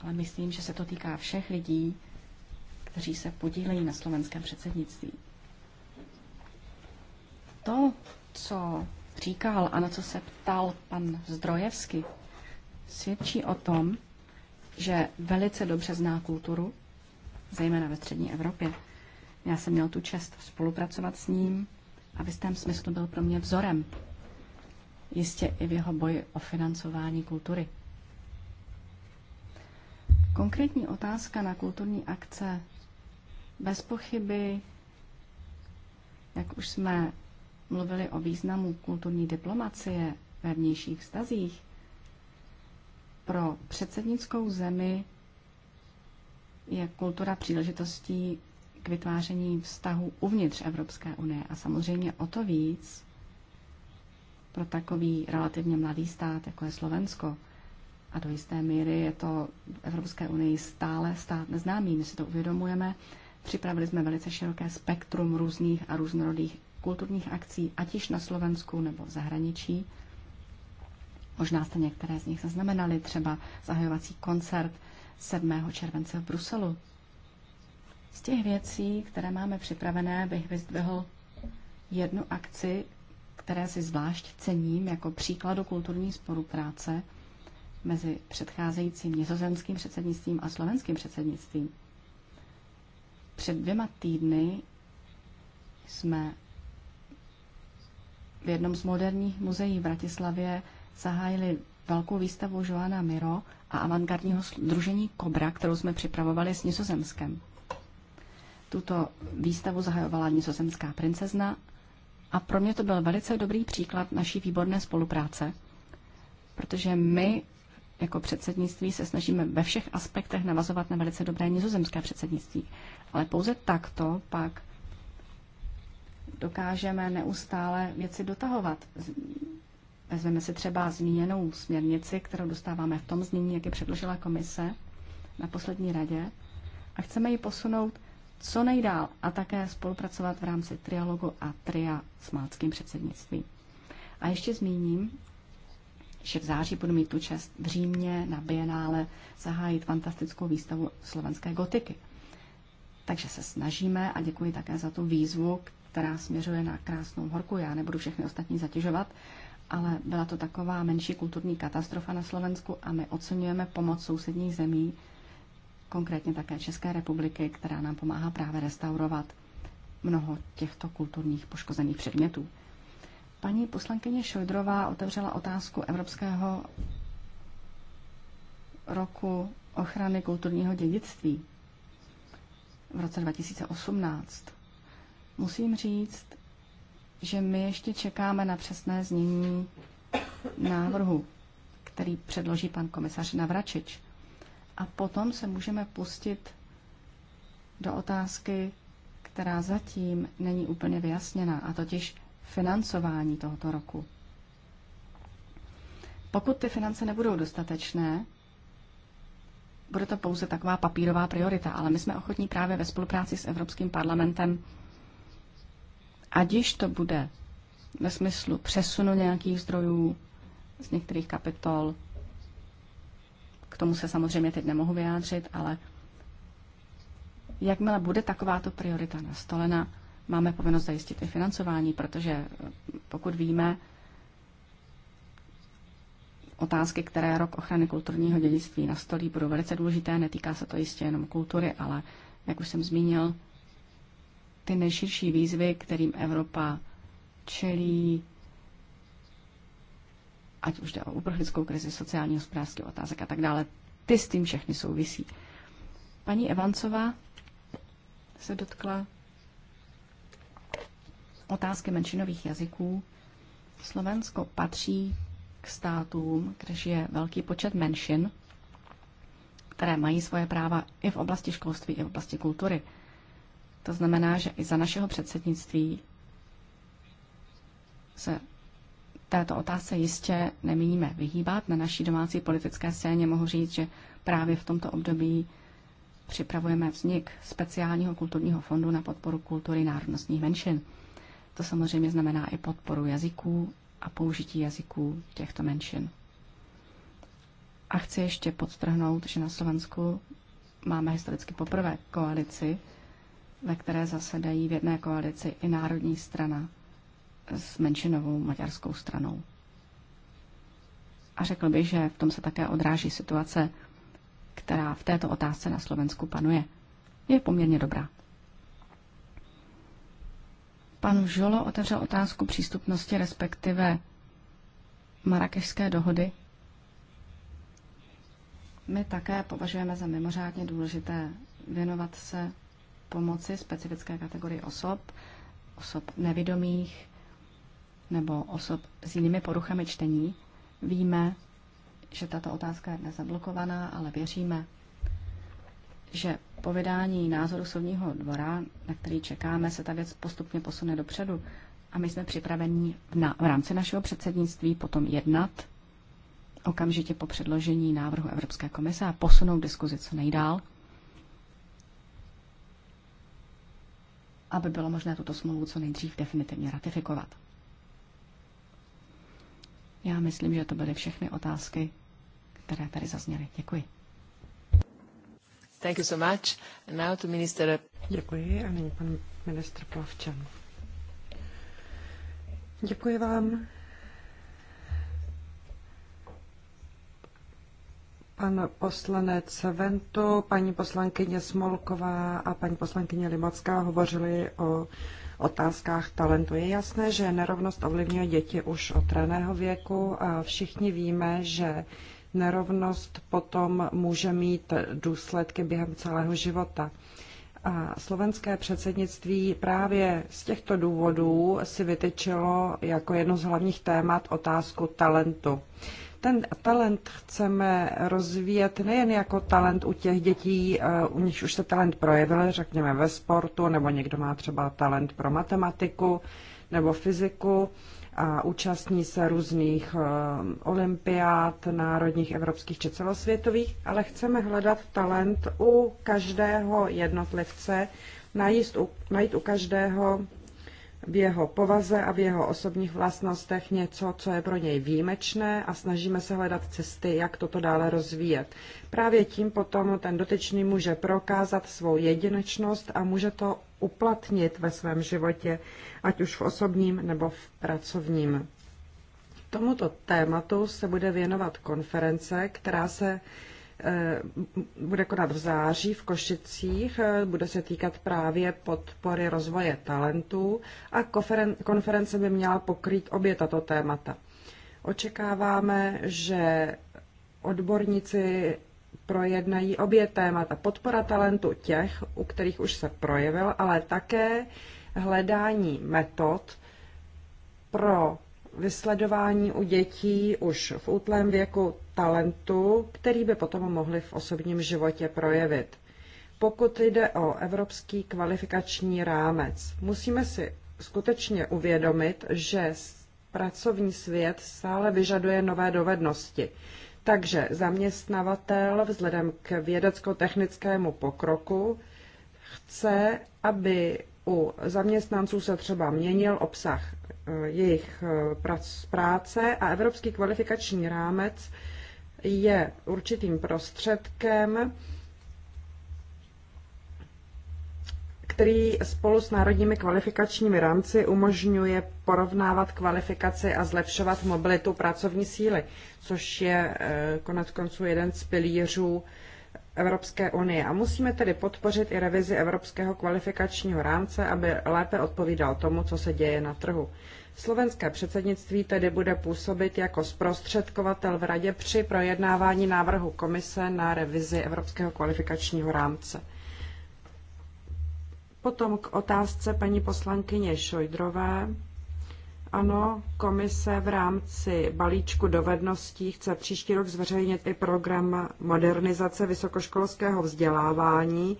ale myslím, že se to týká všech lidí, kteří se podílejí na slovenském předsednictví. To, co říkal a na co se ptal pan Zdrojevsky, svědčí o tom, že velice dobře zná kulturu, zejména ve střední Evropě. Já jsem měl tu čest spolupracovat s ním a v jistém smyslu byl pro mě vzorem. Jistě i v jeho boji o financování kultury. Konkrétní otázka na kulturní akce. Bez pochyby, jak už jsme mluvili o významu kulturní diplomacie ve vnějších vztazích, pro předsednickou zemi je kultura příležitostí k vytváření vztahu uvnitř Evropské unie a samozřejmě o to víc pro takový relativně mladý stát, jako je Slovensko. A do jisté míry je to v Evropské unii stále stát neznámý. My si to uvědomujeme. Připravili jsme velice široké spektrum různých a různorodých kulturních akcí, ať již na Slovensku nebo v zahraničí. Možná jste některé z nich zaznamenali, třeba zahajovací koncert 7. července v Bruselu. Z těch věcí, které máme připravené, bych vyzdvihl jednu akci, které si zvlášť cením jako příkladu kulturní spolupráce mezi předcházejícím nizozemským předsednictvím a slovenským předsednictvím. Před dvěma týdny jsme v jednom z moderních muzeí v Bratislavě zahájili velkou výstavu Joana Miro a avantgardního združení Kobra, kterou jsme připravovali s Nizozemskem. Tuto výstavu zahajovala nizozemská princezna a pro mě to byl velice dobrý příklad naší výborné spolupráce, protože my jako předsednictví se snažíme ve všech aspektech navazovat na velice dobré nizozemské předsednictví. Ale pouze takto pak dokážeme neustále věci dotahovat, Vezmeme si třeba zmíněnou směrnici, kterou dostáváme v tom znění, jak je předložila komise na poslední radě a chceme ji posunout co nejdál a také spolupracovat v rámci trialogu a tria s malckým předsednictvím. A ještě zmíním, že v září budu mít tu čest v Římě na Bienále zahájit fantastickou výstavu slovenské gotiky. Takže se snažíme a děkuji také za tu výzvu, která směřuje na krásnou horku. Já nebudu všechny ostatní zatěžovat, ale byla to taková menší kulturní katastrofa na Slovensku a my oceňujeme pomoc sousedních zemí, konkrétně také České republiky, která nám pomáhá právě restaurovat mnoho těchto kulturních poškozených předmětů. Paní poslankyně Šojdrová otevřela otázku Evropského roku ochrany kulturního dědictví v roce 2018. Musím říct, že my ještě čekáme na přesné znění návrhu, který předloží pan komisař Navračič. A potom se můžeme pustit do otázky, která zatím není úplně vyjasněná, a totiž financování tohoto roku. Pokud ty finance nebudou dostatečné, bude to pouze taková papírová priorita, ale my jsme ochotní právě ve spolupráci s Evropským parlamentem Ať již to bude ve smyslu přesunu nějakých zdrojů z některých kapitol, k tomu se samozřejmě teď nemohu vyjádřit, ale jakmile bude takováto priorita nastolena, máme povinnost zajistit i financování, protože eh, pokud víme, otázky, které rok ochrany kulturního dědictví nastolí, budou velice důležité. Netýká se to jistě jenom kultury, ale, jak už jsem zmínil, ty nejširší výzvy, kterým Evropa čelí, ať už jde o uprchlickou krizi, sociální hospodářské otázek a tak dále. Ty s tím všechny souvisí. Paní Evancová se dotkla otázky menšinových jazyků. Slovensko patří k státům, kde je velký počet menšin, které mají svoje práva i v oblasti školství, i v oblasti kultury. To znamená, že i za našeho předsednictví se této otázce jistě nemíníme vyhýbat. Na naší domácí politické scéně mohu říct, že právě v tomto období připravujeme vznik speciálního kulturního fondu na podporu kultury národnostních menšin. To samozřejmě znamená i podporu jazyků a použití jazyků těchto menšin. A chci ještě podtrhnout, že na Slovensku máme historicky poprvé koalici, ve které zasedají v jedné koalici i Národní strana s menšinovou maďarskou stranou. A řekl bych, že v tom se také odráží situace, která v této otázce na Slovensku panuje. Je poměrně dobrá. Pan Žolo otevřel otázku přístupnosti, respektive Marakešské dohody. My také považujeme za mimořádně důležité věnovat se pomoci specifické kategorii osob, osob nevědomých nebo osob s jinými poruchami čtení. Víme, že tato otázka je nezablokovaná, ale věříme, že po vydání názoru soudního dvora, na který čekáme, se ta věc postupně posune dopředu a my jsme připraveni v, na, v rámci našeho předsednictví potom jednat okamžitě po předložení návrhu Evropské komise a posunout diskuzi co nejdál aby bylo možné tuto smlouvu co nejdřív definitivně ratifikovat. Já myslím, že to byly všechny otázky, které tady zazněly. Děkuji. Thank you so much. And now to minister... Děkuji a nyní pan ministr Plavčan. Děkuji vám. Pan poslanec Vento, paní poslankyně Smolková a paní poslankyně Limacká hovořili o otázkách talentu. Je jasné, že nerovnost ovlivňuje děti už od raného věku a všichni víme, že nerovnost potom může mít důsledky během celého života. A slovenské předsednictví právě z těchto důvodů si vytyčilo jako jedno z hlavních témat otázku talentu. Ten talent chceme rozvíjet nejen jako talent u těch dětí, eh, u nich už se talent projevil, řekněme ve sportu, nebo někdo má třeba talent pro matematiku nebo fyziku a účastní se různých eh, olympiád, národních, evropských či celosvětových, ale chceme hledat talent u každého jednotlivce, najít u, najít u každého v jeho povaze a v jeho osobních vlastnostech něco, co je pro něj výjimečné a snažíme se hledat cesty, jak toto dále rozvíjet. Právě tím potom ten dotyčný může prokázat svou jedinečnost a může to uplatnit ve svém životě, ať už v osobním nebo v pracovním. Tomuto tématu se bude věnovat konference, která se Eh, bude konat v září v Košicích, eh, bude se týkat právě podpory rozvoje talentů a konference by měla pokrýt obě tato témata. Očekáváme, že odborníci projednají obě témata. Podpora talentu těch, u kterých už se projevil, ale také hledání metod pro vysledování u dětí už v útlém věku talentu, který by potom mohli v osobním životě projevit. Pokud jde o evropský kvalifikační rámec, musíme si skutečně uvědomit, že pracovní svět stále vyžaduje nové dovednosti. Takže zaměstnavatel vzhledem k vědecko-technickému pokroku chce, aby u zaměstnanců se třeba měnil obsah Eh, jejich eh, práce a Evropský kvalifikační rámec je určitým prostředkem, který spolu s národními kvalifikačními rámci umožňuje porovnávat kvalifikaci a zlepšovat mobilitu pracovní síly, což je eh, konec konců jeden z pilířů Evropské unie. A musíme tedy podpořit i revizi Evropského kvalifikačního rámce, aby lépe odpovídal tomu, co se děje na trhu. Slovenské předsednictví tedy bude působit jako zprostředkovatel v Radě při projednávání návrhu komise na revizi Evropského kvalifikačního rámce. Potom k otázce paní poslankyně Šojdrové. Ano, komise v rámci balíčku dovedností chce příští rok zveřejnit i program modernizace vysokoškolského vzdělávání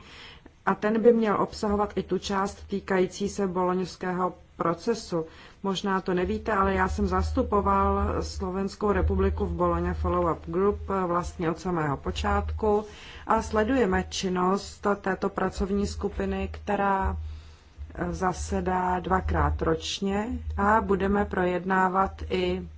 a ten by měl obsahovat i tu část týkající se boloňského procesu. Možná to nevíte, ale já jsem zastupoval Slovenskou republiku v Bologna Follow-up Group eh, vlastně od samého počátku a sledujeme činnost této pracovní skupiny, která eh, zasedá dvakrát ročně a budeme projednávat i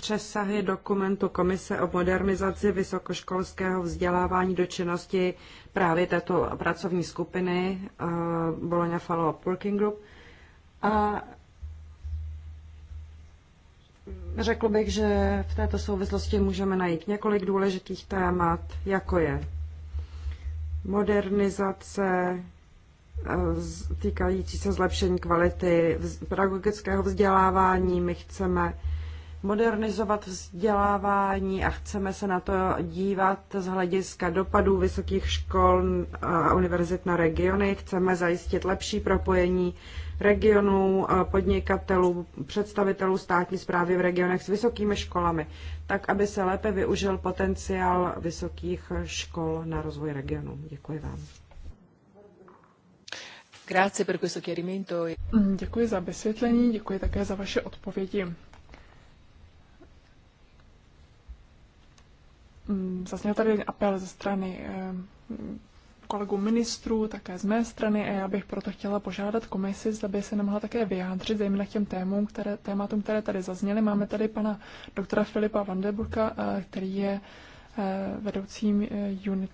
přesahy dokumentu Komise o modernizaci vysokoškolského vzdělávání do činnosti právě této pracovní skupiny eh, Bologna Follow-up Working Group. A řekl bych, že v této souvislosti můžeme najít několik důležitých témat, jako je modernizace eh, týkající se zlepšení kvality pedagogického vzdělávání. My chceme modernizovat vzdělávání a chceme se na to dívat z hlediska dopadů vysokých škol a univerzit na regiony. Chceme zajistit lepší propojení regionů, podnikatelů, představitelů státní zprávy v regionech s vysokými školami, tak aby se lépe využil potenciál vysokých škol na rozvoj regionu. Děkuji vám. Děkuji za vysvětlení, děkuji také za vaše odpovědi. Mm, zazněl tady apel ze strany eh, kolegu ministrů, také z mé strany a já bych proto chtěla požádat komisi, zda by se nemohla také vyjádřit, zejména k těm témům, které, tématům, které tady zazněly. Máme tady pana doktora Filipa Vanderburka, eh, který je eh, vedoucím unit,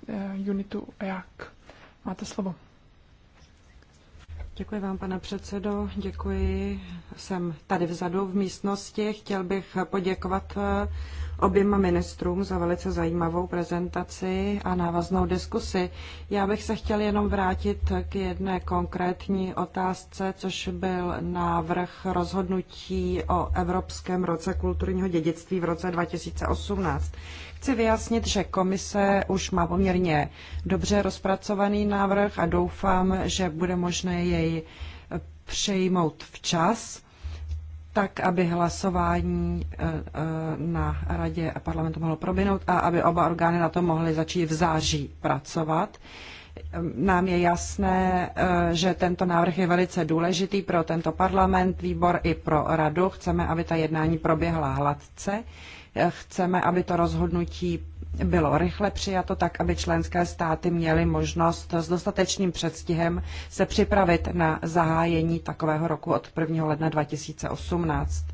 unitu EAC. Máte slovo. Děkuji vám, pane předsedo. Děkuji. Jsem tady vzadu v místnosti. Chtěl bych poděkovat eh, oběma ministrům za velice zajímavou prezentaci a návaznou diskusi. Já bych se chtěl jenom vrátit k jedné konkrétní otázce, což byl návrh rozhodnutí o Evropském roce kulturního dědictví v roce 2018. Chci vyjasnit, že komise už má poměrně dobře rozpracovaný návrh a doufám, že bude možné jej přejmout včas, tak aby hlasování eh, eh, na radě a parlamentu mohlo proběhnout a aby oba orgány na to mohly začít v září pracovat. Nám je jasné, eh, že tento návrh je velice důležitý pro tento parlament, výbor i pro radu. Chceme, aby ta jednání proběhla hladce. Chceme, aby to rozhodnutí bylo rychle přijato tak, aby členské státy měly možnost s dostatečným předstihem se připravit na zahájení takového roku od 1. ledna 2018.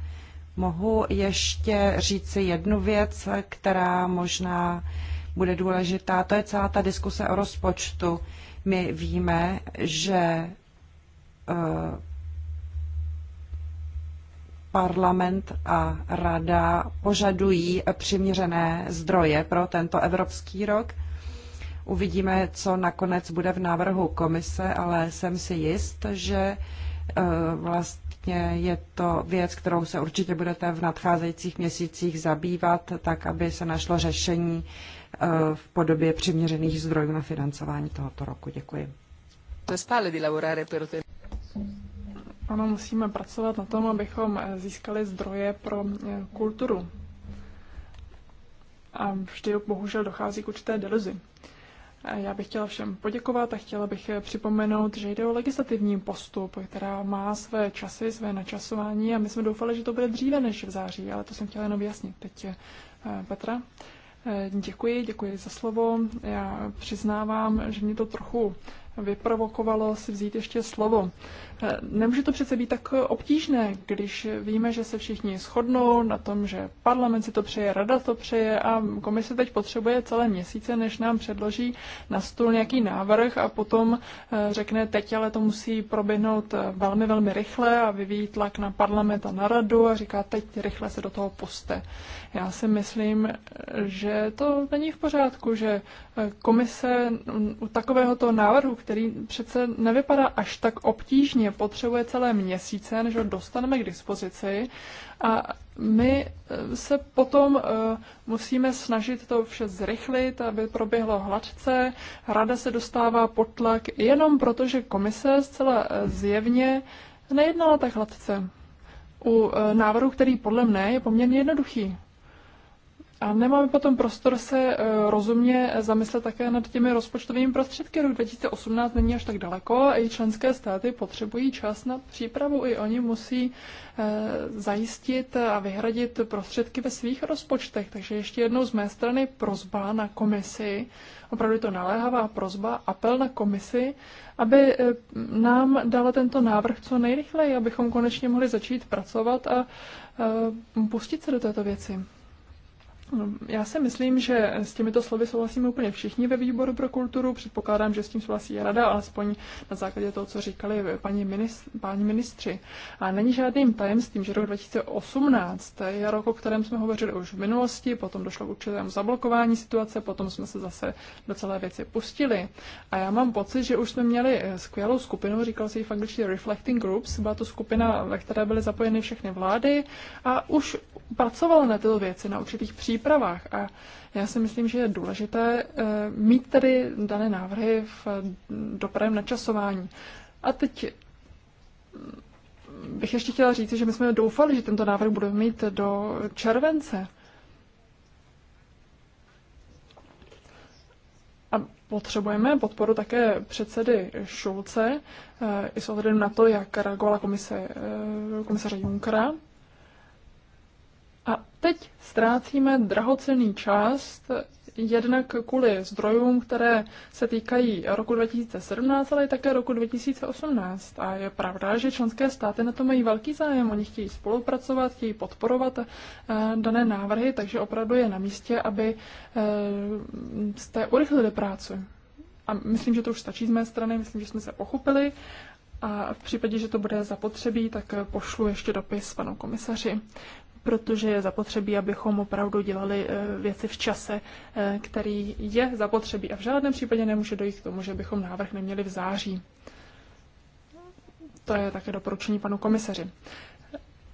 Mohu ještě říci jednu věc, která možná bude důležitá, to je celá ta diskuse o rozpočtu. My víme, že eh, parlament a rada požadují přiměřené zdroje pro tento evropský rok. Uvidíme, co nakonec bude v návrhu komise, ale jsem si jist, že e, vlastně je to věc, kterou se určitě budete v nadcházejících měsících zabývat, tak aby se našlo řešení e, v podobě přiměřených zdrojů na financování tohoto roku. Děkuji. Ano, musíme pracovat na tom, abychom eh, získali zdroje pro eh, kulturu. A vždy bohužel dochází k určité deluzi. Já bych chtěla všem poděkovat a chtěla bych eh, připomenout, že jde o legislativní postup, která má své časy, své načasování a my jsme doufali, že to bude dříve než v září, ale to jsem chtěla jenom vyjasnit. Teď Petra. Děkuji, děkuji za slovo. Já přiznávám, že mě to trochu vyprovokovalo si vzít ještě slovo. Eh, nemůže to přece být tak obtížné, když víme, že se všichni shodnou na tom, že parlament si to přeje, rada to přeje a komise teď potřebuje celé měsíce, než nám předloží na stůl nějaký návrh a potom eh, řekne teď, ale to musí proběhnout eh, velmi, velmi rychle a vyvíjí tlak na parlament a na radu a říká teď rychle se do toho poste. Já si myslím, že to není v pořádku, že komise u takovéhoto návrhu, který přece nevypadá až tak obtížně, potřebuje celé měsíce, než ho dostaneme k dispozici. A my e, se potom e, musíme snažit to vše zrychlit, aby proběhlo hladce. Rada se dostává pod tlak jenom proto, že komise zcela e, zjevně nejednala tak hladce. U návrhu, který podle mne je poměrně jednoduchý. A nemáme potom prostor se e, rozumně zamyslet také nad těmi rozpočtovými prostředky. Rok 2018 není až tak daleko a i členské státy potřebují čas na přípravu. I oni musí e, zajistit a vyhradit prostředky ve svých rozpočtech. Takže ještě jednou z mé strany prozba na komisi, opravdu to naléhavá prozba, apel na komisi, aby e, nám dala tento návrh co nejrychleji, abychom konečně mohli začít pracovat a pustit se do této věci. Já si myslím, že s těmito slovy souhlasíme úplně všichni ve výboru pro kulturu. Předpokládám, že s tím souhlasí rada, alespoň na základě toho, co říkali paní ministr, paní ministři. A není žádným tajemstvím, že rok 2018 je rok, o kterém jsme hovořili už v minulosti, potom došlo k určitému zablokování situace, potom jsme se zase do celé věci pustili. A já mám pocit, že už jsme měli eh, skvělou skupinu, říkal se ji v angličtině Reflecting Groups, byla to skupina, ve které byly zapojeny všechny vlády a už Pracovala na tyto věci, na určitých přípravách a já si myslím, že je důležité eh, mít tedy dané návrhy v dopravém načasování. A teď mm, bych ještě chtěla říct, že my jsme doufali, že tento návrh budeme mít do července. A potřebujeme podporu také předsedy Šulce, eh, i s ohledem na to, jak reagovala komise, eh, komisaře Junkera. A teď ztrácíme drahocený část jednak kvůli zdrojům, které se týkají roku 2017, ale i také roku 2018. A je pravda, že členské státy na to mají velký zájem. Oni chtějí spolupracovat, chtějí podporovat eh, dané návrhy, takže opravdu je na místě, aby eh, jste urychlili práci. A myslím, že to už stačí z mé strany, myslím, že jsme se pochopili. A v případě, že to bude zapotřebí, tak pošlu ještě dopis panu komisaři protože je zapotřebí, abychom opravdu dělali eh, věci v čase, eh, který je zapotřebí. A v žádném případě nemůže dojít k tomu, že bychom návrh neměli v září. To je také doporučení panu komisaři.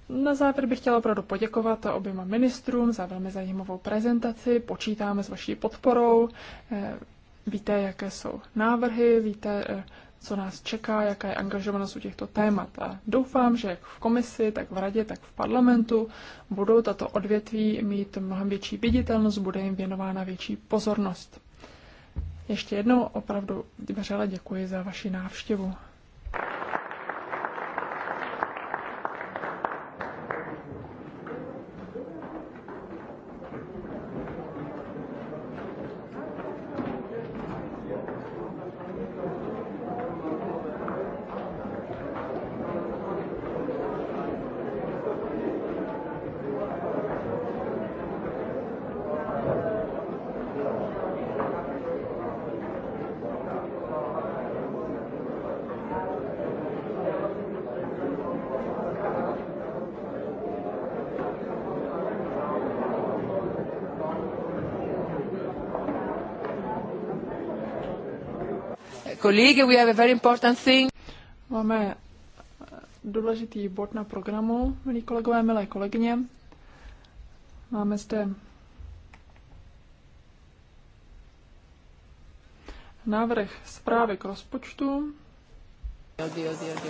Na závěr bych chtěla opravdu poděkovat oběma ministrům za velmi zajímavou prezentaci. Počítáme s vaší podporou. Eh, víte, jaké jsou návrhy, víte, co nás čeká, jaká je angažovanost u těchto témat. A doufám, že jak v komisi, tak v radě, tak v parlamentu budou tato odvětví mít mnohem větší viditelnost, bude jim věnována větší pozornost. Ještě jednou opravdu vřele děkuji za vaši návštěvu. colleague, we have a very important thing. Máme eh, důležitý bod na programu, milí kolegové, milé kolegyně. Máme zde návrh zprávy k rozpočtu. Odbí, odbí, odbí.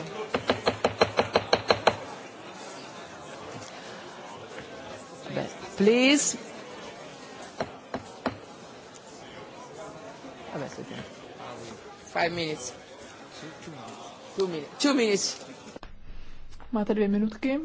Please. A ver, Five minutes. Two minutes. Two minutes. Máte dvě minutky.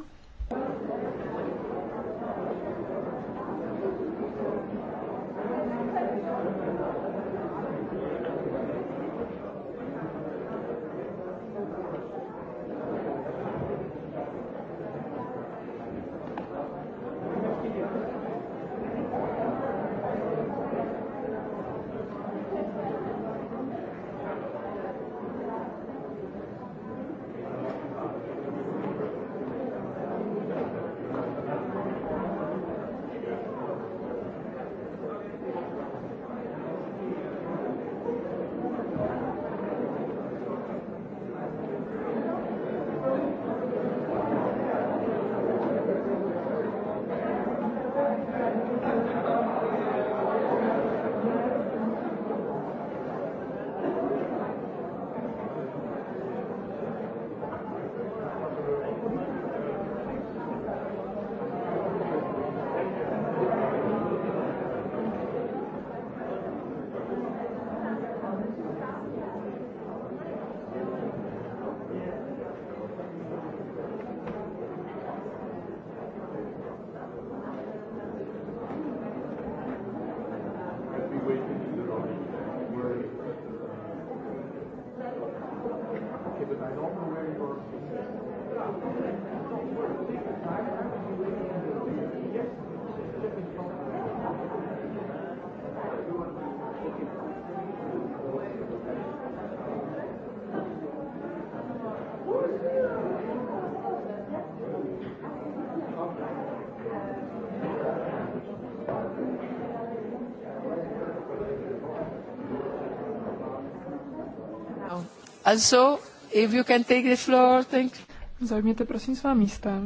Also, if you can take the floor, thank Zajměte prosím svá místa.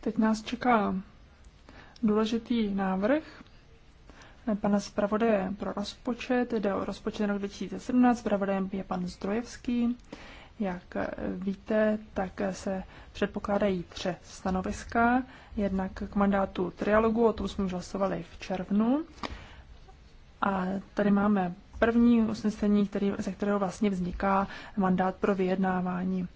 Teď nás čeká důležitý návrh pana zpravodaje pro rozpočet. Jde o rozpočet rok 2017. Zpravodajem je pan Zdrojevský. Jak víte, tak se předpokládají tři stanoviska. Jednak k mandátu trialogu, o tom jsme už hlasovali v červnu. A tady máme první usnesení, který, ze kterého vlastně vzniká mandát pro vyjednávání.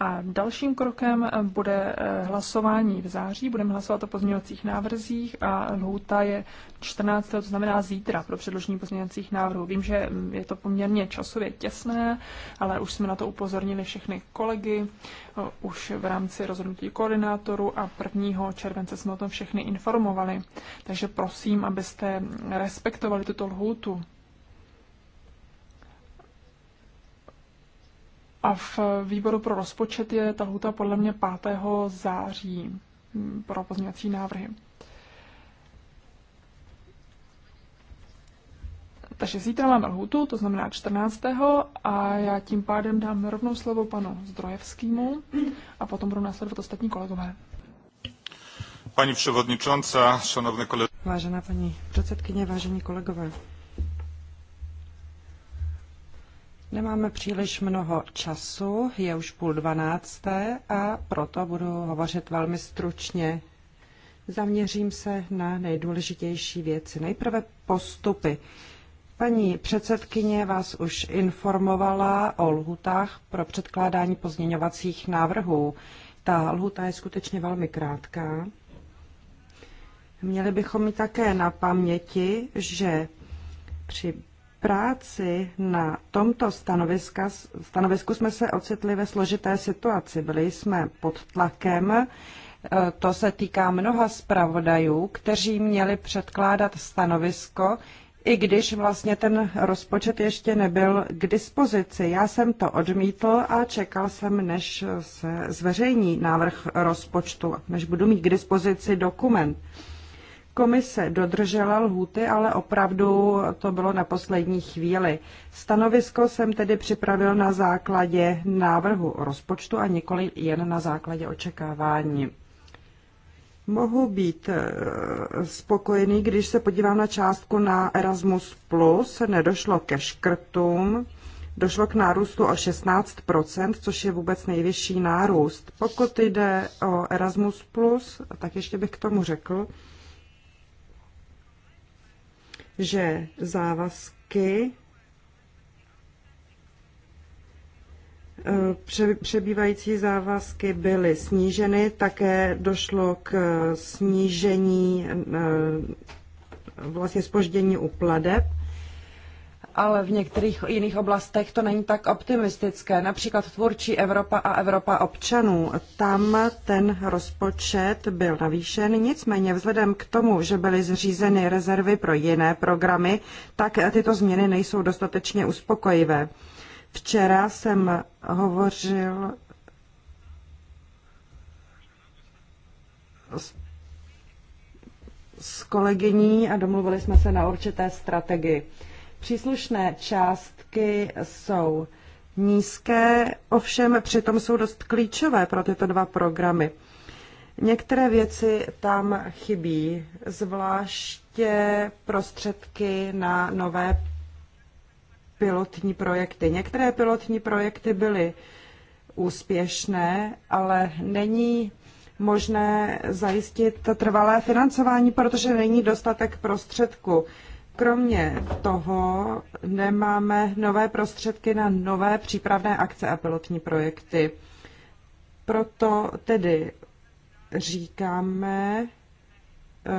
A dalším krokem bude eh, hlasování v září. Budeme hlasovat o pozměňovacích návrzích a lhůta je 14. to znamená zítra pro předložení pozměňovacích návrhů. Vím, že mm, je to poměrně časově těsné, ale už jsme na to upozornili všechny kolegy už v rámci rozhodnutí koordinátoru a 1. července jsme o tom všechny informovali. Takže prosím, abyste mm, respektovali tuto lhůtu. A v výboru pro rozpočet je ta lhuta podle mě 5. září hm, pro pozměňovací návrhy. Takže zítra máme lhutu, to znamená 14. a já tím pádem dám rovnou slovo panu Zdrojevskému a potom budou následovat ostatní kolegové. Pani předsedkyně, šanovné kolegové. Vážená paní předsedkyně, vážení kolegové. Nemáme příliš mnoho času, je už půl dvanácté a proto budu hovořit velmi stručně. Zaměřím se na nejdůležitější věci. Nejprve postupy. Paní předsedkyně vás už informovala o lhutách pro předkládání pozměňovacích návrhů. Ta lhuta je skutečně velmi krátká. Měli bychom mít také na paměti, že při práci na tomto stanovisku jsme se ocitli ve složité situaci. Byli jsme pod tlakem. E, to se týká mnoha zpravodajů, kteří měli předkládat stanovisko, i když vlastně ten rozpočet ještě nebyl k dispozici. Já jsem to odmítl a čekal jsem, než se zveřejní návrh rozpočtu, než budu mít k dispozici dokument. Komise dodržela lhůty, ale opravdu to bylo na poslední chvíli. Stanovisko jsem tedy připravil na základě návrhu rozpočtu a nikoli jen na základě očekávání. Mohu být eh, spokojený, když se podívám na částku na Erasmus+, nedošlo ke škrtům, došlo k nárůstu o 16 což je vůbec nejvyšší nárůst. Pokud jde o Erasmus, tak ještě bych k tomu řekl, že závazky eh, přebývající závazky byly sníženy, také došlo k snížení eh, vlastně spoždění u pladeb ale v některých jiných oblastech to není tak optimistické. Například tvůrčí Evropa a Evropa občanů. Tam ten rozpočet byl navýšen, nicméně vzhledem k tomu, že byly zřízeny rezervy pro jiné programy, tak tyto změny nejsou dostatečně uspokojivé. Včera jsem hovořil s s kolegyní a domluvili jsme se na určité strategii. Příslušné částky jsou nízké, ovšem přitom jsou dost klíčové pro tyto dva programy. Některé věci tam chybí, zvláště prostředky na nové pilotní projekty. Některé pilotní projekty byly úspěšné, ale není možné zajistit trvalé financování, protože není dostatek prostředků. Kromě toho nemáme nové prostředky na nové přípravné akce a pilotní projekty. Proto tedy říkáme eh,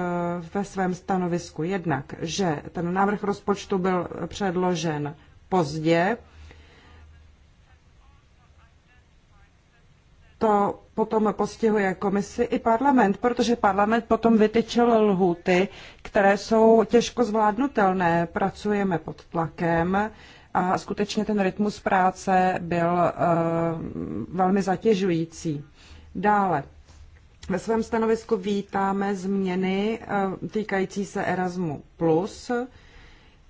ve svém stanovisku jednak, že ten návrh rozpočtu byl předložen pozdě. To potom postihuje komisi i parlament, protože parlament potom vytyčil lhuty, které jsou těžko zvládnutelné. Pracujeme pod tlakem a skutečně ten rytmus práce byl uh, velmi zatěžující. Dále. Ve svém stanovisku vítáme změny uh, týkající se Erasmu+.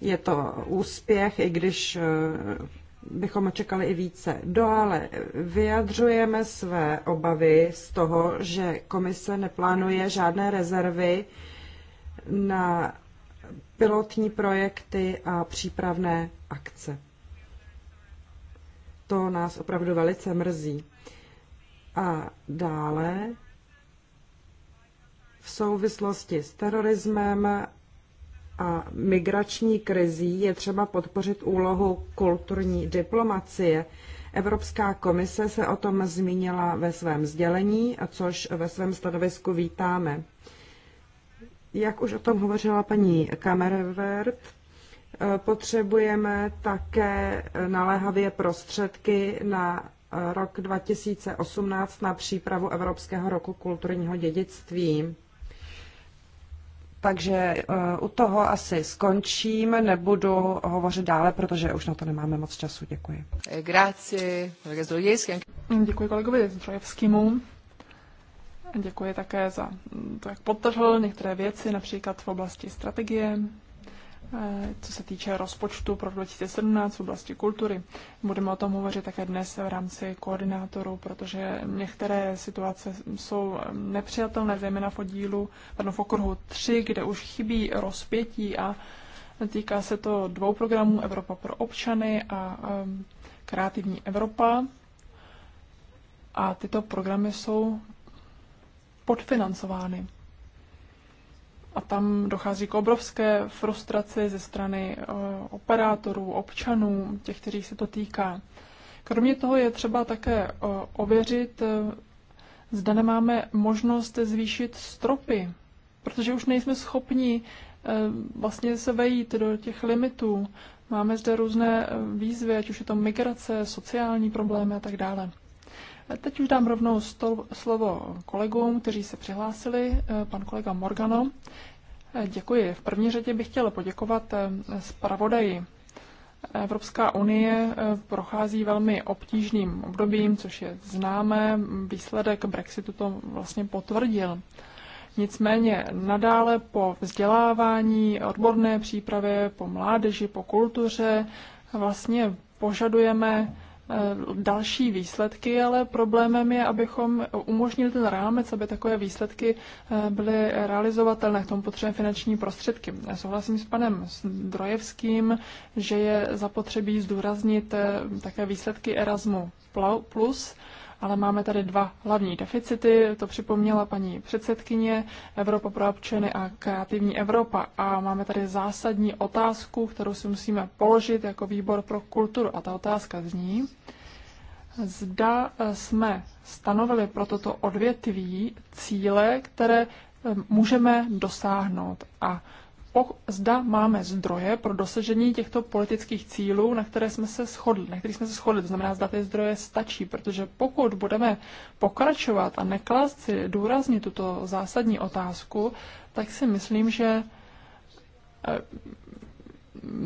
Je to úspěch, i když uh, bychom očekali i více. Dále no, vyjadřujeme své obavy z toho, že komise neplánuje žádné rezervy na pilotní projekty a přípravné akce. To nás opravdu velice mrzí. A dále v souvislosti s terorismem a migrační krizí je třeba podpořit úlohu kulturní diplomacie. Evropská komise se o tom zmínila ve svém sdělení, což ve svém stanovisku vítáme. Jak už o tom hovořila paní Kamervert, potřebujeme také naléhavě prostředky na rok 2018 na přípravu Evropského roku kulturního dědictví. Takže eh, u toho asi skončím, nebudu hovořit dále, protože už na to nemáme moc času. Děkuji. Děkuji kolegovi Zdrojevskému. Děkuji také za to, jak podtrhl některé věci, například v oblasti strategie. Eh, co se týče rozpočtu pro 2017 v oblasti kultury. Budeme o tom hovořit také dnes v rámci koordinátorů, protože některé situace jsou nepřijatelné, zejména v oddílu, pardon, v okruhu 3, kde už chybí rozpětí a týká se to dvou programů Evropa pro občany a Kreativní Evropa. A tyto programy jsou podfinancovány a tam dochází k obrovské frustraci ze strany eh, operátorů, občanů, těch, kteří se to týká. Kromě toho je třeba také eh, ověřit, eh, zda nemáme možnost zvýšit stropy, protože už nejsme schopni vlastně se vejít do těch limitů. Máme zde různé výzvy, ať už je to migrace, sociální problémy a tak dále. Teď už dám rovnou slovo kolegům, kteří se přihlásili. Pan kolega Morgano. Děkuji. V první řadě bych chtěla poděkovat eh, zpravodaji. Evropská unie eh, prochází velmi obtížným obdobím, což je známé. Výsledek Brexitu to vlastně potvrdil. Nicméně nadále po vzdělávání, odborné přípravě, po mládeži, po kultuře vlastně požadujeme Eh, další výsledky, ale problémem je, abychom umožnili ten rámec, aby takové výsledky eh, byly realizovatelné. K tomu potřebujeme finanční prostředky. Já souhlasím s panem Drojevským, že je zapotřebí zdůraznit eh, také výsledky Erasmu Plus, ale máme tady dva hlavní deficity, to připomněla paní předsedkyně, Evropa pro občany a kreativní Evropa. A máme tady zásadní otázku, kterou si musíme položit jako výbor pro kulturu. A ta otázka zní, zda eh, jsme stanovili pro toto odvětví cíle, které eh, můžeme dosáhnout. A zda máme zdroje pro dosažení těchto politických cílů, na které jsme se shodli, na kterých jsme se shodli, to znamená, zda ty zdroje stačí, protože pokud budeme pokračovat a neklást si důrazně tuto zásadní otázku, tak si myslím, že eh,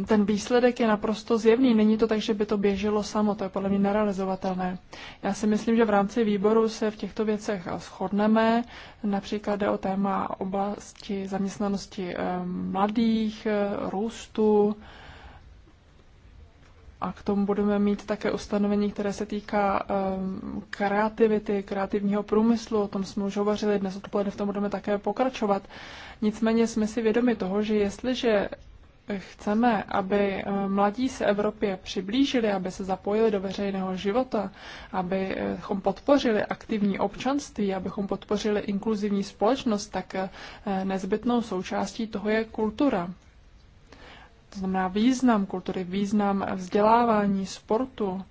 ten výsledek je naprosto zjevný. Není to tak, že by to běželo samo, to je podle mě nerealizovatelné. Já si myslím, že v rámci výboru se v těchto věcech shodneme. Například jde o téma oblasti zaměstnanosti eh, mladých, eh, růstu. A k tomu budeme mít také ustanovení, které se týká eh, kreativity, kreativního průmyslu. O tom jsme už hovořili dnes odpoledne, v tom budeme také pokračovat. Nicméně jsme si vědomi toho, že jestliže chceme, aby eh, mladí se Evropě přiblížili, aby se zapojili do veřejného života, abychom eh, podpořili aktivní občanství, abychom podpořili inkluzivní společnost, tak eh, nezbytnou součástí toho je kultura. To znamená význam kultury, význam vzdělávání, sportu,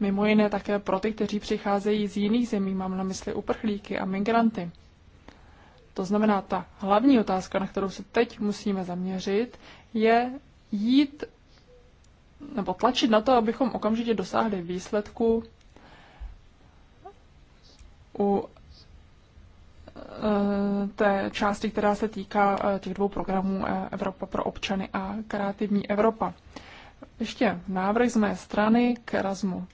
mimo jiné také pro ty, kteří přicházejí z jiných zemí, mám na mysli uprchlíky a migranty. To znamená, ta hlavní otázka, na kterou se teď musíme zaměřit, je jít nebo tlačit na to, abychom okamžitě dosáhli výsledku u eh, té části, která se týká eh, těch dvou programů eh, Evropa pro občany a Kreativní Evropa. Ještě návrh z mé strany k Erasmu+.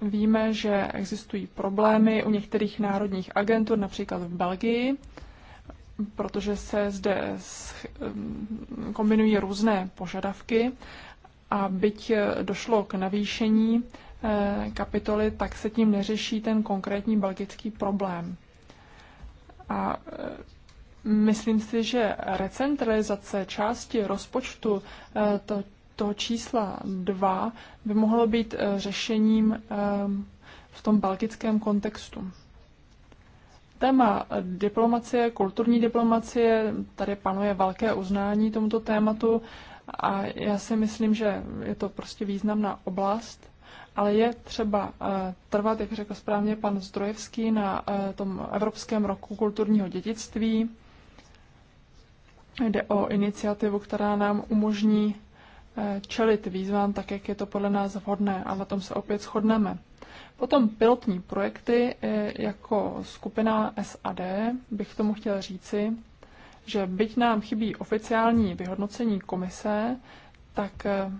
Víme, že existují problémy u některých národních agentů, například v Belgii, protože se zde kombinují různé požadavky a byť došlo k navýšení eh, kapitoly, tak se tím neřeší ten konkrétní belgický problém. A eh, myslím si, že recentralizace části rozpočtu eh, to, toho čísla 2 by mohlo být řešením v tom belgickém kontextu. Téma diplomacie, kulturní diplomacie, tady panuje velké uznání tomuto tématu a já si myslím, že je to prostě významná oblast, ale je třeba eh, trvat, jak řekl správně pan Zdrojevský, na eh, tom Evropském roku kulturního dědictví. Jde o iniciativu, která nám umožní eh, čelit výzvám tak, jak je to podle nás vhodné a na tom se opět shodneme. Potom pilotní projekty e, jako skupina SAD bych tomu chtěl říci, že byť nám chybí oficiální vyhodnocení komise, tak e,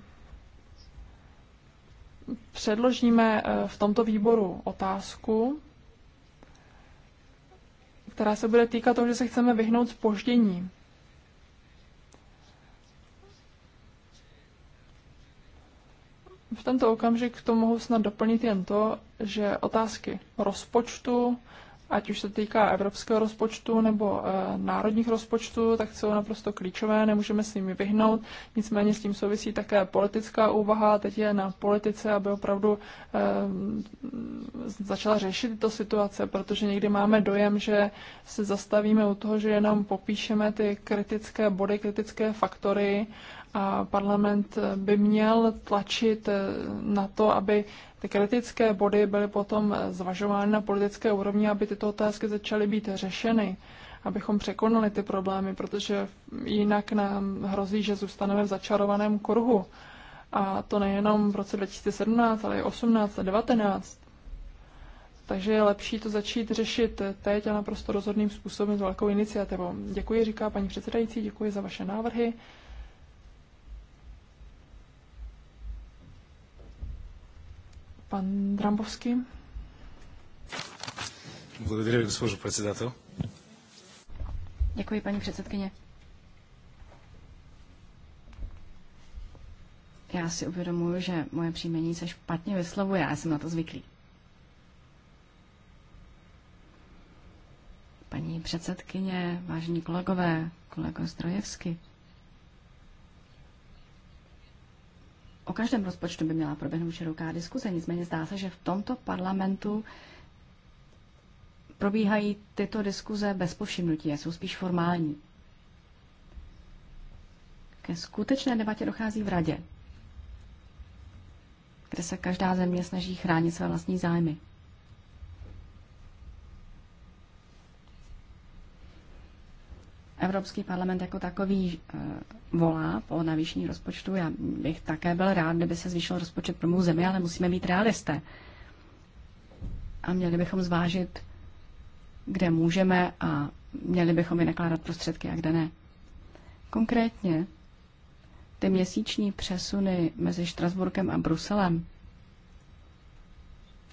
předložíme e, v tomto výboru otázku, která se bude týkat toho, že se chceme vyhnout spoždění. V tento okamžik to mohu snad doplnit jen to, že otázky rozpočtu, ať už se týká evropského rozpočtu nebo e, národních rozpočtů, tak jsou naprosto klíčové, nemůžeme s nimi vyhnout. Nicméně s tím souvisí také politická úvaha, teď je na politice, aby opravdu e, začala řešit tyto situace, protože někdy máme dojem, že se zastavíme u toho, že jenom popíšeme ty kritické body, kritické faktory a parlament by měl tlačit eh, na to, aby ty kritické body byly potom zvažovány na politické úrovni, aby tyto otázky začaly být řešeny, abychom překonali ty problémy, protože jinak nám hrozí, že zůstaneme v začarovaném kruhu. A to nejenom v roce 2017, ale i 18 a 19. Takže je lepší to začít řešit teď a naprosto rozhodným způsobem s velkou iniciativou. Děkuji, říká paní předsedající, děkuji za vaše návrhy. Pan Drambovský. Děkuji, paní předsedkyně. Já si uvědomuji, že moje příjmení se špatně vyslovuje, já jsem na to zvyklý. Paní předsedkyně, vážení kolegové, kolego Zdrojevsky, O každém rozpočtu by měla proběhnout široká diskuze, nicméně zdá se, že v tomto parlamentu probíhají tyto diskuze bez povšimnutí a jsou spíš formální. Ke skutečné debatě dochází v radě, kde se každá země snaží chránit své vlastní zájmy. Evropský parlament jako takový eh, volá po navýšení rozpočtu. Já bych také byl rád, kdyby se zvýšil rozpočet pro mou zemi, ale musíme být realisté. A měli bychom zvážit, kde můžeme a měli bychom vynakládat prostředky a kde ne. Konkrétně ty měsíční přesuny mezi Štrasburkem a Bruselem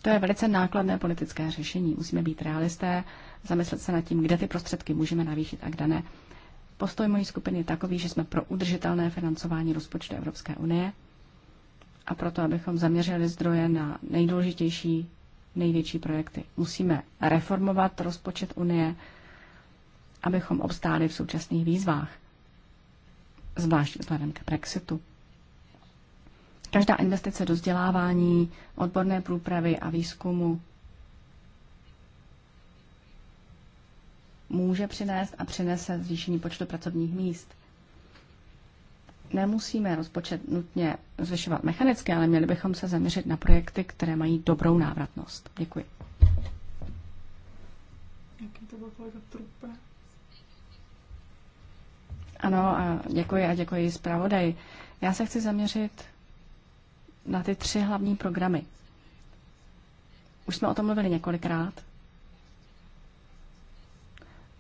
to je velice nákladné politické řešení. Musíme být realisté, zamyslet se nad tím, kde ty prostředky můžeme navýšit a kde ne. Postoj mojí skupiny je takový, že jsme pro udržitelné financování rozpočtu Evropské unie a proto, abychom zaměřili zdroje na nejdůležitější, největší projekty. Musíme reformovat rozpočet Unie, abychom obstáli v současných výzvách, zvlášť vzhledem k Brexitu. Každá investice do vzdělávání, odborné průpravy a výzkumu může přinést a přinese zvýšení počtu pracovních míst. Nemusíme rozpočet nutně zvyšovat mechanicky, ale měli bychom se zaměřit na projekty, které mají dobrou návratnost. Děkuji. Jaký to byl kolega Trupe? Ano, a děkuji a děkuji zpravodaj. Já se chci zaměřit na ty tři hlavní programy. Už jsme o tom mluvili několikrát.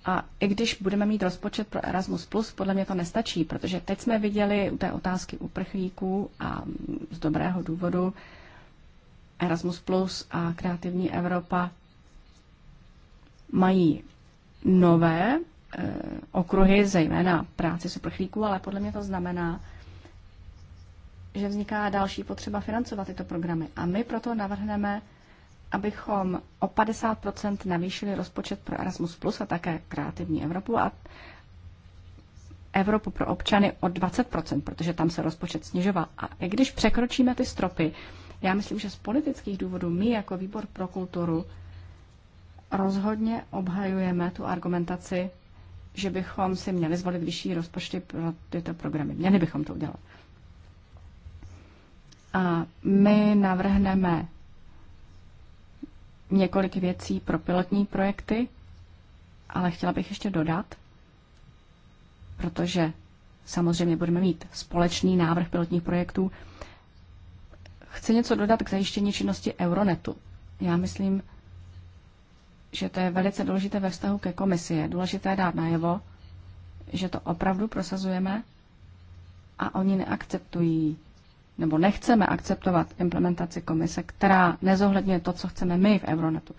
A i když budeme mít rozpočet pro Erasmus+, podle mě to nestačí, protože teď jsme viděli u té otázky uprchlíků a z dobrého důvodu Erasmus a Kreativní Evropa mají nové e, okruhy, zejména práci s uprchlíků, ale podle mě to znamená, že vzniká další potřeba financovat tyto programy. A my proto navrhneme, abychom o 50 navýšili rozpočet pro Erasmus Plus a také Kreativní Evropu a Evropu pro občany o 20 protože tam se rozpočet snižoval. A i když překročíme ty stropy, já myslím, že z politických důvodů my jako výbor pro kulturu rozhodně obhajujeme tu argumentaci, že bychom si měli zvolit vyšší rozpočty pro tyto programy. Měli bychom to udělat. A my navrhneme několik věcí pro pilotní projekty, ale chtěla bych ještě dodat, protože samozřejmě budeme mít společný návrh pilotních projektů. Chci něco dodat k zajištění činnosti Euronetu. Já myslím, že to je velice důležité ve vztahu ke komisi. Je důležité dát najevo, že to opravdu prosazujeme a oni neakceptují nebo nechceme akceptovat implementaci komise, která nezohledňuje to, co chceme my v Euronetu.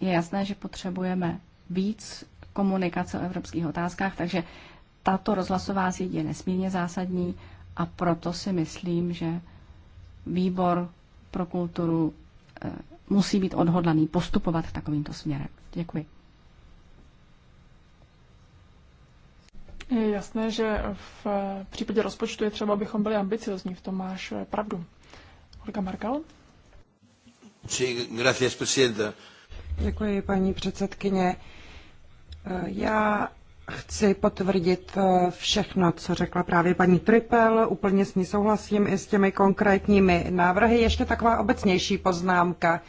Je jasné, že potřebujeme víc komunikace o evropských otázkách, takže tato rozhlasová síť je nesmírně zásadní a proto si myslím, že výbor pro kulturu eh, musí být odhodlaný postupovat takovýmto směrem. Děkuji. Je jasné, že v případě rozpočtu je třeba, abychom byli ambiciozní, v tom máš pravdu. Olga Markal? Sí, gracias, presidenta. Děkuji, paní předsedkyně. Já chci potvrdit všechno, co řekla právě paní Tripel. Úplně s ní souhlasím i s těmi konkrétními návrhy. Ještě taková obecnější poznámka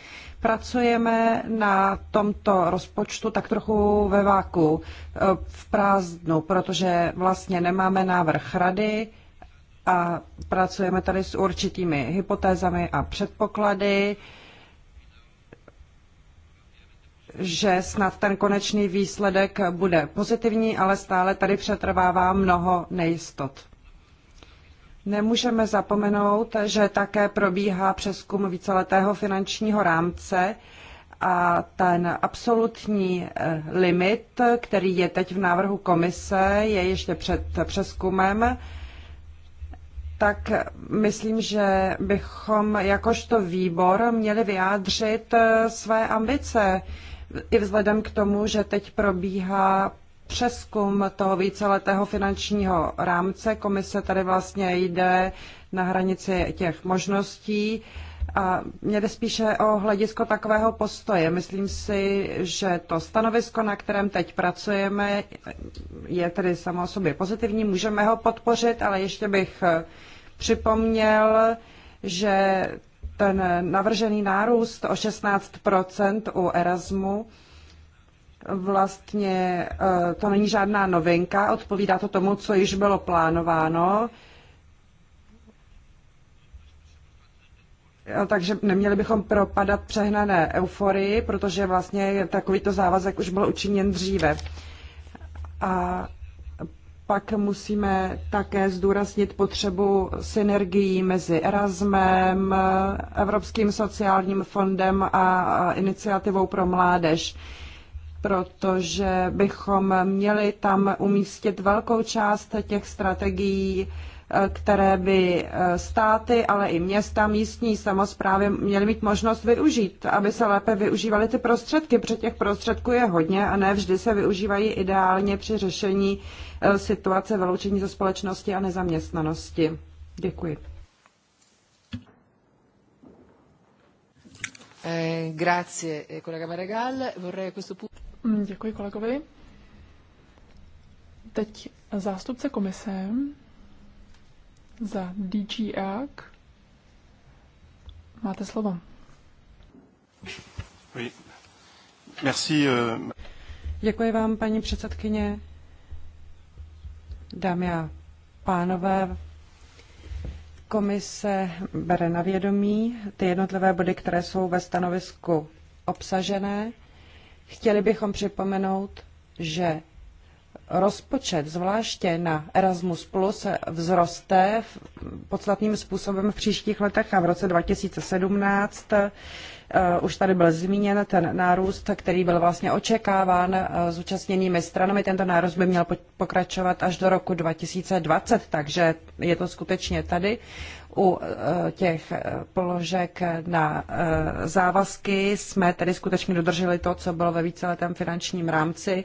pracujeme na tomto rozpočtu tak trochu ve váku, e, v prázdnu, protože vlastně nemáme návrh rady a pracujeme tady s určitými hypotézami a předpoklady, že snad ten konečný výsledek bude pozitivní, ale stále tady přetrvává mnoho nejistot. Nemůžeme zapomenout, že také probíhá přeskum víceletého finančního rámce a ten absolutní eh, limit, který je teď v návrhu komise, je ještě před přeskumem tak myslím, že bychom jakožto výbor měli vyjádřit eh, své ambice. I vzhledem k tomu, že teď probíhá přeskum toho víceletého finančního rámce. Komise tady vlastně jde na hranici těch možností. A mě jde spíše o hledisko takového postoje. Myslím si, že to stanovisko, na kterém teď pracujeme, je tedy samo o sobě pozitivní, můžeme ho podpořit, ale ještě bych připomněl, že ten navržený nárůst o 16 u Erasmu vlastně eh, to není žádná novinka, odpovídá to tomu, co již bylo plánováno. Takže neměli bychom propadat přehnané euforii, protože vlastně takovýto závazek už byl učiněn dříve. A pak musíme také zdůraznit potřebu synergií mezi Erasmem, Evropským sociálním fondem a iniciativou pro mládež protože bychom měli tam umístit velkou část těch strategií, eh, které by eh, státy, ale i města, místní samozprávy měly mít možnost využít, aby se lépe využívaly ty prostředky, protože těch prostředků je hodně a ne vždy se využívají ideálně při řešení eh, situace vyloučení ze společnosti a nezaměstnanosti. Děkuji. Eh, grazie, kolega Maregal. Vorrei a questo punto... Mm, děkuji kolegovi. Teď zástupce komise za DG AG. Máte slovo. Euh, děkuji vám, paní předsedkyně. Dámy a pánové, komise bere na vědomí ty jednotlivé body, které jsou ve stanovisku obsažené. Chtěli bychom připomenout, že rozpočet, zvláště na Erasmus+, Plus, vzroste podstatným způsobem v příštích letech a v roce 2017 Eh, už tady byl zmíněn ten nárůst, který byl vlastně očekáván eh, zúčastněnými stranami. Tento nárůst by měl pokračovat až do roku 2020, takže je to skutečně tady u eh, těch položek na závazky jsme tedy skutečně dodrželi to, co bylo ve víceletém finančním rámci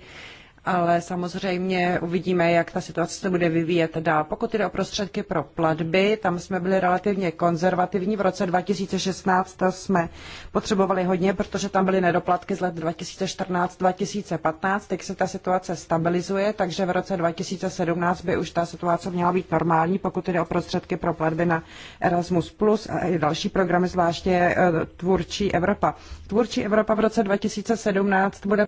ale samozřejmě uvidíme, jak ta situace se bude vyvíjet dál. Pokud jde o prostředky pro platby, tam jsme byli relativně konzervativní. V roce 2016 jsme potřebovali hodně, protože tam byly nedoplatky z let 2014-2015. Teď se ta situace stabilizuje, takže v roce 2017 by už ta situace měla být normální, pokud jde o prostředky pro platby na Erasmus Plus a i další programy, zvláště eh, Tvůrčí Evropa. Tvůrčí Evropa v roce 2017 bude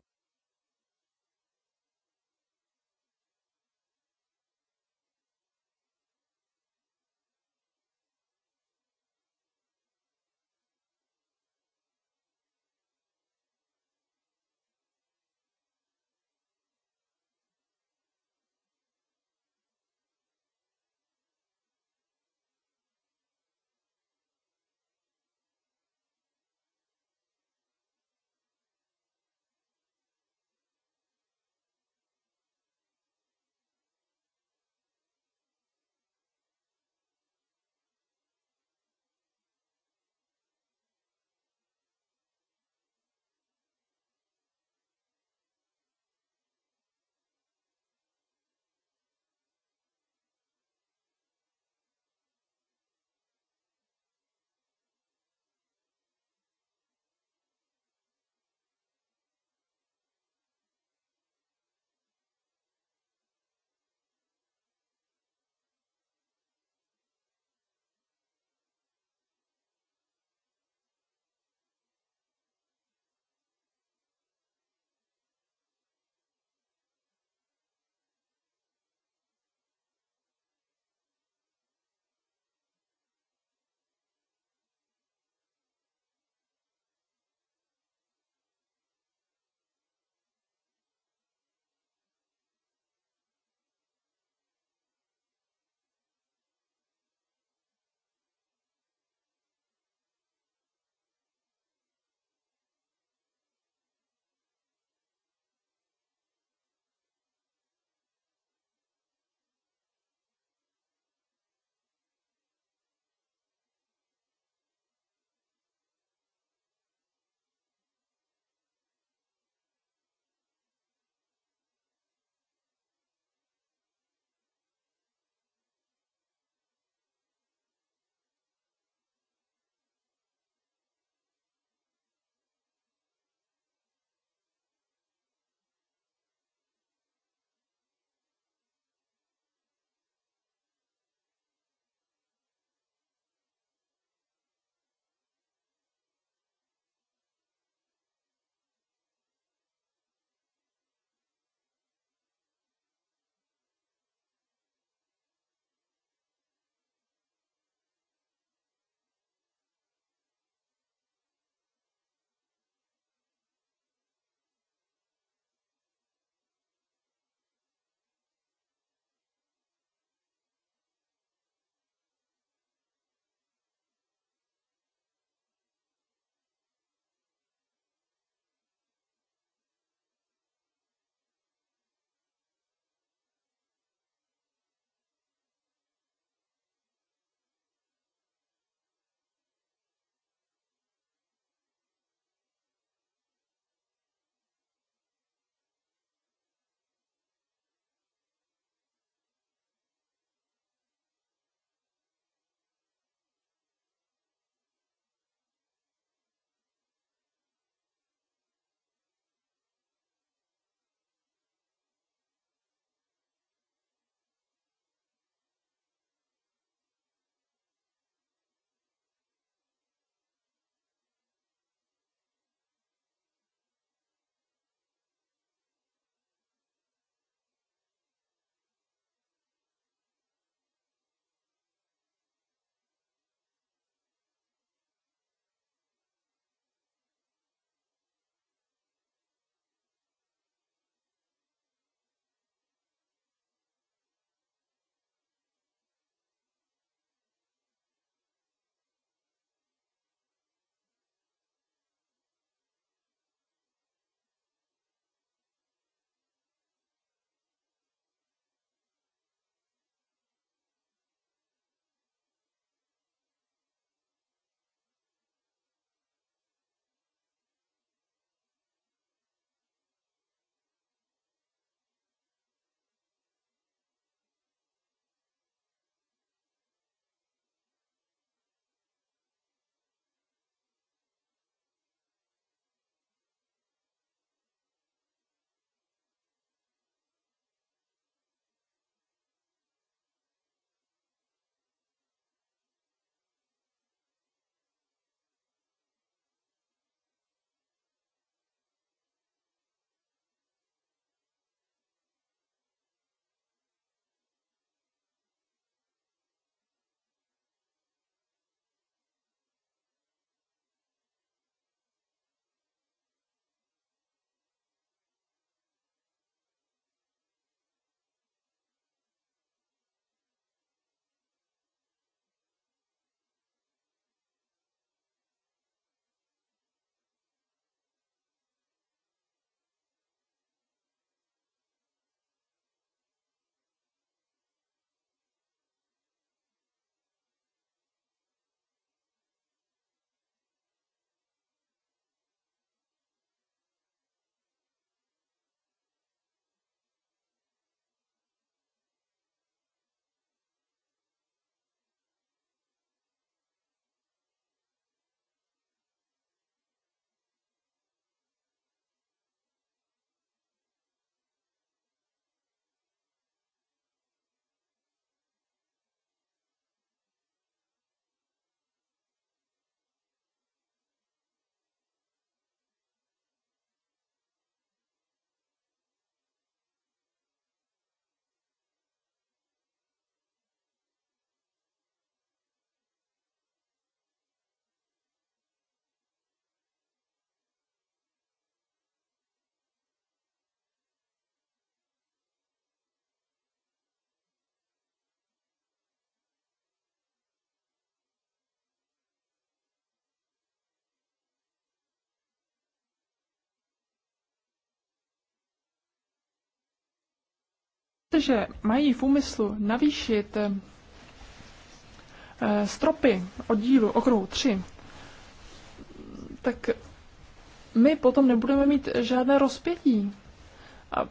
že mají v úmyslu navýšit eh, stropy oddílu okruhu 3, tak my potom nebudeme mít žádné rozpětí. A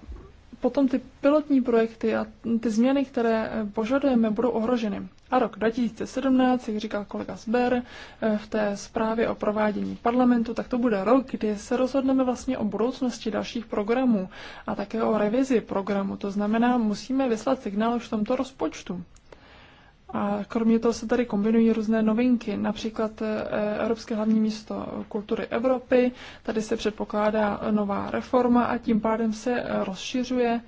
potom ty pilotní projekty a ty změny, které eh, požadujeme, budou ohroženy. A rok 2017, jak říkal kolega Sber eh, v té zprávě o provádění parlamentu, tak to bude rok, kdy se rozhodneme vlastně o budoucnosti dalších programů a také o revizi programu. To znamená, musíme vyslat signál už v tomto rozpočtu. A kromě toho se tady kombinují různé novinky, například eh, Evropské hlavní město kultury Evropy. Tady se předpokládá nová reforma a tím pádem se eh, rozšiřuje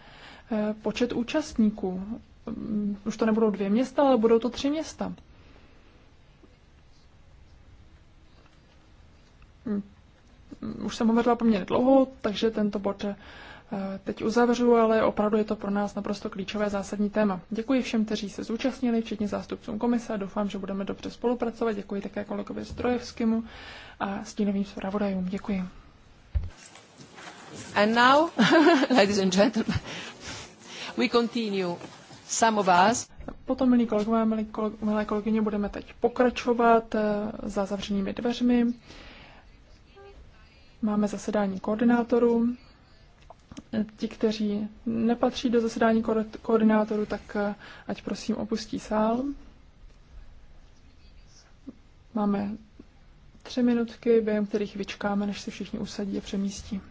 eh, počet účastníků. Mm, už to nebudou dvě města, ale budou to tři města. Mm, mm, už jsem hovořila poměrně dlouho, takže tento bod teď uzavřu, ale opravdu je to pro nás naprosto klíčové zásadní téma. Děkuji všem, kteří se zúčastnili, včetně zástupcům komise. Doufám, že budeme dobře spolupracovat. Děkuji také kolegovi Strojevskému a stínovým zpravodajům. Děkuji. And now, ladies and gentlemen, we continue. Some of us. Potom, milí kolegové, milí kolegy, milé kolegyně, budeme teď pokračovat eh, za zavřenými dveřmi. Máme zasedání koordinátorů ti, kteří nepatří do zasedání koordinátoru, tak eh, ať prosím opustí sál. Máme tři minutky, během kterých vyčkáme, než se všichni usadí a přemístí.